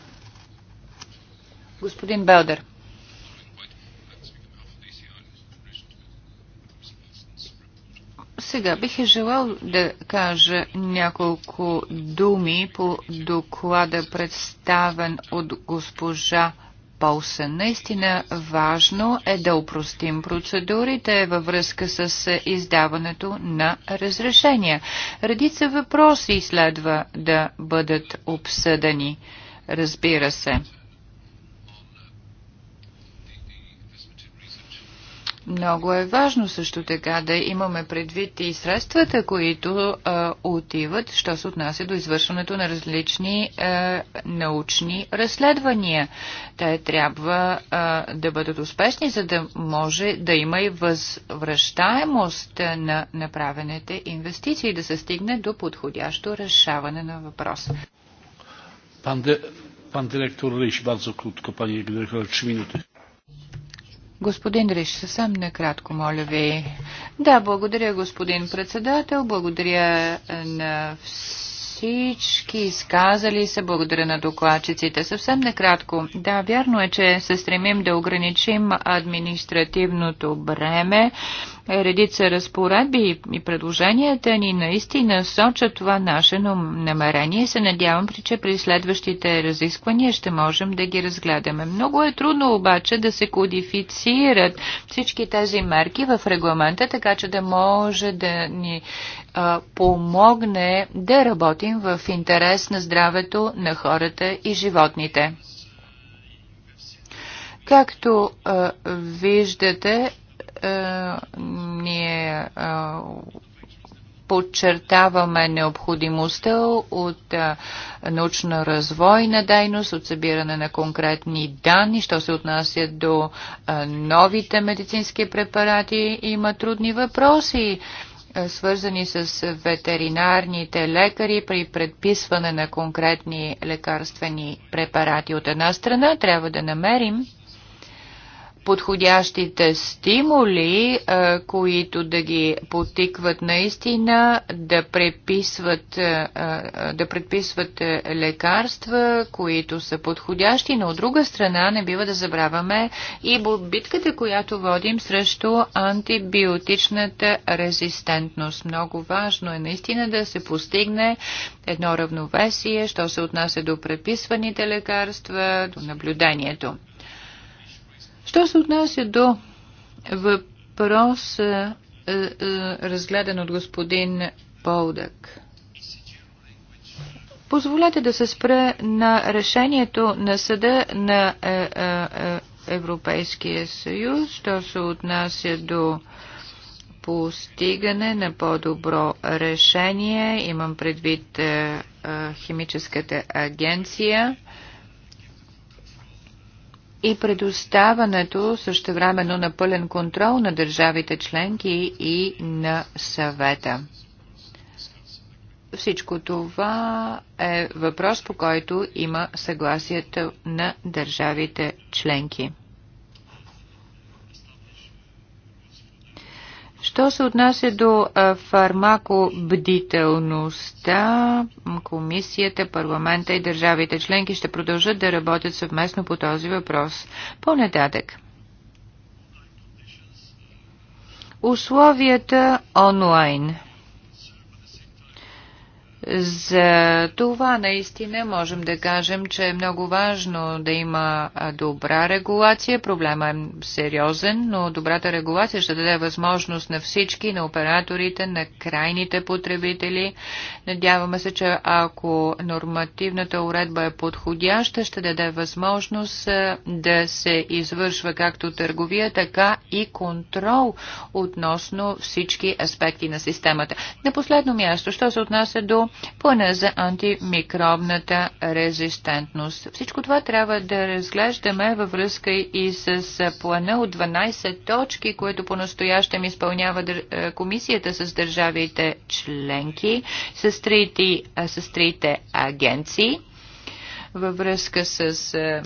Господин Белдер. Сега бих е желал да кажа няколко думи по доклада, представен от госпожа Полсън. Наистина важно е да упростим процедурите във връзка с издаването на разрешения. Редица въпроси следва да бъдат обсъдени, разбира се. Много е важно също така да имаме предвид и средствата, които а, отиват, що се отнася до извършването на различни а, научни разследвания. Те трябва а, да бъдат успешни, за да може да има и възвръщаемост на направените инвестиции, да се стигне до подходящо решаване на въпроса. Пан, де, пан директор Лиш, бързо кратко, пани директор, 3 минути. Господин Риш, съвсем накратко, моля ви. Да, благодаря, господин председател. Благодаря е, на всички изказали се. Благодаря на докладчиците. Съвсем накратко. Да, вярно е, че се стремим да ограничим административното бреме редица разпоредби и предложенията ни наистина сочат това наше намерение се надявам, че при следващите разисквания ще можем да ги разгледаме. Много е трудно обаче да се кодифицират всички тези мерки в регламента, така че да може да ни а, помогне да работим в интерес на здравето на хората и животните. Както а, виждате, е, ние е, подчертаваме необходимостта от е, научно-развойна дейност, от събиране на конкретни данни, що се отнася до новите медицински препарати. Има трудни въпроси свързани с ветеринарните лекари при предписване на конкретни лекарствени препарати. От една страна трябва да намерим подходящите стимули, които да ги потикват наистина да преписват, да предписват лекарства, които са подходящи, но от друга страна не бива да забравяме и битката, която водим срещу антибиотичната резистентност. Много важно е наистина да се постигне едно равновесие, що се отнася до преписваните лекарства, до наблюдението. Що се отнася до въпроса, е, е, разгледан от господин Полдък? Позволете да се спре на решението на съда на е, Европейския съюз, що се отнася до постигане на по-добро решение. Имам предвид химическата агенция и предоставането същевременно на пълен контрол на държавите членки и на съвета. Всичко това е въпрос, по който има съгласието на държавите членки. Що се отнася до фармакобдителността, комисията, парламента и държавите членки ще продължат да работят съвместно по този въпрос. По-нататък. Условията онлайн – за това наистина можем да кажем, че е много важно да има добра регулация. Проблема е сериозен, но добрата регулация ще даде възможност на всички, на операторите, на крайните потребители. Надяваме се, че ако нормативната уредба е подходяща, ще даде възможност да се извършва както търговия, така и контрол относно всички аспекти на системата. На последно място, що се отнася до плана за антимикробната резистентност. Всичко това трябва да разглеждаме във връзка и с плана от 12 точки, което по-настоящем изпълнява комисията с държавите членки, с трите агенции във връзка с е,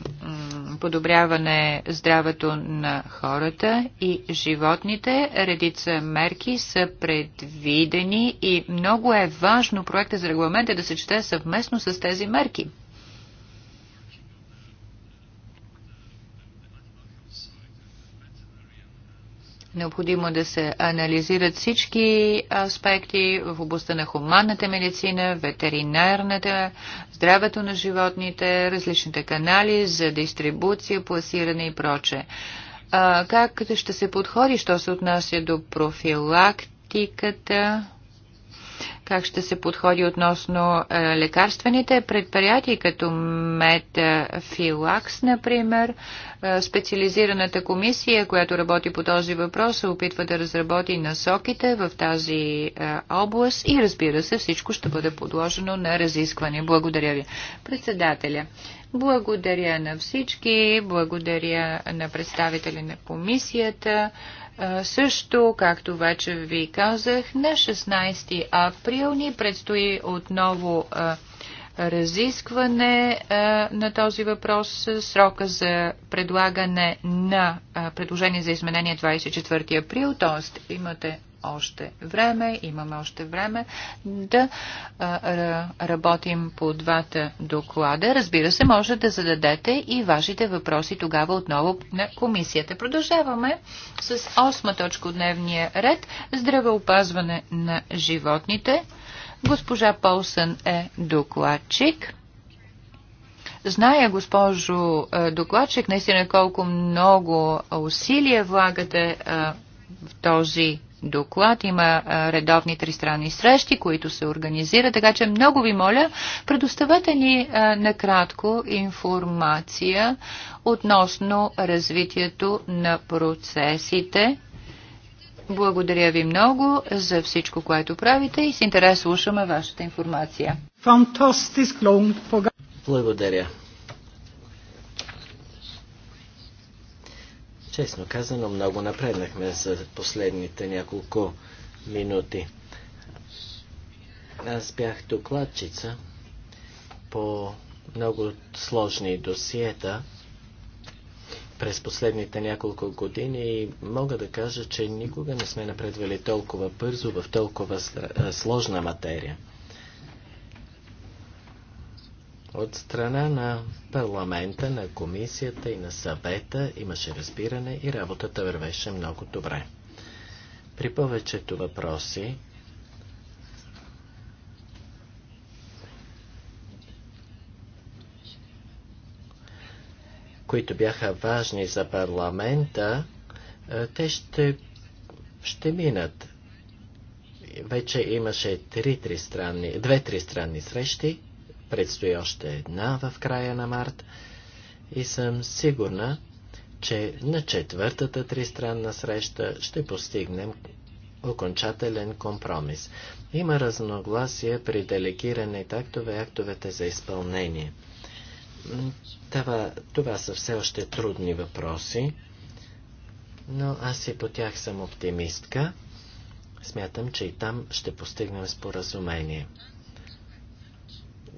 подобряване здравето на хората и животните. Редица мерки са предвидени и много е важно проекта за регламента да се чете съвместно с тези мерки. Необходимо е да се анализират всички аспекти в областта на хуманната медицина, ветеринарната, здравето на животните, различните канали за дистрибуция, пласиране и проче. Как ще се подходи, що се отнася до профилактиката? как ще се подходи относно е, лекарствените предприятия, като Метафилакс, например. Е, специализираната комисия, която работи по този въпрос, се опитва да разработи насоките в тази е, област и разбира се, всичко ще бъде подложено на разискване. Благодаря ви. Председателя, благодаря на всички, благодаря на представители на комисията. Също, както вече ви казах, на 16 април ни предстои отново разискване на този въпрос. Срока за предлагане на предложение за изменение 24 е април, т.е. имате още време, имаме още време да работим по двата доклада. Разбира се, може да зададете и вашите въпроси тогава отново на комисията. Продължаваме с осма точка от дневния ред – здравеопазване на животните. Госпожа Полсън е докладчик. Зная, госпожо докладчик, наистина колко много усилия влагате в този доклад, има редовни тристранни срещи, които се организират, така че много ви моля, предоставете ни накратко информация относно развитието на процесите. Благодаря ви много за всичко, което правите и с интерес слушаме вашата информация. Благодаря. Честно казано, много напреднахме за последните няколко минути. Аз бях докладчица по много сложни досиета през последните няколко години и мога да кажа, че никога не сме напредвали толкова бързо в толкова сложна материя. От страна на парламента, на комисията и на съвета имаше разбиране и работата вървеше много добре. При повечето въпроси които бяха важни за парламента, е, те ще, ще минат. Вече имаше две три странни, две срещи, предстои още една в края на март и съм сигурна, че на четвъртата тристранна среща ще постигнем окончателен компромис. Има разногласия при делегиране тактове и актовете за изпълнение. Това, това са все още трудни въпроси, но аз и по тях съм оптимистка. Смятам, че и там ще постигнем споразумение.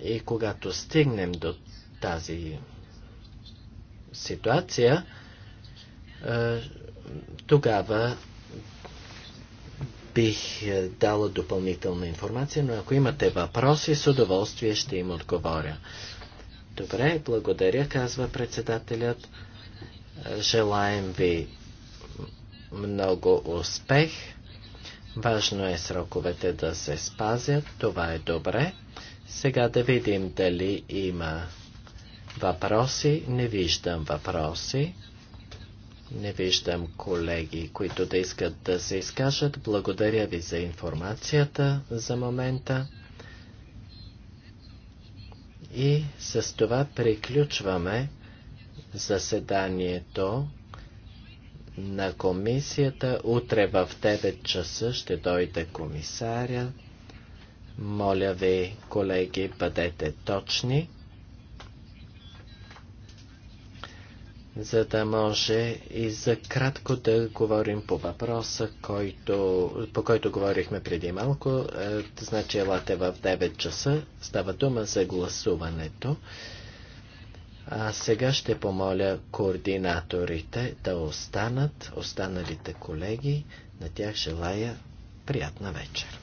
И когато стигнем до тази ситуация, е, тогава бих дала допълнителна информация, но ако имате въпроси, с удоволствие ще им отговоря. Добре, благодаря, казва председателят. Желаем ви много успех. Важно е сроковете да се спазят, това е добре. Сега да видим дали има въпроси. Не виждам въпроси. Не виждам колеги, които да искат да се изкажат. Благодаря ви за информацията за момента. И с това приключваме заседанието на комисията. Утре в 9 часа ще дойде комисаря. Моля ви, колеги, бъдете точни, за да може и за кратко да говорим по въпроса, който, по който говорихме преди малко. Е, значи, елате в 9 часа. Става дума за гласуването. А сега ще помоля координаторите да останат, останалите колеги, на тях желая приятна вечер.